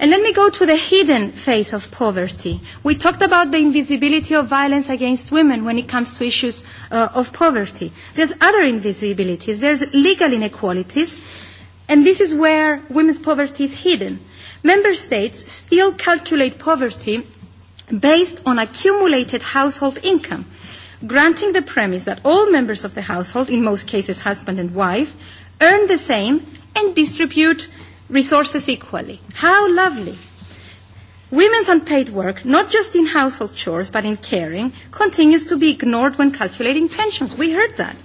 And let me go to the hidden face of poverty. We talked about the invisibility of violence against women when it comes to issues uh, of poverty. There's other invisibilities. There's legal inequalities. And this is where women's poverty is hidden. Member states still calculate poverty based on accumulated household income, granting the premise that all members of the household, in most cases husband and wife, earn the same and distribute resources equally. How lovely! Women's unpaid work, not just in household chores but in caring, continues to be ignored when calculating pensions. We heard that.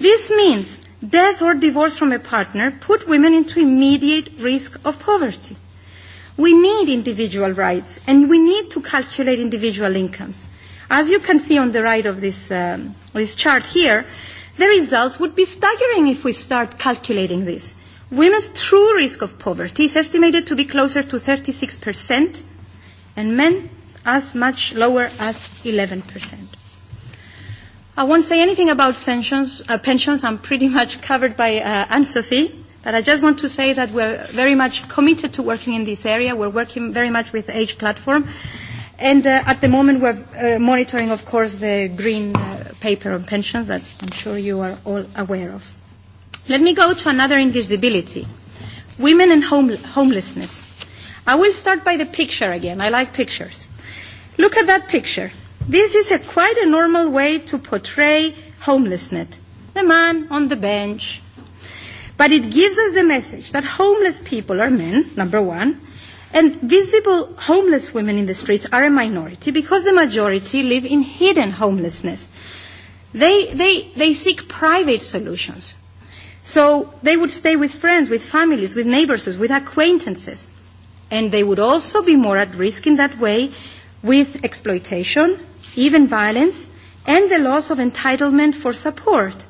This means death or divorce from a partner put women into immediate risk of poverty. We need individual rights and we need to calculate individual incomes. As you can see on the right of this, um, this chart here, the results would be staggering if we start calculating this. Women's true risk of poverty is estimated to be closer to 36%, and men as much lower as 11%. I won't say anything about pensions. Uh, pensions I'm pretty (laughs) much covered by uh, Anne-Sophie. But I just want to say that we're very much committed to working in this area. We're working very much with Age platform. And uh, at the moment, we're uh, monitoring, of course, the green uh, paper on pensions that I'm sure you are all aware of. Let me go to another invisibility women and home- homelessness. I will start by the picture again. I like pictures. Look at that picture. This is a quite a normal way to portray homelessness. The man on the bench, But it gives us the message that homeless people are men, number one, and visible homeless women in the streets are a minority because the majority live in hidden homelessness. They, they, they seek private solutions. So they would stay with friends, with families, with neighbors, with acquaintances. And they would also be more at risk in that way with exploitation, even violence, and the loss of entitlement for support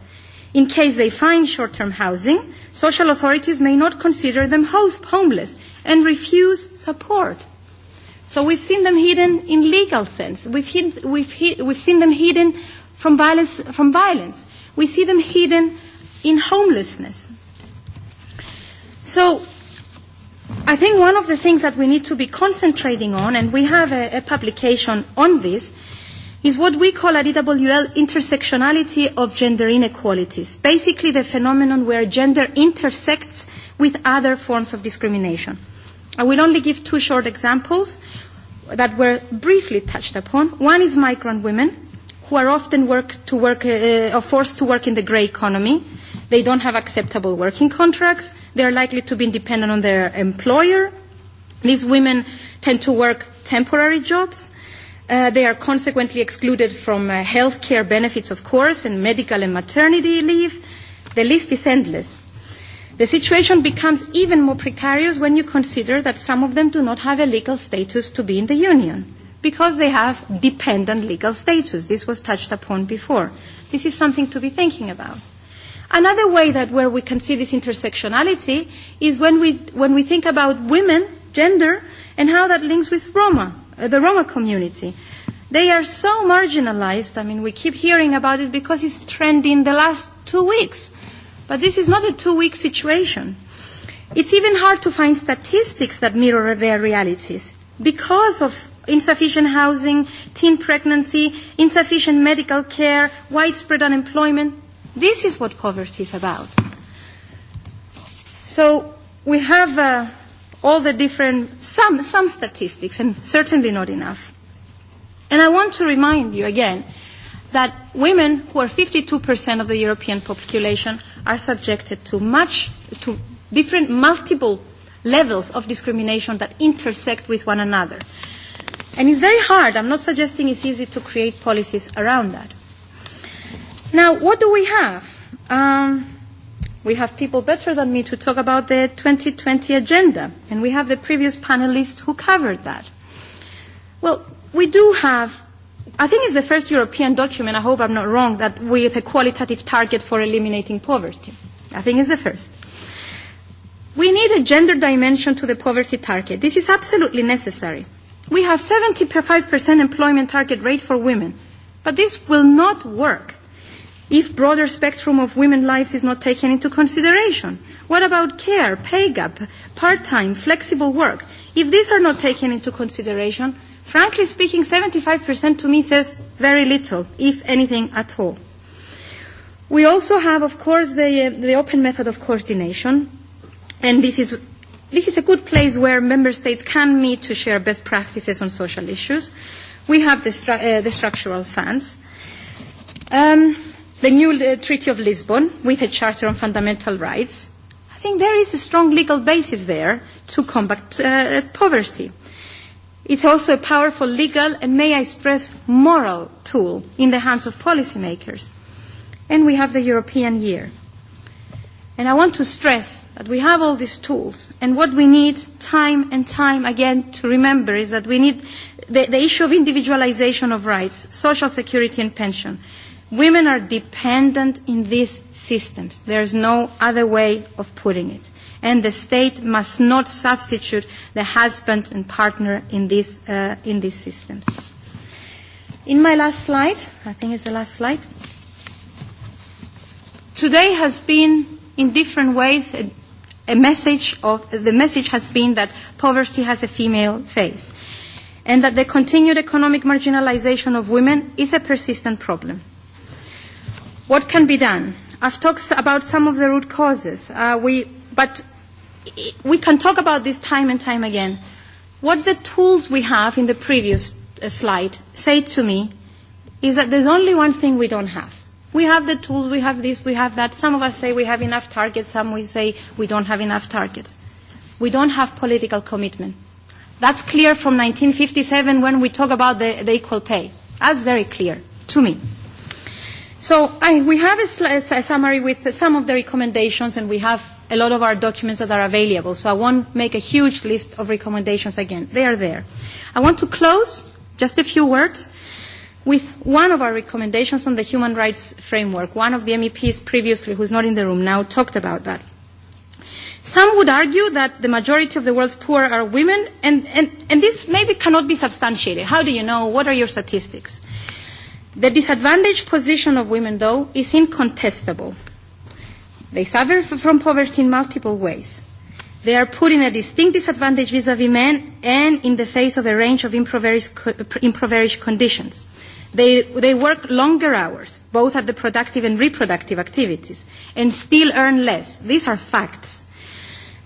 In case they find short-term housing, social authorities may not consider them host homeless and refuse support. So we've seen them hidden in legal sense. We've, hid, we've, hid, we've seen them hidden from violence, from violence. We see them hidden in homelessness. So I think one of the things that we need to be concentrating on, and we have a, a publication on this, is what we call at EWL intersectionality of gender inequalities, basically the phenomenon where gender intersects with other forms of discrimination. I will only give two short examples that were briefly touched upon. One is migrant women, who are often work to work, uh, or forced to work in the grey economy. They don't have acceptable working contracts. They are likely to be dependent on their employer. These women tend to work temporary jobs Uh, they are consequently excluded from uh, health care benefits, of course, and medical and maternity leave. The list is endless. The situation becomes even more precarious when you consider that some of them do not have a legal status to be in the union because they have dependent legal status. This was touched upon before. This is something to be thinking about. Another way that where we can see this intersectionality is when we, when we think about women, gender, and how that links with Roma Uh, the Roma community. They are so marginalized. I mean, we keep hearing about it because it's trending the last two weeks. But this is not a two-week situation. It's even hard to find statistics that mirror their realities because of insufficient housing, teen pregnancy, insufficient medical care, widespread unemployment. This is what poverty is about. So we have... Uh, all the different, some, some statistics, and certainly not enough. And I want to remind you again that women, who are 52% of the European population, are subjected to much, to different multiple levels of discrimination that intersect with one another. And it's very hard, I'm not suggesting it's easy to create policies around that. Now, what do we have? Um, We have people better than me to talk about the 2020 agenda, and we have the previous panelists who covered that. Well, we do have, I think it's the first European document, I hope I'm not wrong, that with a qualitative target for eliminating poverty. I think it's the first. We need a gender dimension to the poverty target. This is absolutely necessary. We have 75% employment target rate for women, but this will not work if broader spectrum of women's lives is not taken into consideration? What about care, pay gap, part-time, flexible work? If these are not taken into consideration, frankly speaking, 75% to me says very little, if anything at all. We also have, of course, the, uh, the open method of coordination, and this is, this is a good place where member states can meet to share best practices on social issues. We have the, stru- uh, the structural funds. Um, the new uh, Treaty of Lisbon with a Charter on Fundamental Rights, I think there is a strong legal basis there to combat uh, poverty. It's also a powerful legal and, may I stress, moral tool in the hands of policymakers. And we have the European year. And I want to stress that we have all these tools, and what we need time and time again to remember is that we need the, the issue of individualization of rights, social security and pension. Women are dependent in these systems. There is no other way of putting it. And the state must not substitute the husband and partner in, this, uh, in these systems. In my last slide, I think it's the last slide, today has been in different ways a, a message of, the message has been that poverty has a female face and that the continued economic marginalization of women is a persistent problem. What can be done? I've talked about some of the root causes. Uh, we, but we can talk about this time and time again. What the tools we have in the previous uh, slide say to me is that there's only one thing we don't have. We have the tools, we have this, we have that. Some of us say we have enough targets, some we say we don't have enough targets. We don't have political commitment. That's clear from 1957 when we talk about the, the equal pay. That's very clear to me. So I, we have a, a, a summary with some of the recommendations, and we have a lot of our documents that are available. So I won't make a huge list of recommendations again. They are there. I want to close just a few words with one of our recommendations on the human rights framework. One of the MEPs previously, who's not in the room now, talked about that. Some would argue that the majority of the world's poor are women, and, and, and this maybe cannot be substantiated. How do you know? What are your statistics? The disadvantaged position of women, though, is incontestable. They suffer from poverty in multiple ways. They are put in a distinct disadvantage vis-à-vis -vis men and in the face of a range of impoverished conditions. They, they work longer hours, both at the productive and reproductive activities, and still earn less. These are facts.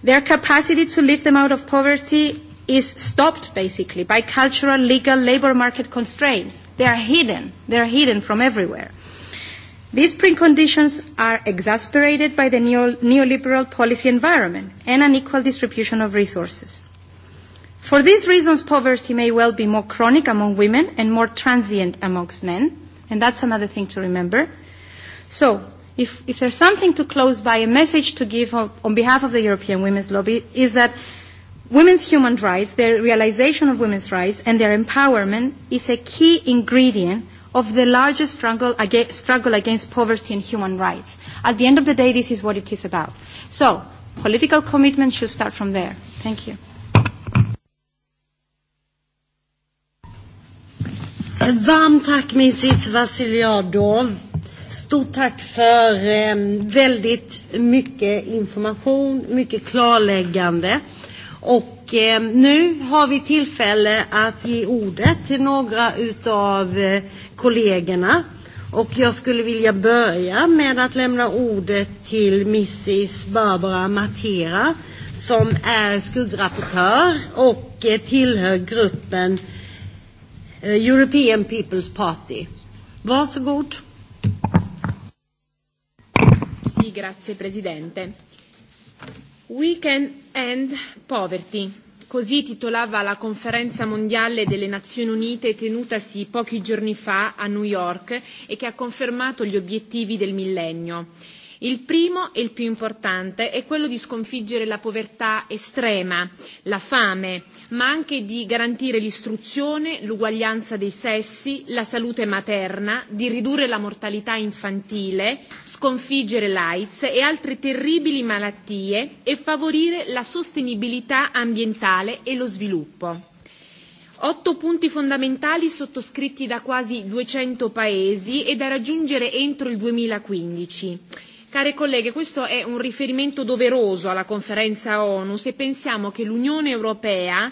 Their capacity to lift them out of poverty is stopped basically by cultural, legal, labor market constraints. They are hidden. They are hidden from everywhere. These preconditions are exasperated by the neo neoliberal policy environment and unequal distribution of resources. For these reasons, poverty may well be more chronic among women and more transient amongst men, and that's another thing to remember. So, if, if there's something to close by, a message to give on, on behalf of the European Women's Lobby is that Women's human rights, the realization of women's rights and their empowerment is a key ingredient of the largest struggle, ag struggle against poverty and human rights. At the end of the day, this is what it is about. So, political commitment should start from there. Thank you. Varmt tack Mrs Vasiliadov. Stort tack för eh, väldigt mycket information, mycket klarläggande. Och eh, nu har vi tillfälle att ge ordet till några av eh, kollegorna. Och jag skulle vilja börja med att lämna ordet till Mrs Barbara Matera som är skuggrapportör och eh, tillhör gruppen eh, European People's Party. Varsågod. Sì, grazie Presidente. We can End Poverty. Così titolava la conferenza mondiale delle Nazioni Unite tenutasi pochi giorni fa a New York e che ha confermato gli obiettivi del millennio. Il primo e il più importante è quello di sconfiggere la povertà estrema, la fame, ma anche di garantire l'istruzione, l'uguaglianza dei sessi, la salute materna, di ridurre la mortalità infantile, sconfiggere l'AIDS e altre terribili malattie e favorire la sostenibilità ambientale e lo sviluppo. Otto punti fondamentali sottoscritti da quasi 200 paesi e da raggiungere entro il 2015 care colleghe, questo è un riferimento doveroso alla conferenza ONU se pensiamo che l'Unione Europea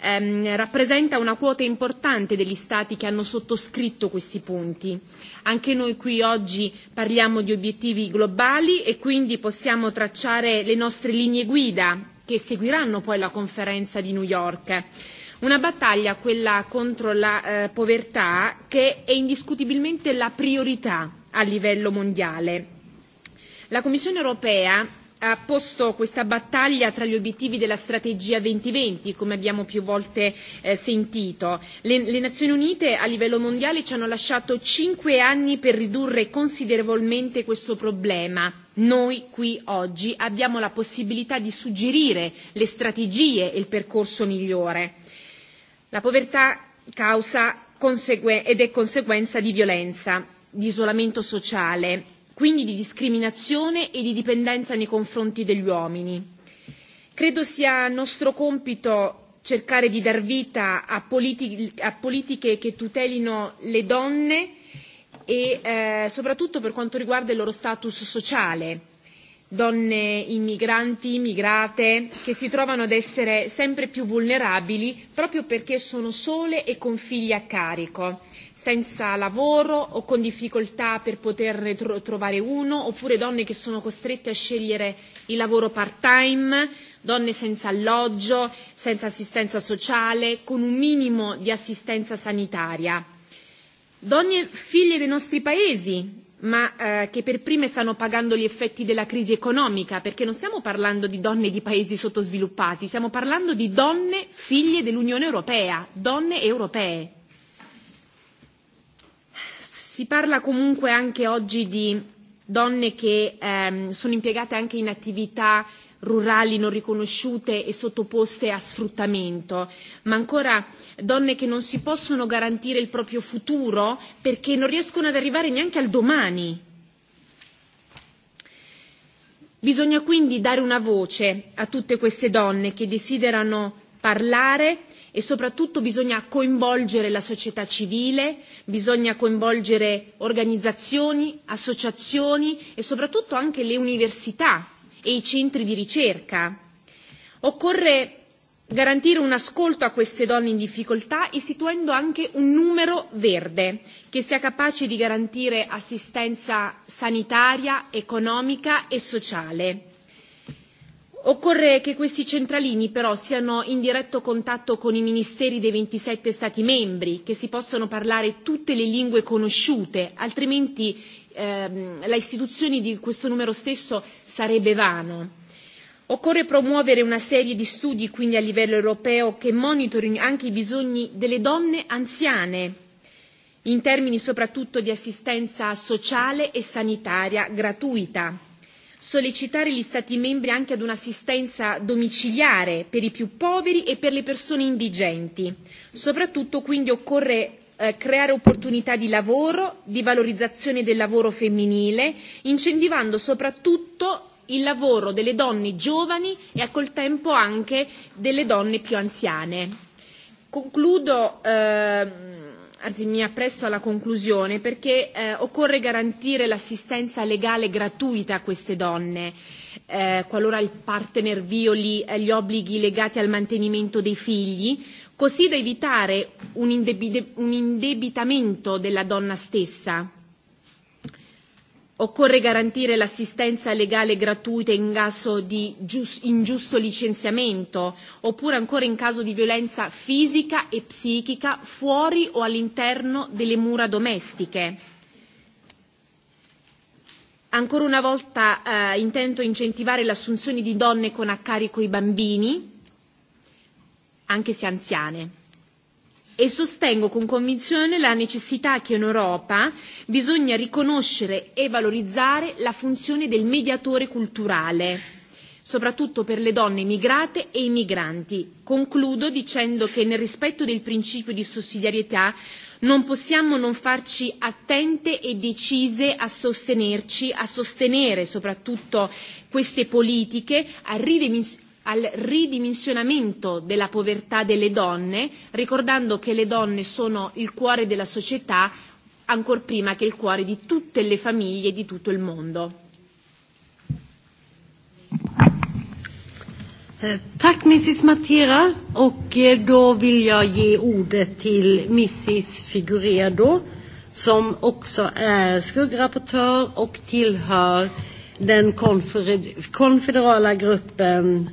ehm, rappresenta una quota importante degli Stati che hanno sottoscritto questi punti. Anche noi qui oggi parliamo di obiettivi globali e quindi possiamo tracciare le nostre linee guida che seguiranno poi la conferenza di New York. Una battaglia, quella contro la eh, povertà, che è indiscutibilmente la priorità a livello mondiale la Commissione europea ha posto questa battaglia tra gli obiettivi della strategia 2020, come abbiamo più volte eh, sentito. Le, le Nazioni Unite a livello mondiale ci hanno lasciato cinque anni per ridurre considerevolmente questo problema. Noi qui oggi abbiamo la possibilità di suggerire le strategie e il percorso migliore. La povertà causa ed è conseguenza di violenza, di isolamento sociale, quindi di discriminazione e di dipendenza nei confronti degli uomini. Credo sia nostro compito cercare di dar vita a, politi- a politiche che tutelino le donne e eh, soprattutto per quanto riguarda il loro status sociale, donne immigranti, immigrate, che si trovano ad essere sempre più vulnerabili proprio perché sono sole e con figli a carico senza lavoro o con difficoltà per poterne tro- trovare uno, oppure donne che sono costrette a scegliere il lavoro part-time, donne senza alloggio, senza assistenza sociale, con un minimo di assistenza sanitaria. Donne figlie dei nostri paesi, ma eh, che per prime stanno pagando gli effetti della crisi economica, perché non stiamo parlando di donne di paesi sottosviluppati, stiamo parlando di donne figlie dell'Unione Europea, donne europee. Si parla comunque anche oggi di donne che ehm, sono impiegate anche in attività rurali non riconosciute e sottoposte a sfruttamento, ma ancora donne che non si possono garantire il proprio futuro perché non riescono ad arrivare neanche al domani. Bisogna quindi dare una voce a tutte queste donne che desiderano parlare e soprattutto bisogna coinvolgere la società civile, bisogna coinvolgere organizzazioni, associazioni e soprattutto anche le università e i centri di ricerca. Occorre garantire un ascolto a queste donne in difficoltà istituendo anche un numero verde che sia capace di garantire assistenza sanitaria, economica e sociale Occorre che questi centralini però siano in diretto contatto con i ministeri dei 27 Stati membri, che si possano parlare tutte le lingue conosciute, altrimenti ehm, la istituzione di questo numero stesso sarebbe vano. Occorre promuovere una serie di studi quindi a livello europeo che monitorino anche i bisogni delle donne anziane, in termini soprattutto di assistenza sociale e sanitaria gratuita sollecitare gli Stati membri anche ad un'assistenza domiciliare per i più poveri e per le persone indigenti. Soprattutto quindi occorre eh, creare opportunità di lavoro, di valorizzazione del lavoro femminile, incentivando soprattutto il lavoro delle donne giovani e al contempo anche delle donne più anziane. Concludo eh, anzi mi appresto alla conclusione perché eh, occorre garantire l'assistenza legale gratuita a queste donne eh, qualora il partner violi eh, gli obblighi legati al mantenimento dei figli, così da evitare un, indebide- un indebitamento della donna stessa Occorre garantire l'assistenza legale gratuita in caso di ingiusto licenziamento oppure ancora in caso di violenza fisica e psichica fuori o all'interno delle mura domestiche. Ancora una volta eh, intento incentivare l'assunzione di donne con a carico i bambini, anche se anziane e sostengo con convinzione la necessità che in Europa bisogna riconoscere e valorizzare la funzione del mediatore culturale, soprattutto per le donne immigrate e i migranti. Concludo dicendo che nel rispetto del principio di sussidiarietà non possiamo non farci attente e decise a sostenerci, a sostenere soprattutto queste politiche, a, ridimensionare al ridimensionamento della povertà delle donne, ricordando che le donne sono il cuore della società ancor prima che il cuore di tutte le famiglie e di tutto il mondo. Eh, tack Mrs Matera och eh, då vill jag ge ordet till Mrs Figuredo som också är skuggrapportör och tillhör den konfederala gruppen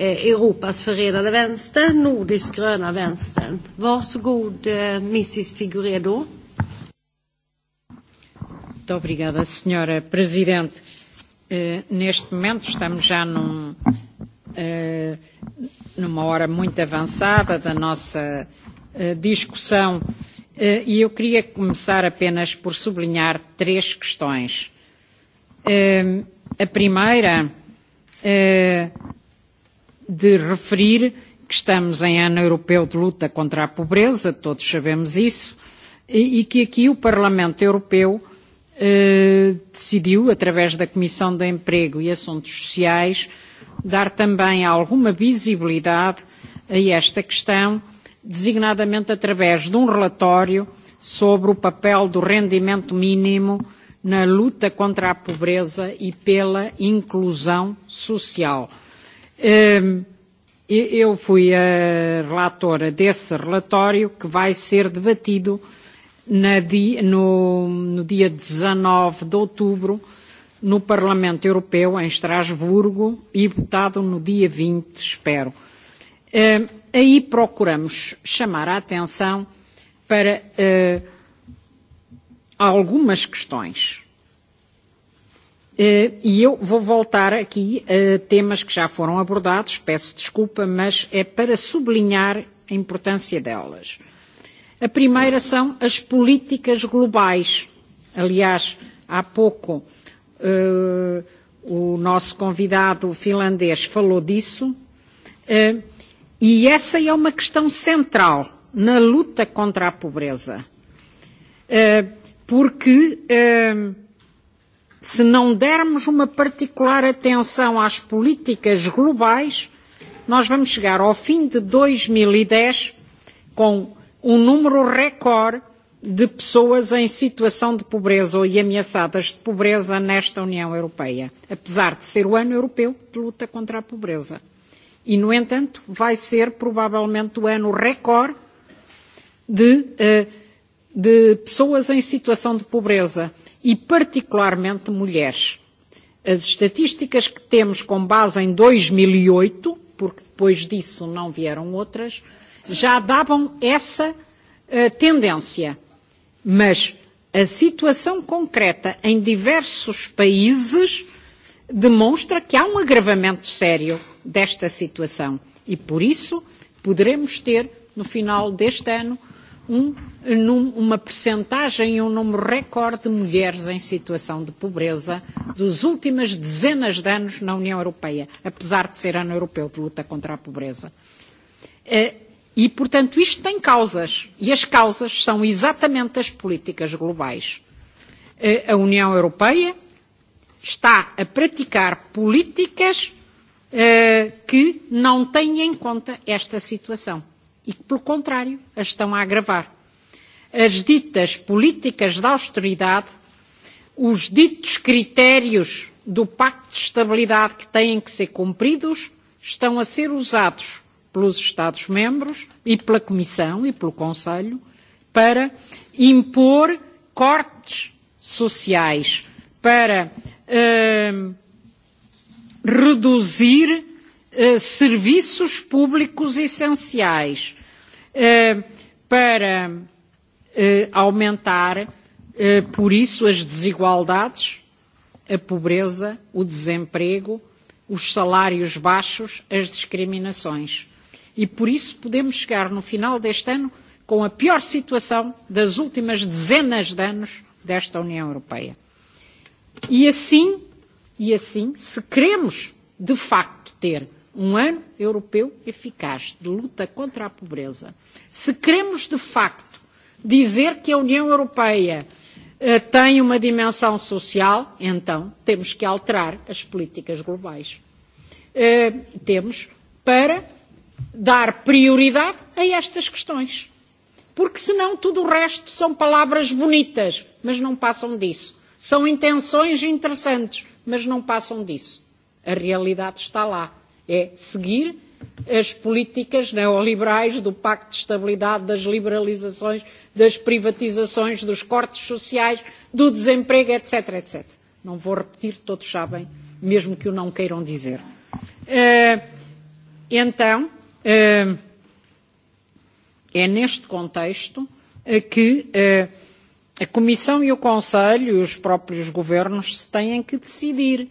Eh, Europas förenade vänster, Nordisk gröna vänstern. Varsågod eh, Mrs Figueredo. Muito obrigada, Sra. Presidente. Uh, neste momento estamos já num, uh, numa hora muito avançada da nossa uh, discussão e eu queria começar apenas por sublinhar três questões. A primeira de referir que estamos em ano europeu de luta contra a pobreza, todos sabemos isso, e, e que aqui o Parlamento Europeu eh, decidiu, através da Comissão de Emprego e Assuntos Sociais, dar também alguma visibilidade a esta questão, designadamente através de um relatório sobre o papel do rendimento mínimo na luta contra a pobreza e pela inclusão social. Ehm, eu fui a relatora desse relatório que vai ser debatido na dia, no, no dia 19 de outubro no Parlamento Europeu, em Estrasburgo, e votado no dia 20, espero. Uh, aí procuramos chamar a atenção para uh, algumas questões Eh, e eu vou voltar aqui a temas que já foram abordados, peço desculpa, mas é para sublinhar a importância delas. A primeira são as políticas globais. Aliás, há pouco uh, o nosso convidado finlandês falou disso, uh, e essa é uma questão central na luta contra a pobreza. Uh, porque uh, se não dermos uma particular atenção às políticas globais, nós vamos chegar ao fim de 2010 com um número recorde de pessoas em situação de pobreza ou ameaçadas de pobreza nesta União Europeia, apesar de ser o ano europeu de luta contra a pobreza. E, no entanto, vai ser provavelmente o ano recorde de uh, de pessoas em situação de pobreza e, particularmente, mulheres. As estatísticas que temos com base em 2008, porque depois disso não vieram outras, já davam essa uh, tendência. Mas a situação concreta em diversos países demonstra que há um agravamento sério desta situação e, por isso, poderemos ter, no final deste ano, um, num, uma percentagem e um número recorde de mulheres em situação de pobreza dos últimas dezenas de anos na União Europeia, apesar de ser ano europeu de luta contra a pobreza. Uh, e, portanto, isto tem causas, e as causas são exatamente as políticas globais. Uh, a União Europeia está a praticar políticas uh, que não têm em conta esta situação e que, pelo contrário, as estão a agravar. As ditas políticas de da austeridade, os ditos critérios do Pacto de Estabilidade que têm que ser cumpridos, estão a ser usados pelos Estados-membros e pela Comissão e pelo Conselho para impor cortes sociais, para uh, reduzir uh, serviços públicos essenciais, para aumentar, por isso, as desigualdades, a pobreza, o desemprego, os salários baixos, as discriminações. E por isso podemos chegar no final deste ano com a pior situação das últimas dezenas de anos desta União Europeia. E assim, e assim, se queremos de facto ter um ano europeu eficaz de luta contra a pobreza. Se queremos, de facto, dizer que a União Europeia eh, tem uma dimensão social, então temos que alterar as políticas globais. Eh, temos para dar prioridade a estas questões. Porque senão tudo o resto são palavras bonitas, mas não passam disso. São intenções interessantes, mas não passam disso. A realidade está lá é seguir as políticas neoliberais do Pacto de Estabilidade, das liberalizações, das privatizações, dos cortes sociais, do desemprego, etc, etc. Não vou repetir, todos sabem, mesmo que o não queiram dizer. Uh, então, uh, é neste contexto eh, que uh, a Comissão e o Conselho e os próprios governos se têm que decidir.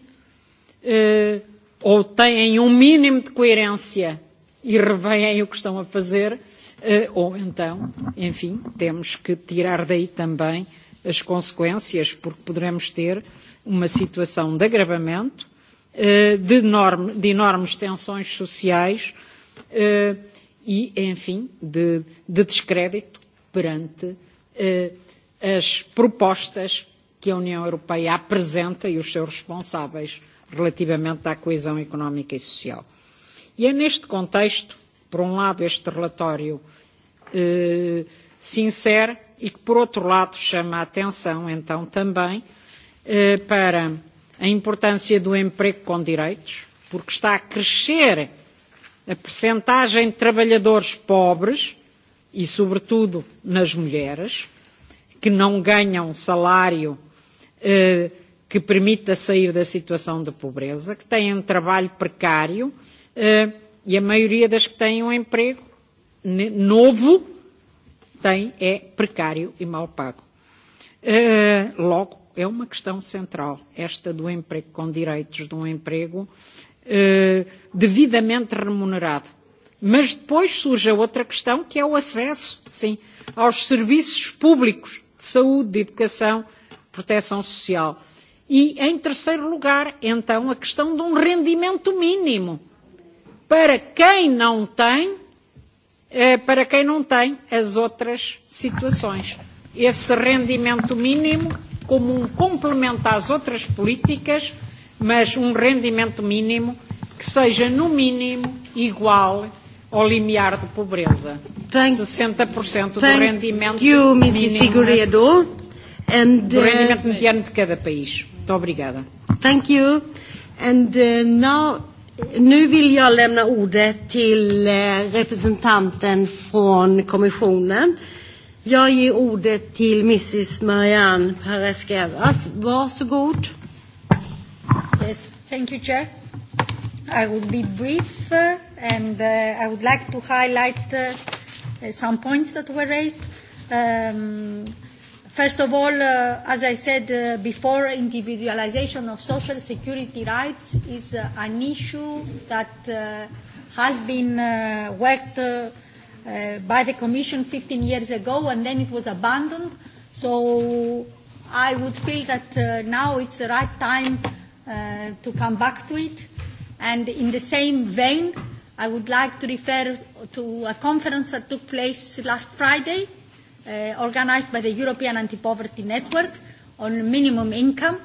Uh, ou têm um mínimo de coerência e reveem o que estão a fazer, eh, ou então, enfim, temos que tirar daí também as consequências, porque poderemos ter uma situação de agravamento, eh, de, enorme, de enormes tensões sociais eh, e, enfim, de, de descrédito perante as propostas que a União Europeia apresenta e os seus responsáveis relativamente à coesão económica e social. E é neste contexto, por um lado, este relatório eh, sincero e que, por outro lado, chama a atenção, então, também eh, para a importância do emprego com direitos, porque está a crescer a percentagem de trabalhadores pobres e, sobretudo, nas mulheres, que não ganham salário eh, que permita sair da situação de pobreza, que têm um trabalho precário eh, e a maioria das que têm um emprego novo tem é precário e mal pago. Eh, logo, é uma questão central, esta do emprego com direitos de um emprego eh, devidamente remunerado. Mas depois surge a outra questão, que é o acesso, sim, aos serviços públicos de saúde, de educação, proteção social E, em terceiro lugar, então, a questão de um rendimento mínimo para quem não tem, eh, para quem não tem as outras situações. Esse rendimento mínimo como um complemento às outras políticas, mas um rendimento mínimo que seja, no mínimo, igual ao limiar de pobreza. Thank, 60% do thank rendimento you, Mrs. mínimo Figueiredo. And, do uh, rendimento mediano de cada país. Muito obrigada. Thank you. And uh, now, nu vill jag lämna ordet till uh, representanten från kommissionen. Jag ger ordet till Mrs. Marianne perez Varsågod. Yes, thank you, Chair. I will be brief, uh, and uh, I would like to highlight uh, some points that were raised. Um, First of all, uh, as I said uh, before, individualization of social security rights is uh, an issue that uh, has been uh, worked uh, uh, by the Commission 15 years ago and then it was abandoned. So I would feel that uh, now it's the right time uh, to come back to it. And in the same vein, I would like to refer to a conference that took place last Friday uh, organized by the European Anti-Poverty Network on minimum income,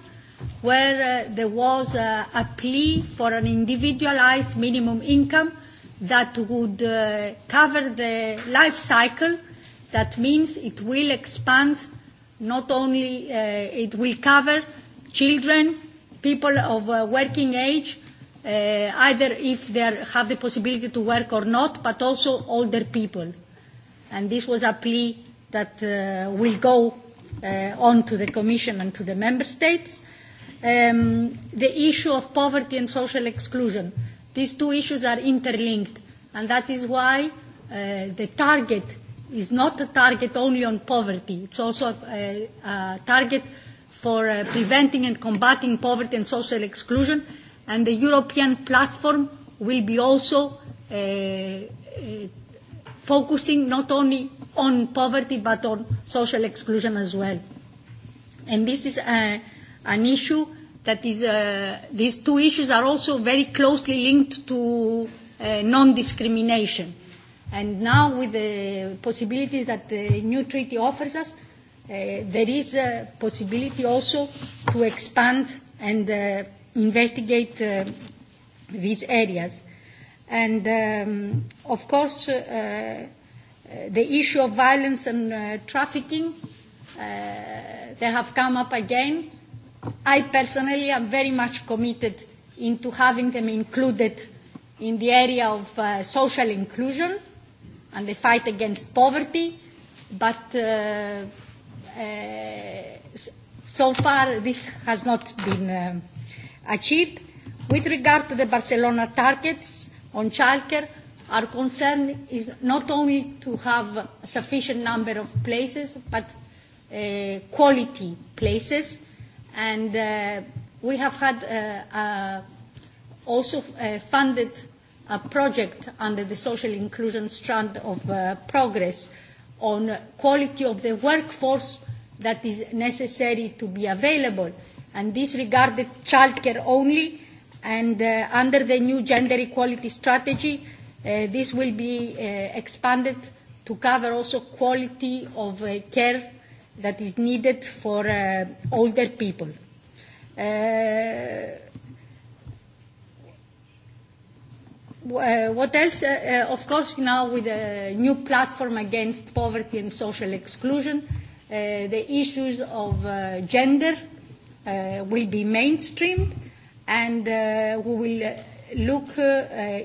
where uh, there was uh, a plea for an individualized minimum income that would uh, cover the life cycle. That means it will expand not only, uh, it will cover children, people of uh, working age, uh, either if they have the possibility to work or not, but also older people. And this was a plea that uh, will go uh, on to the Commission and to the Member States. Um, the issue of poverty and social exclusion. These two issues are interlinked, and that is why uh, the target is not a target only on poverty. It's also a, uh, a, a target for uh, preventing and combating poverty and social exclusion, and the European platform will be also uh, uh, focusing not only on poverty but on social exclusion as well. And this is uh, an issue that is, uh, these two issues are also very closely linked to uh, non-discrimination. And now with the possibilities that the new treaty offers us, uh, there is a possibility also to expand and uh, investigate uh, these areas. And um, of course, uh, the issue of violence and uh, trafficking, uh, they have come up again. I personally am very much committed into having them included in the area of uh, social inclusion and the fight against poverty, but uh, uh, so far this has not been uh, achieved. With regard to the Barcelona targets on childcare, Our concern is not only to have sufficient number of places, but uh, quality places. And uh, we have had uh, uh, also uh, funded a project under the social inclusion strand of uh, progress on quality of the workforce that is necessary to be available. And this regarded childcare only, and uh, under the new gender equality strategy, Uh, this will be uh, expanded to cover also quality of uh, care that is needed for uh, older people. Uh, uh what else? Uh, uh, of course, now with the new platform against poverty and social exclusion, uh, the issues of uh, gender uh, will be mainstreamed, and uh, we will look uh,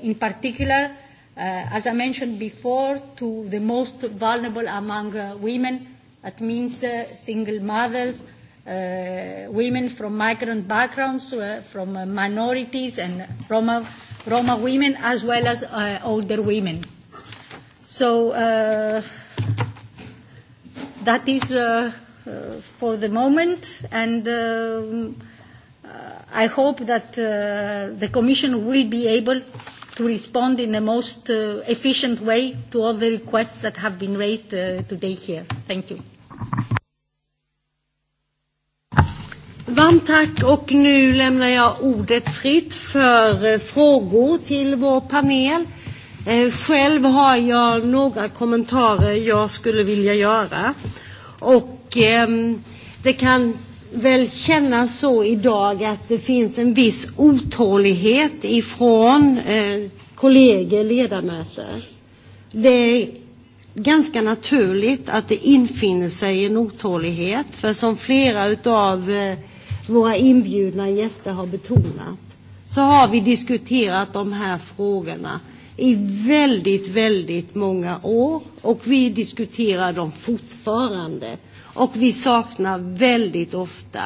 in particular Uh, as I mentioned before, to the most vulnerable among uh, women. That means uh, single mothers, women from migrant backgrounds, from minorities and Roma, Roma women, as well as older women. So that is for the moment, and um, I hope that the Commission will be able to respond in the most uh, efficient way to all the requests that have been raised uh, today here. Thank you. Varmt tack och nu lämnar jag ordet fritt för eh, frågor till vår panel. Eh, själv har jag några kommentarer jag skulle vilja göra. Och ehm, det kan väl känna så idag att det finns en viss otålighet ifrån eh, kollegor, ledamöter. Det är ganska naturligt att det infinner sig en otålighet, för som flera av eh, våra inbjudna gäster har betonat så har vi diskuterat de här frågorna i väldigt, väldigt många år och vi diskuterar dem fortfarande. Och vi saknar väldigt ofta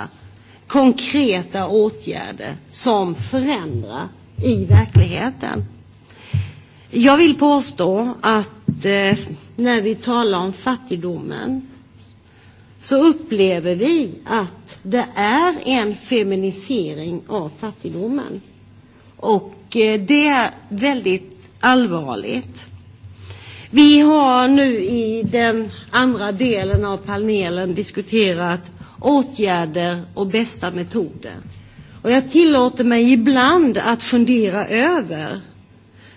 konkreta åtgärder som förändrar i verkligheten. Jag vill påstå att eh, när vi talar om fattigdomen så upplever vi att det är en feminisering av fattigdomen. Och eh, det är väldigt allvarligt. Vi har nu i den andra delen av panelen diskuterat åtgärder och bästa metoder. Och jag tillåter mig ibland att fundera över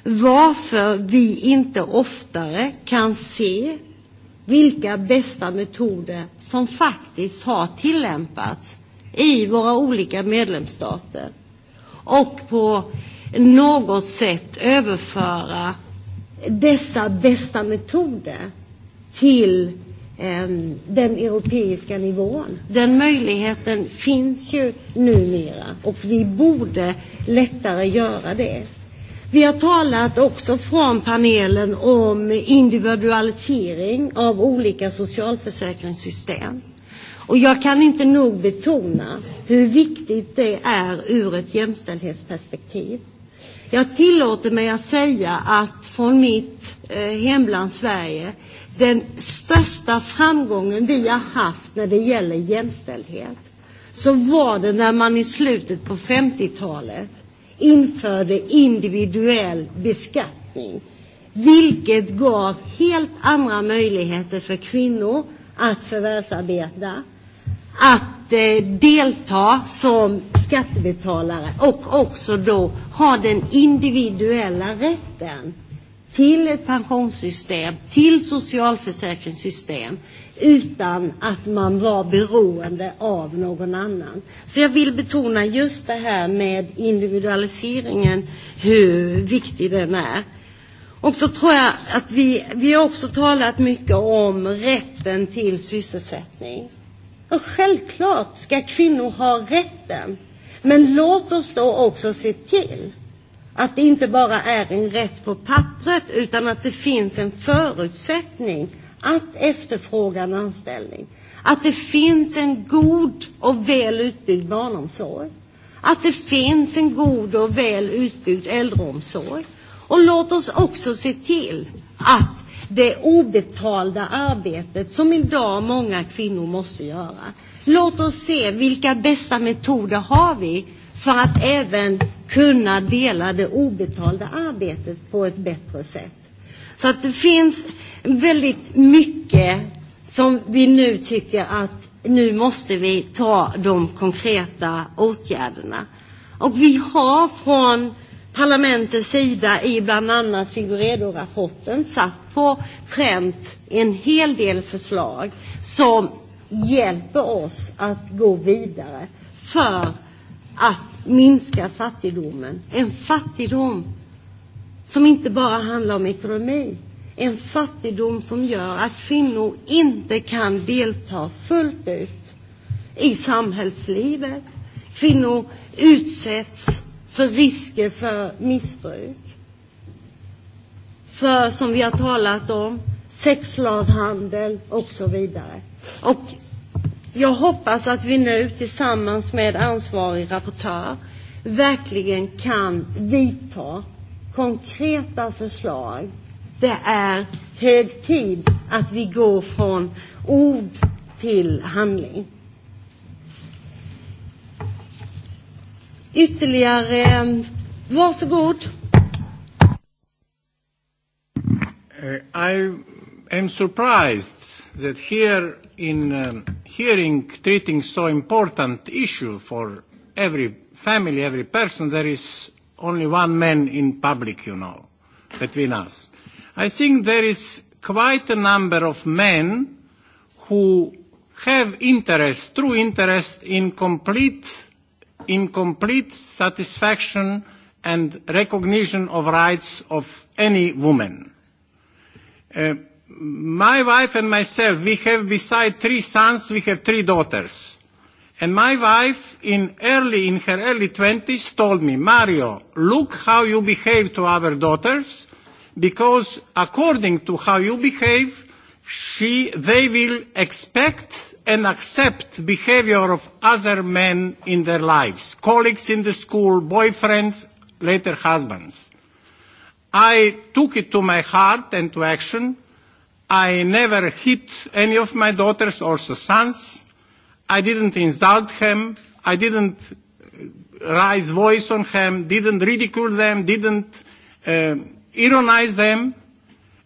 varför vi inte oftare kan se vilka bästa metoder som faktiskt har tillämpats i våra olika medlemsstater och på något sätt överföra dessa bästa metoder till eh, den europeiska nivån. Den möjligheten finns ju numera och vi borde lättare göra det. Vi har talat också från panelen om individualisering av olika socialförsäkringssystem. Och jag kan inte nog betona hur viktigt det är ur ett jämställdhetsperspektiv. Jag tillåter mig att säga att från mitt eh, hemland Sverige, den största framgången vi har haft när det gäller jämställdhet, så var det när man i slutet på 50-talet införde individuell beskattning, vilket gav helt andra möjligheter för kvinnor att förvärvsarbeta, att att eh, delta som skattebetalare och också då ha den individuella rätten till ett pensionssystem, till socialförsäkringssystem utan att man var beroende av någon annan. Så jag vill betona just det här med individualiseringen, hur viktig den är. Och så tror jag att vi, vi har också talat mycket om rätten till sysselsättning. Och självklart ska kvinnor ha rätten. Men låt oss då också se till att det inte bara är en rätt på pappret utan att det finns en förutsättning att efterfråga en anställning. Att det finns en god och väl utbyggd barnomsorg. Att det finns en god och väl utbyggd äldreomsorg. Och låt oss också se till att det obetalda arbetet som idag många kvinnor måste göra. Låt oss se vilka bästa metoder har vi för att även kunna dela det obetalda arbetet på ett bättre sätt. Så att det finns väldigt mycket som vi nu tycker att nu måste vi ta de konkreta åtgärderna. Och vi har från parlamentets sida i bland annat Figuredo-rapporten satt på pränt en hel del förslag som hjälper oss att gå vidare för att minska fattigdomen. En fattigdom som inte bara handlar om ekonomi. En fattigdom som gör att kvinnor inte kan delta fullt ut i samhällslivet. Kvinnor utsätts för risker för missbruk för, som vi har talat om, sexslavhandel och så vidare. Och jag hoppas att vi nu tillsammans med ansvarig rapportör verkligen kan vidta konkreta förslag. Det är hög tid att vi går från ord till handling. Ytterligare, eh, varsågod Uh, I am surprised that here in um, hearing treating so important issue for every family, every person, there is only one man in public, you know, between us. I think there is quite a number of men who have interest, true interest in complete, in complete satisfaction and recognition of rights of any woman. Uh, my wife and myself, we have beside three sons, we have three daughters. And my wife, in early, in her early twenties, told me, Mario, look how you behave to our daughters, because according to how you behave, she, they will expect and accept behavior of other men in their lives, colleagues in the school, boyfriends, later husbands. I took it to my heart and to action. I never hit any of my daughters or sons. I didn't insult him. I didn't uh, raise voice on him, didn't ridicule them, didn't uh, ironize them,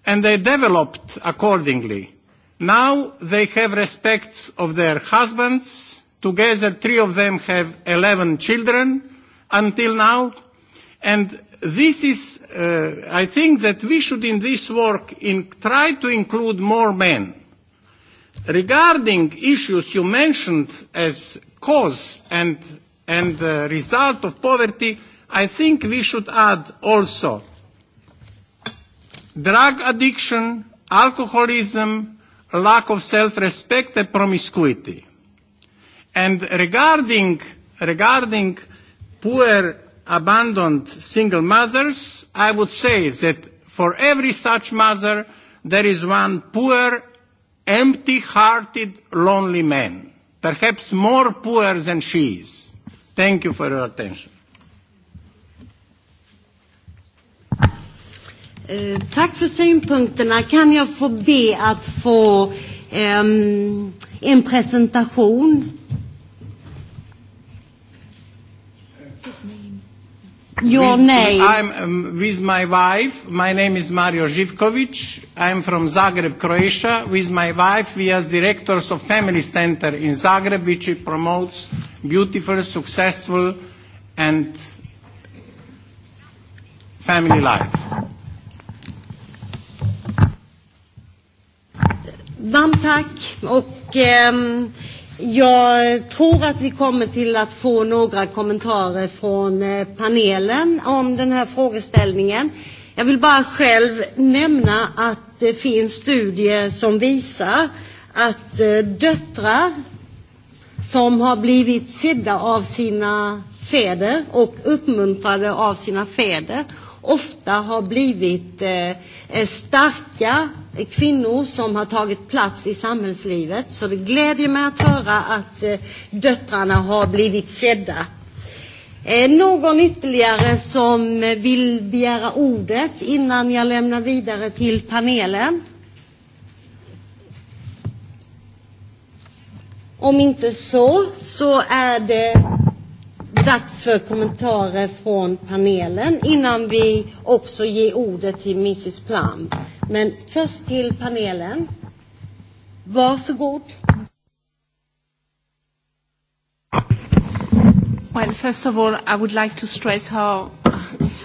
and they developed accordingly. Now they have respect of their husbands. Together, three of them have 11 children until now. And this is, uh, I think that we should in this work in, try to include more men. Regarding issues you mentioned as cause and, and uh, result of poverty, I think we should add also drug addiction, alcoholism, lack of self-respect and promiscuity. And regarding, regarding poor abandoned single mothers, I would say that for every such mother, there is one poor, empty-hearted, lonely man, perhaps more poor than she is. Thank you for your attention. Uh, tack för synpunkterna. Kan jag få be att få um, en presentation your with, name. I'm um, with my wife. My name is Mario Živković. I'm from Zagreb, Croatia. With my wife, we are directors of Family Center in Zagreb, which promotes beautiful, successful, and family life. Varmt tack. Och, um, Jag tror att vi kommer till att få några kommentarer från eh, panelen om den här frågeställningen. Jag vill bara själv nämna att det finns studier som visar att eh, döttrar som har blivit sedda av sina fäder och uppmuntrade av sina fäder ofta har blivit eh, starka kvinnor som har tagit plats i samhällslivet. Så det gläder mig att höra att eh, döttrarna har blivit sedda. Eh, någon ytterligare som eh, vill begära ordet innan jag lämnar vidare till panelen? Om inte så, så är det dags för kommentarer från panelen innan vi också ger ordet till Mrs Plum. Men först till panelen. Varsågod. Well, first of all, I would like to stress how,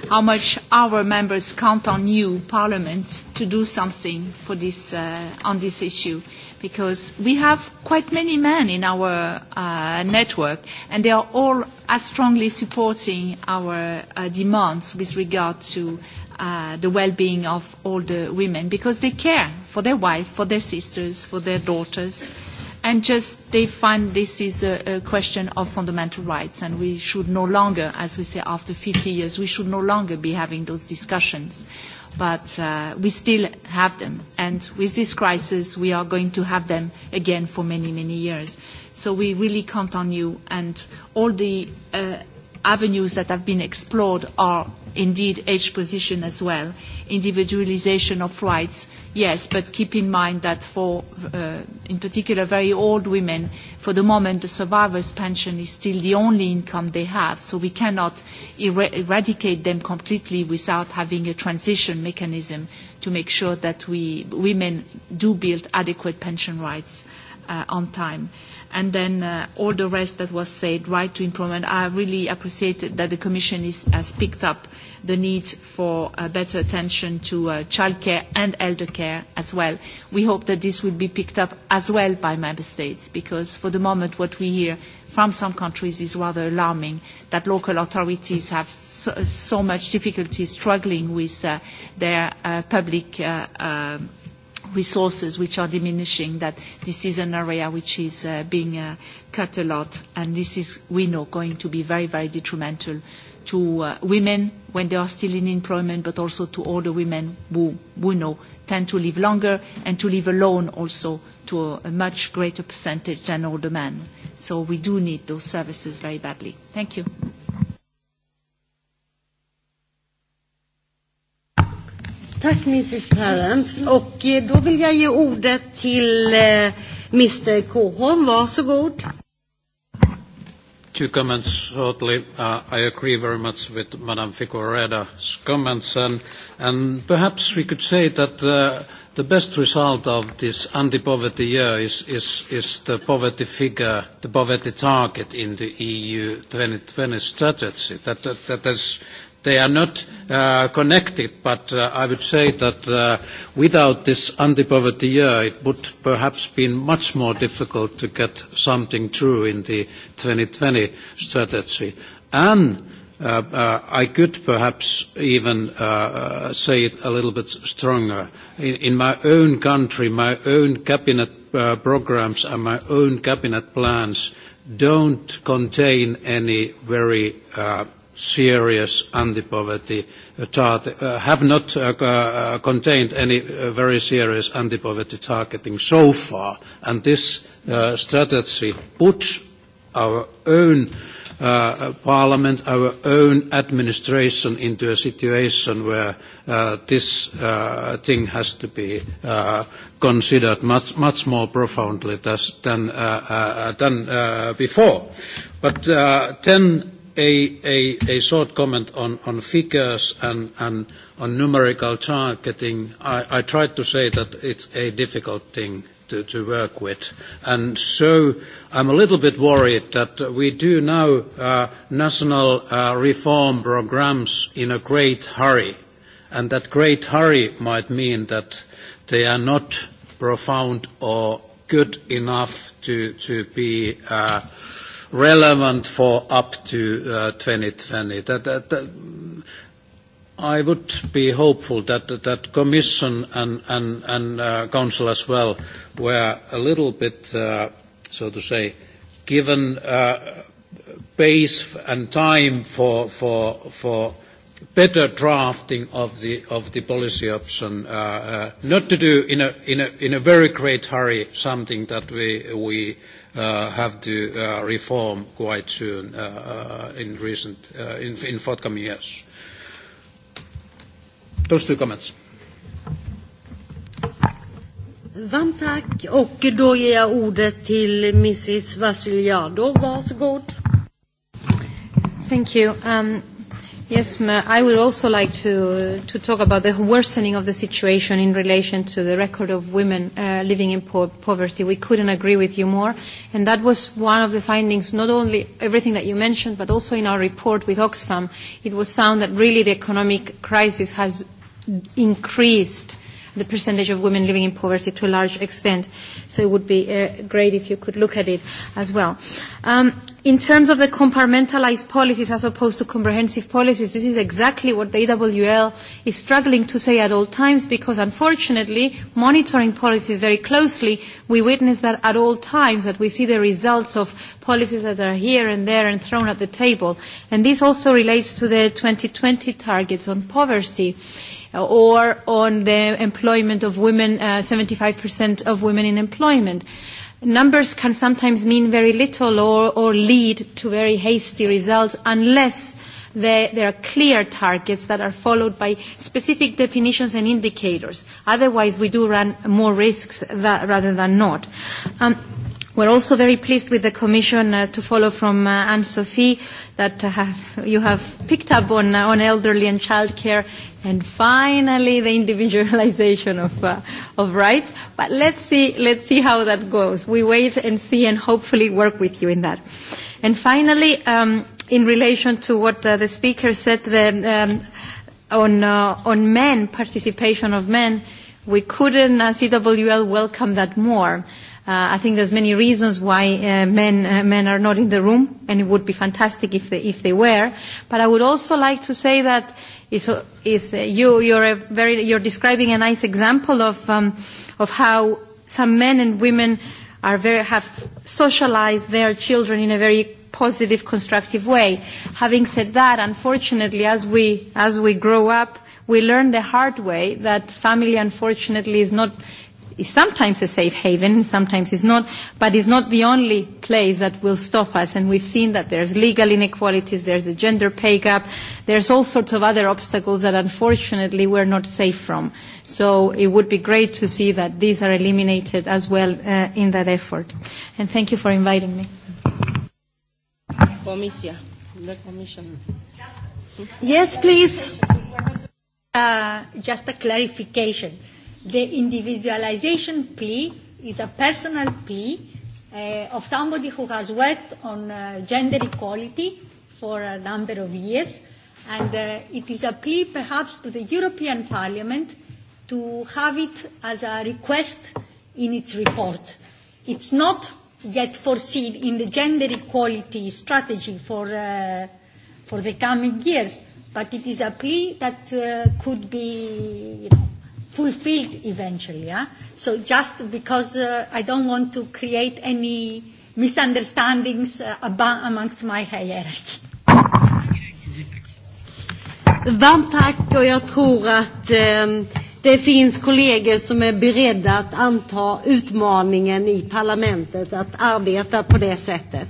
how much our members count on you, Parliament, to do something for this, uh, on this issue because we have quite many men in our uh, network and they are all as strongly supporting our uh, demands with regard to uh, the well-being of all the women because they care for their wife, for their sisters, for their daughters and just they find this is a, a question of fundamental rights and we should no longer, as we say after 50 years, we should no longer be having those discussions but uh, we still have them. And with this crisis, we are going to have them again for many, many years. So we really count on you, and all the uh, avenues that have been explored are indeed edge position as well, individualization of rights, Yes, but keep in mind that for, uh, in particular, very old women, for the moment, the survivor's pension is still the only income they have, so we cannot er eradicate them completely without having a transition mechanism to make sure that we, women do build adequate pension rights uh, on time. And then uh, all the rest that was said, right to employment, I really appreciate that the Commission is, has picked up the need for uh, better attention to uh, childcare and elder care as well. We hope that this will be picked up as well by member states because for the moment what we hear from some countries is rather alarming that local authorities have so, so much difficulty struggling with uh, their uh, public uh, uh, resources which are diminishing, that this is an area which is uh, being uh, cut a lot, and this is, we know, going to be very, very detrimental to uh, women when they are still in employment, but also to older women who, we know, tend to live longer and to live alone also to a, a much greater percentage than older men. So we do need those services very badly. Thank you. Tack Mrs Parents. Och eh, då vill jag ge ordet till eh, Mr Coholm. Varsågod. Two comments shortly. Uh, I agree very much with Madame Figueiredo's comments, and, perhaps we could say that uh, the best result of this anti-poverty year is, the poverty figure, the poverty target in the EU 2020 strategy. that is They are not uh, connected, but uh, I would say that uh, without this anti-poverty year, it would perhaps been much more difficult to get something through in the 2020 strategy. And uh, uh, I could perhaps even uh, say it a little bit stronger. In, in my own country, my own cabinet uh, programs and my own cabinet plans don't contain any very serious anti-poverty target, uh, have not uh, uh, contained any uh, very serious anti-poverty targeting so far. And this uh, strategy puts our own uh, parliament, our own administration into a situation where this thing has to be considered much, much more profoundly than, than before. But then a, short comment on, figures and, on numerical targeting. I, tried to say that it's a difficult thing to, work with. And so I'm a little bit worried that we do now uh, national uh, reform programs in a great hurry, and that great hurry might mean that they are not profound or good enough to, be uh, relevant for up to 2020. Uh, I would be hopeful that Commission and, uh, Council as well were a little bit, uh, so to say, given pace and time for, better drafting of the, policy option, not to do in a, very great hurry something that we Uh, have to uh, reform quite soon uh, uh, in recent, uh, in, in forthcoming years. Those two comments. Varmt tack och då ger jag ordet till Mrs Vasiljado. Varsågod. Thank you. Um, Yes, ma I would also like to, to talk about the worsening of the situation in relation to the record of women uh, living in po poverty. We couldn't agree with you more. And that was one of the findings, not only everything that you mentioned, but also in our report with Oxfam. It was found that really the economic crisis has increased uh, the percentage of women living in poverty to a large extent. So it would be uh, great if you could look at it as well. Um, in terms of the compartmentalized policies as opposed to comprehensive policies, this is exactly what the AWL is struggling to say at all times because unfortunately, monitoring policies very closely, we witness that at all times, that we see the results of policies that are here and there and thrown at the table. And this also relates to the 2020 targets on poverty or on the employment of women, uh, 75% of women in employment. Numbers can sometimes mean very little or, or lead to very hasty results unless there, are clear targets that are followed by specific definitions and indicators. Otherwise, we do run more risks that, rather than not. Um, We're also very pleased with the Commission uh, to follow from uh, Anne-Sophie that uh, have, you have picked up on, uh, on elderly and childcare and finally the (laughs) individualization of, uh, of rights. But let's see, let's see how that goes. We wait and see and hopefully work with you in that. And finally, um, in relation to what uh, the speaker said the, um, on, uh, on men, participation of men, we couldn't, as uh, CWL, welcome that more Uh, I think there's many reasons why uh, men, uh, men are not in the room, and it would be fantastic if they, if they were. But I would also like to say that is, is uh, you, you're, a very, you're describing a nice example of, um, of how some men and women are very, have socialized their children in a very positive, constructive way. Having said that, unfortunately, as we, as we grow up, we learn the hard way that family, unfortunately, is not is sometimes a safe haven, sometimes it's not, but it's not the only place that will stop us. And we've seen that there's legal inequalities, there's the gender pay gap, there's all sorts of other obstacles that unfortunately we're not safe from. So it would be great to see that these are eliminated as well uh, in that effort. And thank you for inviting me. Comisia, the Commission. Yes, please. Uh, just a clarification The individualization plea is a personal plea uh, of somebody who has worked on uh, gender equality for a number of years, and uh, it is a plea perhaps to the European Parliament to have it as a request in its report. It's not yet foreseen in the gender equality strategy for, uh, for the coming years, but it is a plea that uh, could be you know, fulfilled eventually. Yeah? So just because uh, I don't want to create any misunderstandings uh, ab- amongst my hierarchy. Varmt tack och jag tror att eh, det finns kollegor som är beredda att anta utmaningen i parlamentet att arbeta på det sättet.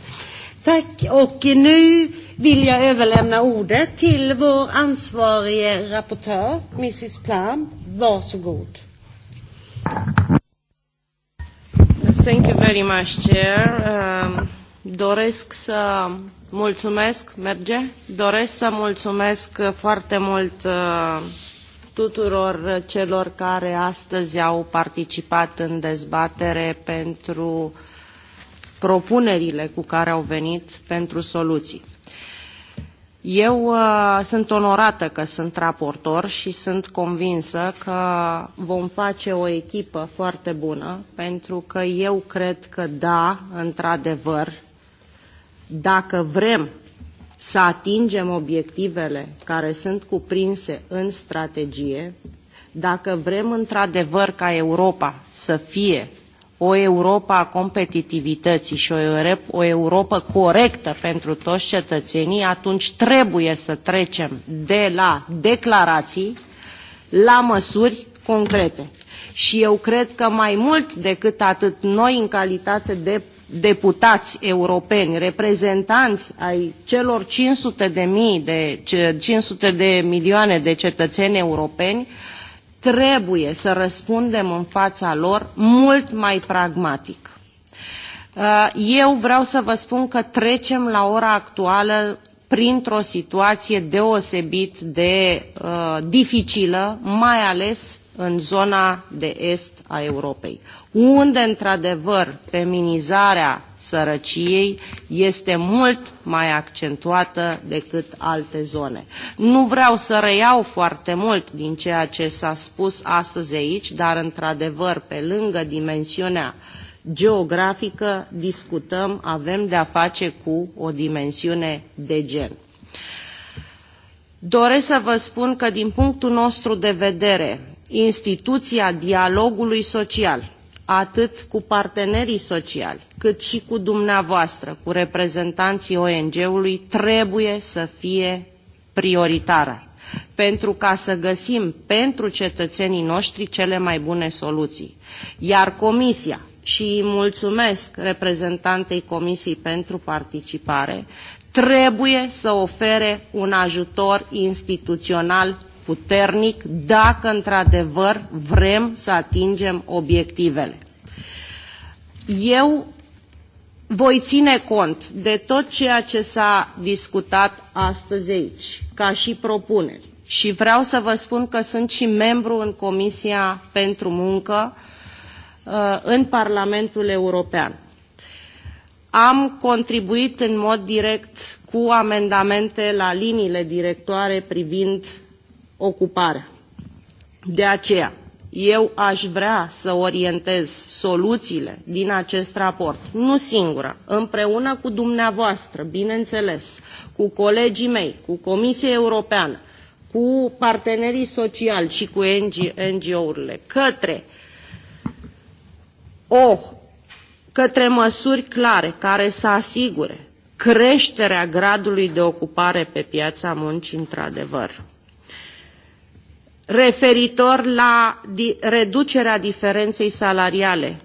Tack, och nu vill jag överlämna ordet till vår ansvarige rapportör, Mrs Plam. Varsågod. Thank you very much, Chair. Um, doresc să mulțumesc, merge? Doresc să mulțumesc foarte mult uh, tuturor celor care astăzi au participat în dezbatere pentru uh, propunerile cu care au venit pentru soluții. Eu uh, sunt onorată că sunt raportor și sunt convinsă că vom face o echipă foarte bună, pentru că eu cred că da, într-adevăr, dacă vrem să atingem obiectivele care sunt cuprinse în strategie, dacă vrem într-adevăr ca Europa să fie o Europa a competitivității și o Europa corectă pentru toți cetățenii, atunci trebuie să trecem de la declarații la măsuri concrete. Și eu cred că mai mult decât atât, noi în calitate de deputați europeni, reprezentanți ai celor 500 de mii, de, 500 de milioane de cetățeni europeni, uh, trebuie să răspundem în fața lor mult mai pragmatic. Uh, eu vreau să vă spun că trecem la ora actuală printr-o situație deosebit de uh, dificilă, mai ales în zona de est a Europei, unde, într-adevăr, feminizarea sărăciei este mult mai accentuată decât alte zone. Nu vreau să reiau foarte mult din ceea ce s-a spus astăzi aici, dar, într-adevăr, pe lângă dimensiunea geografică, discutăm, avem de-a face cu o dimensiune de gen. Doresc să vă spun că din punctul nostru de vedere, instituția dialogului social, atât cu partenerii sociali, cât și cu dumneavoastră, cu reprezentanții ONG-ului, trebuie să fie prioritară pentru ca să găsim pentru cetățenii noștri cele mai bune soluții. Iar Comisia, și îi mulțumesc reprezentantei Comisiei pentru participare, trebuie să ofere un ajutor instituțional puternic dacă într-adevăr vrem să atingem obiectivele. Eu voi ține cont de tot ceea ce s-a discutat astăzi aici, ca și propuneri. Și vreau să vă spun că sunt și membru în Comisia pentru Muncă uh, în Parlamentul European. Am contribuit în mod direct cu amendamente la liniile directoare privind ocuparea. De aceea, eu aș vrea să orientez soluțiile din acest raport, nu singură, împreună cu dumneavoastră, bineînțeles, cu colegii mei, cu Comisia Europeană, cu partenerii sociali și cu NGO-urile, către o către măsuri clare care să asigure creșterea gradului de ocupare pe piața muncii într-adevăr referitor la reducerea diferenței salariale,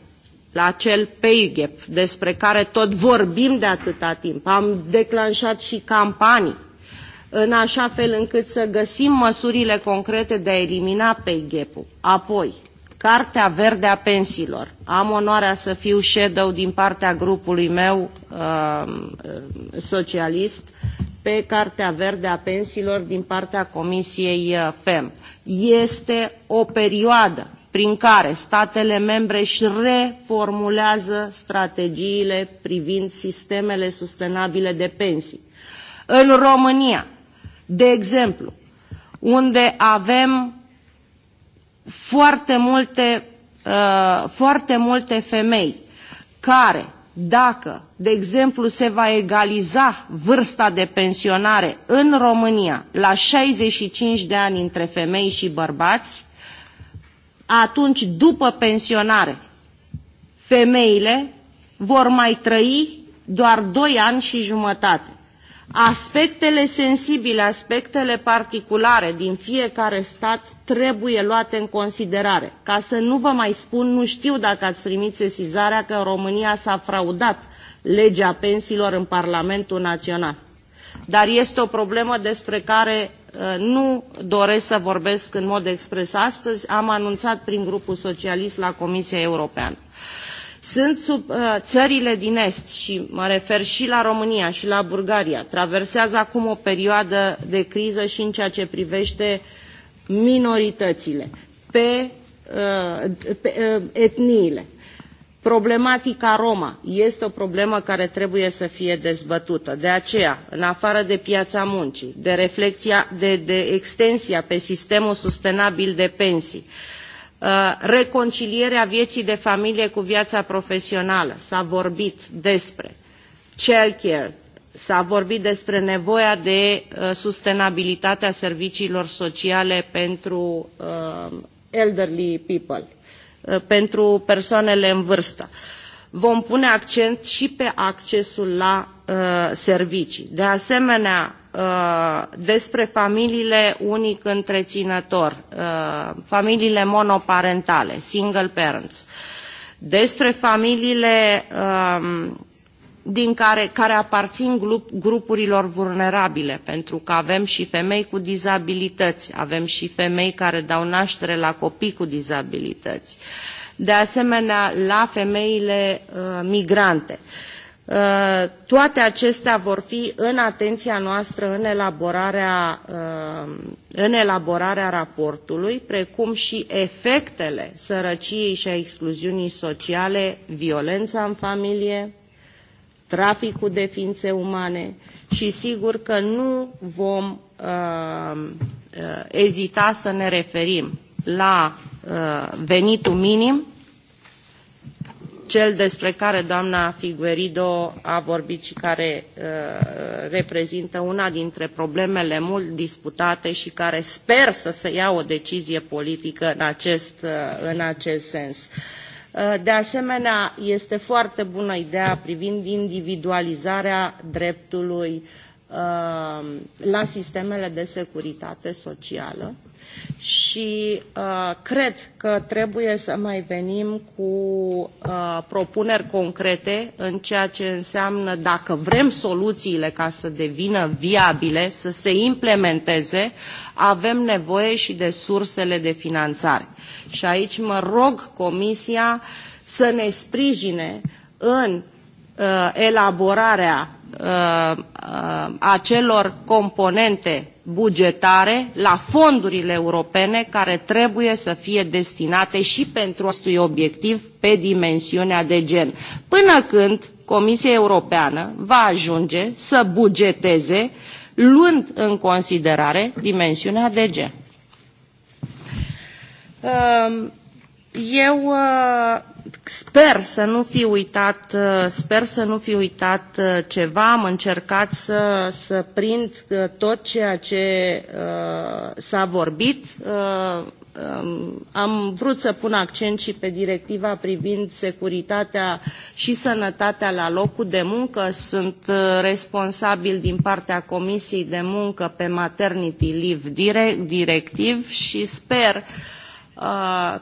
la acel pay gap despre care tot vorbim de atâta timp. Am declanșat și campanii în așa fel încât să găsim măsurile concrete de a elimina pay gap-ul. Apoi, Cartea Verde a Pensiilor. Am onoarea să fiu shadow din partea grupului meu uh, uh, socialist pe Cartea Verde a Pensiilor din partea Comisiei uh, FEM. Este o perioadă prin care statele membre își reformulează strategiile privind sistemele sustenabile de pensii. În România, de exemplu, unde avem foarte multe, uh, foarte multe femei care dacă, de exemplu, se va egaliza vârsta de pensionare în România la 65 de ani între femei și bărbați, atunci, după pensionare, femeile vor mai trăi doar 2 ani și jumătate aspectele sensibile, aspectele particulare din fiecare stat trebuie luate în considerare. Ca să nu vă mai spun, nu știu dacă ați primit sesizarea că în România s-a fraudat legea pensiilor în Parlamentul Național. Dar este o problemă despre care uh, nu doresc să vorbesc în mod expres astăzi, am anunțat prin grupul socialist la Comisia Europeană sunt sub uh, țările din Est și mă refer și la România și la Bulgaria, traversează acum o perioadă de criză și în ceea ce privește minoritățile, pe, uh, pe uh, etniile. Problematica Roma este o problemă care trebuie să fie dezbătută. De aceea, în afară de piața muncii, de, reflexia, de, de extensia pe sistemul sustenabil de pensii, uh, Uh, reconcilierea vieții de familie cu viața profesională. S-a vorbit despre childcare, s-a vorbit despre nevoia de uh, a serviciilor sociale pentru uh, elderly people, uh, pentru persoanele în vârstă. Vom pune accent și pe accesul la uh, servicii. De asemenea, Uh, despre familiile unic întreținător, uh, familiile monoparentale, single parents, despre familiile um, din care, care aparțin grup, grupurilor vulnerabile, pentru că avem și femei cu dizabilități, avem și femei care dau naștere la copii cu dizabilități, de asemenea la femeile uh, migrante. Uh, Uh, toate acestea vor fi în atenția noastră în elaborarea, uh, în elaborarea raportului, precum și efectele sărăciei și a excluziunii sociale, violența în familie, traficul de ființe umane și sigur că nu vom uh, ezita să ne referim la venitul minim cel despre care doamna Figuerido a vorbit și care uh, reprezintă una dintre problemele mult disputate și care sper să se ia o decizie politică în acest, uh, în acest sens. Uh, de asemenea, este foarte bună ideea privind individualizarea dreptului uh, la sistemele de securitate socială. Uh, și uh, cred că trebuie să mai venim cu uh, propuneri concrete în ceea ce înseamnă dacă vrem soluțiile ca să devină viabile, să se implementeze, avem nevoie și de sursele de finanțare. Și aici mă rog Comisia să ne sprijine în Uh, elaborarea uh, uh, acelor componente bugetare la fondurile europene care trebuie să fie destinate și pentru acestui obiectiv pe dimensiunea de gen, până când Comisia Europeană va ajunge să bugeteze luând în considerare dimensiunea de gen. Eu uh, sper să nu fi uitat, uh, sper să nu fi uitat uh, ceva, am încercat să, să prind tot ceea ce s-a vorbit. Um, am vrut să pun accent și pe directiva privind securitatea și sănătatea la locul de muncă. Sunt responsabil din partea Comisiei de Muncă pe Maternity Leave directiv Directive și sper uh, Uh,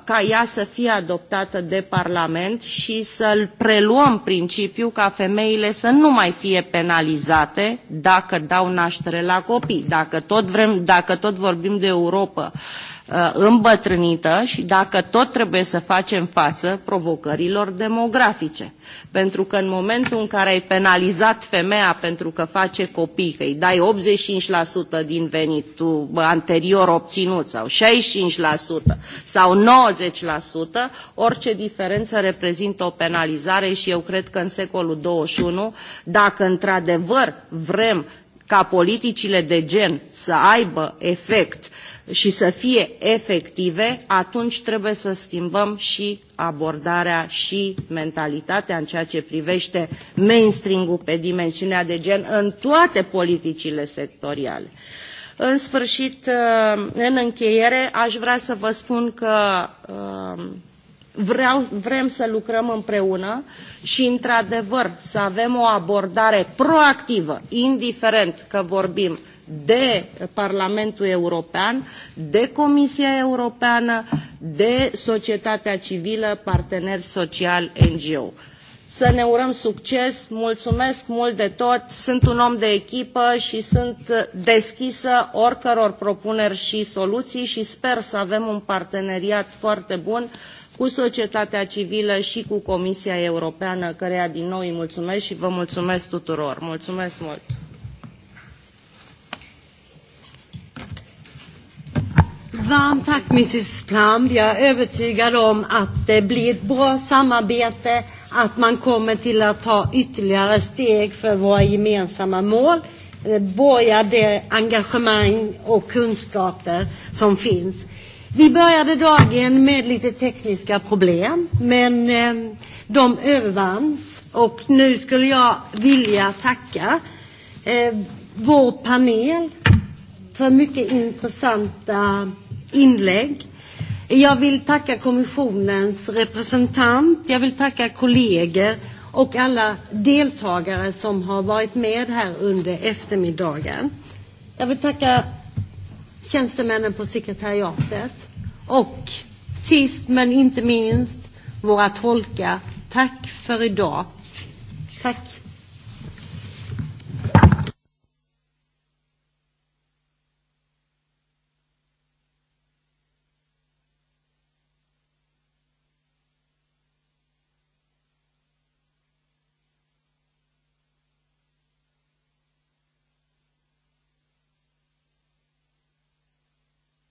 ca ea să fie adoptată de Parlament și să-l preluăm principiul ca femeile să nu mai fie penalizate dacă dau naștere la copii. Dacă tot, vrem, dacă tot vorbim de Europa Uh, îmbătrânită și dacă tot trebuie să facem față provocărilor demografice. Pentru că în momentul în care ai penalizat femeia pentru că face copii, că îi dai 85% din venitul anterior obținut sau 65% sau 90%, orice diferență reprezintă o penalizare și eu cred că în secolul 21, dacă într-adevăr vrem ca politicile de gen să aibă efect uh, și să fie efective, atunci trebuie să schimbăm și abordarea și mentalitatea în ceea ce privește mainstream-ul pe dimensiunea de gen în toate politicile sectoriale. În sfârșit, uh, în încheiere, aș vrea să vă spun că uh, vreau, vrem să lucrăm împreună și, într-adevăr, să avem o abordare proactivă, indiferent că vorbim de Parlamentul European, de Comisia Europeană, de societatea civilă, parteneri sociali, NGO. Să ne urăm succes, mulțumesc mult de tot, sunt un om de echipă și sunt deschisă oricăror propuneri și soluții și sper să avem un parteneriat foarte bun cu societatea civilă și cu Comisia Europeană, căreia din nou îi mulțumesc și vă mulțumesc tuturor. Mulțumesc mult! Varmt tack Mrs Plum. Jag är övertygad om att det blir ett bra samarbete, att man kommer till att ta ytterligare steg för våra gemensamma mål. Det eh, det engagemang och kunskaper som finns. Vi började dagen med lite tekniska problem, men eh, de övervanns. Och nu skulle jag vilja tacka eh, vår panel för mycket intressanta inlägg. Jag vill tacka kommissionens representant, jag vill tacka kollegor och alla deltagare som har varit med här under eftermiddagen. Jag vill tacka tjänstemännen på sekretariatet och sist men inte minst våra tolkar. Tack för idag. Tack.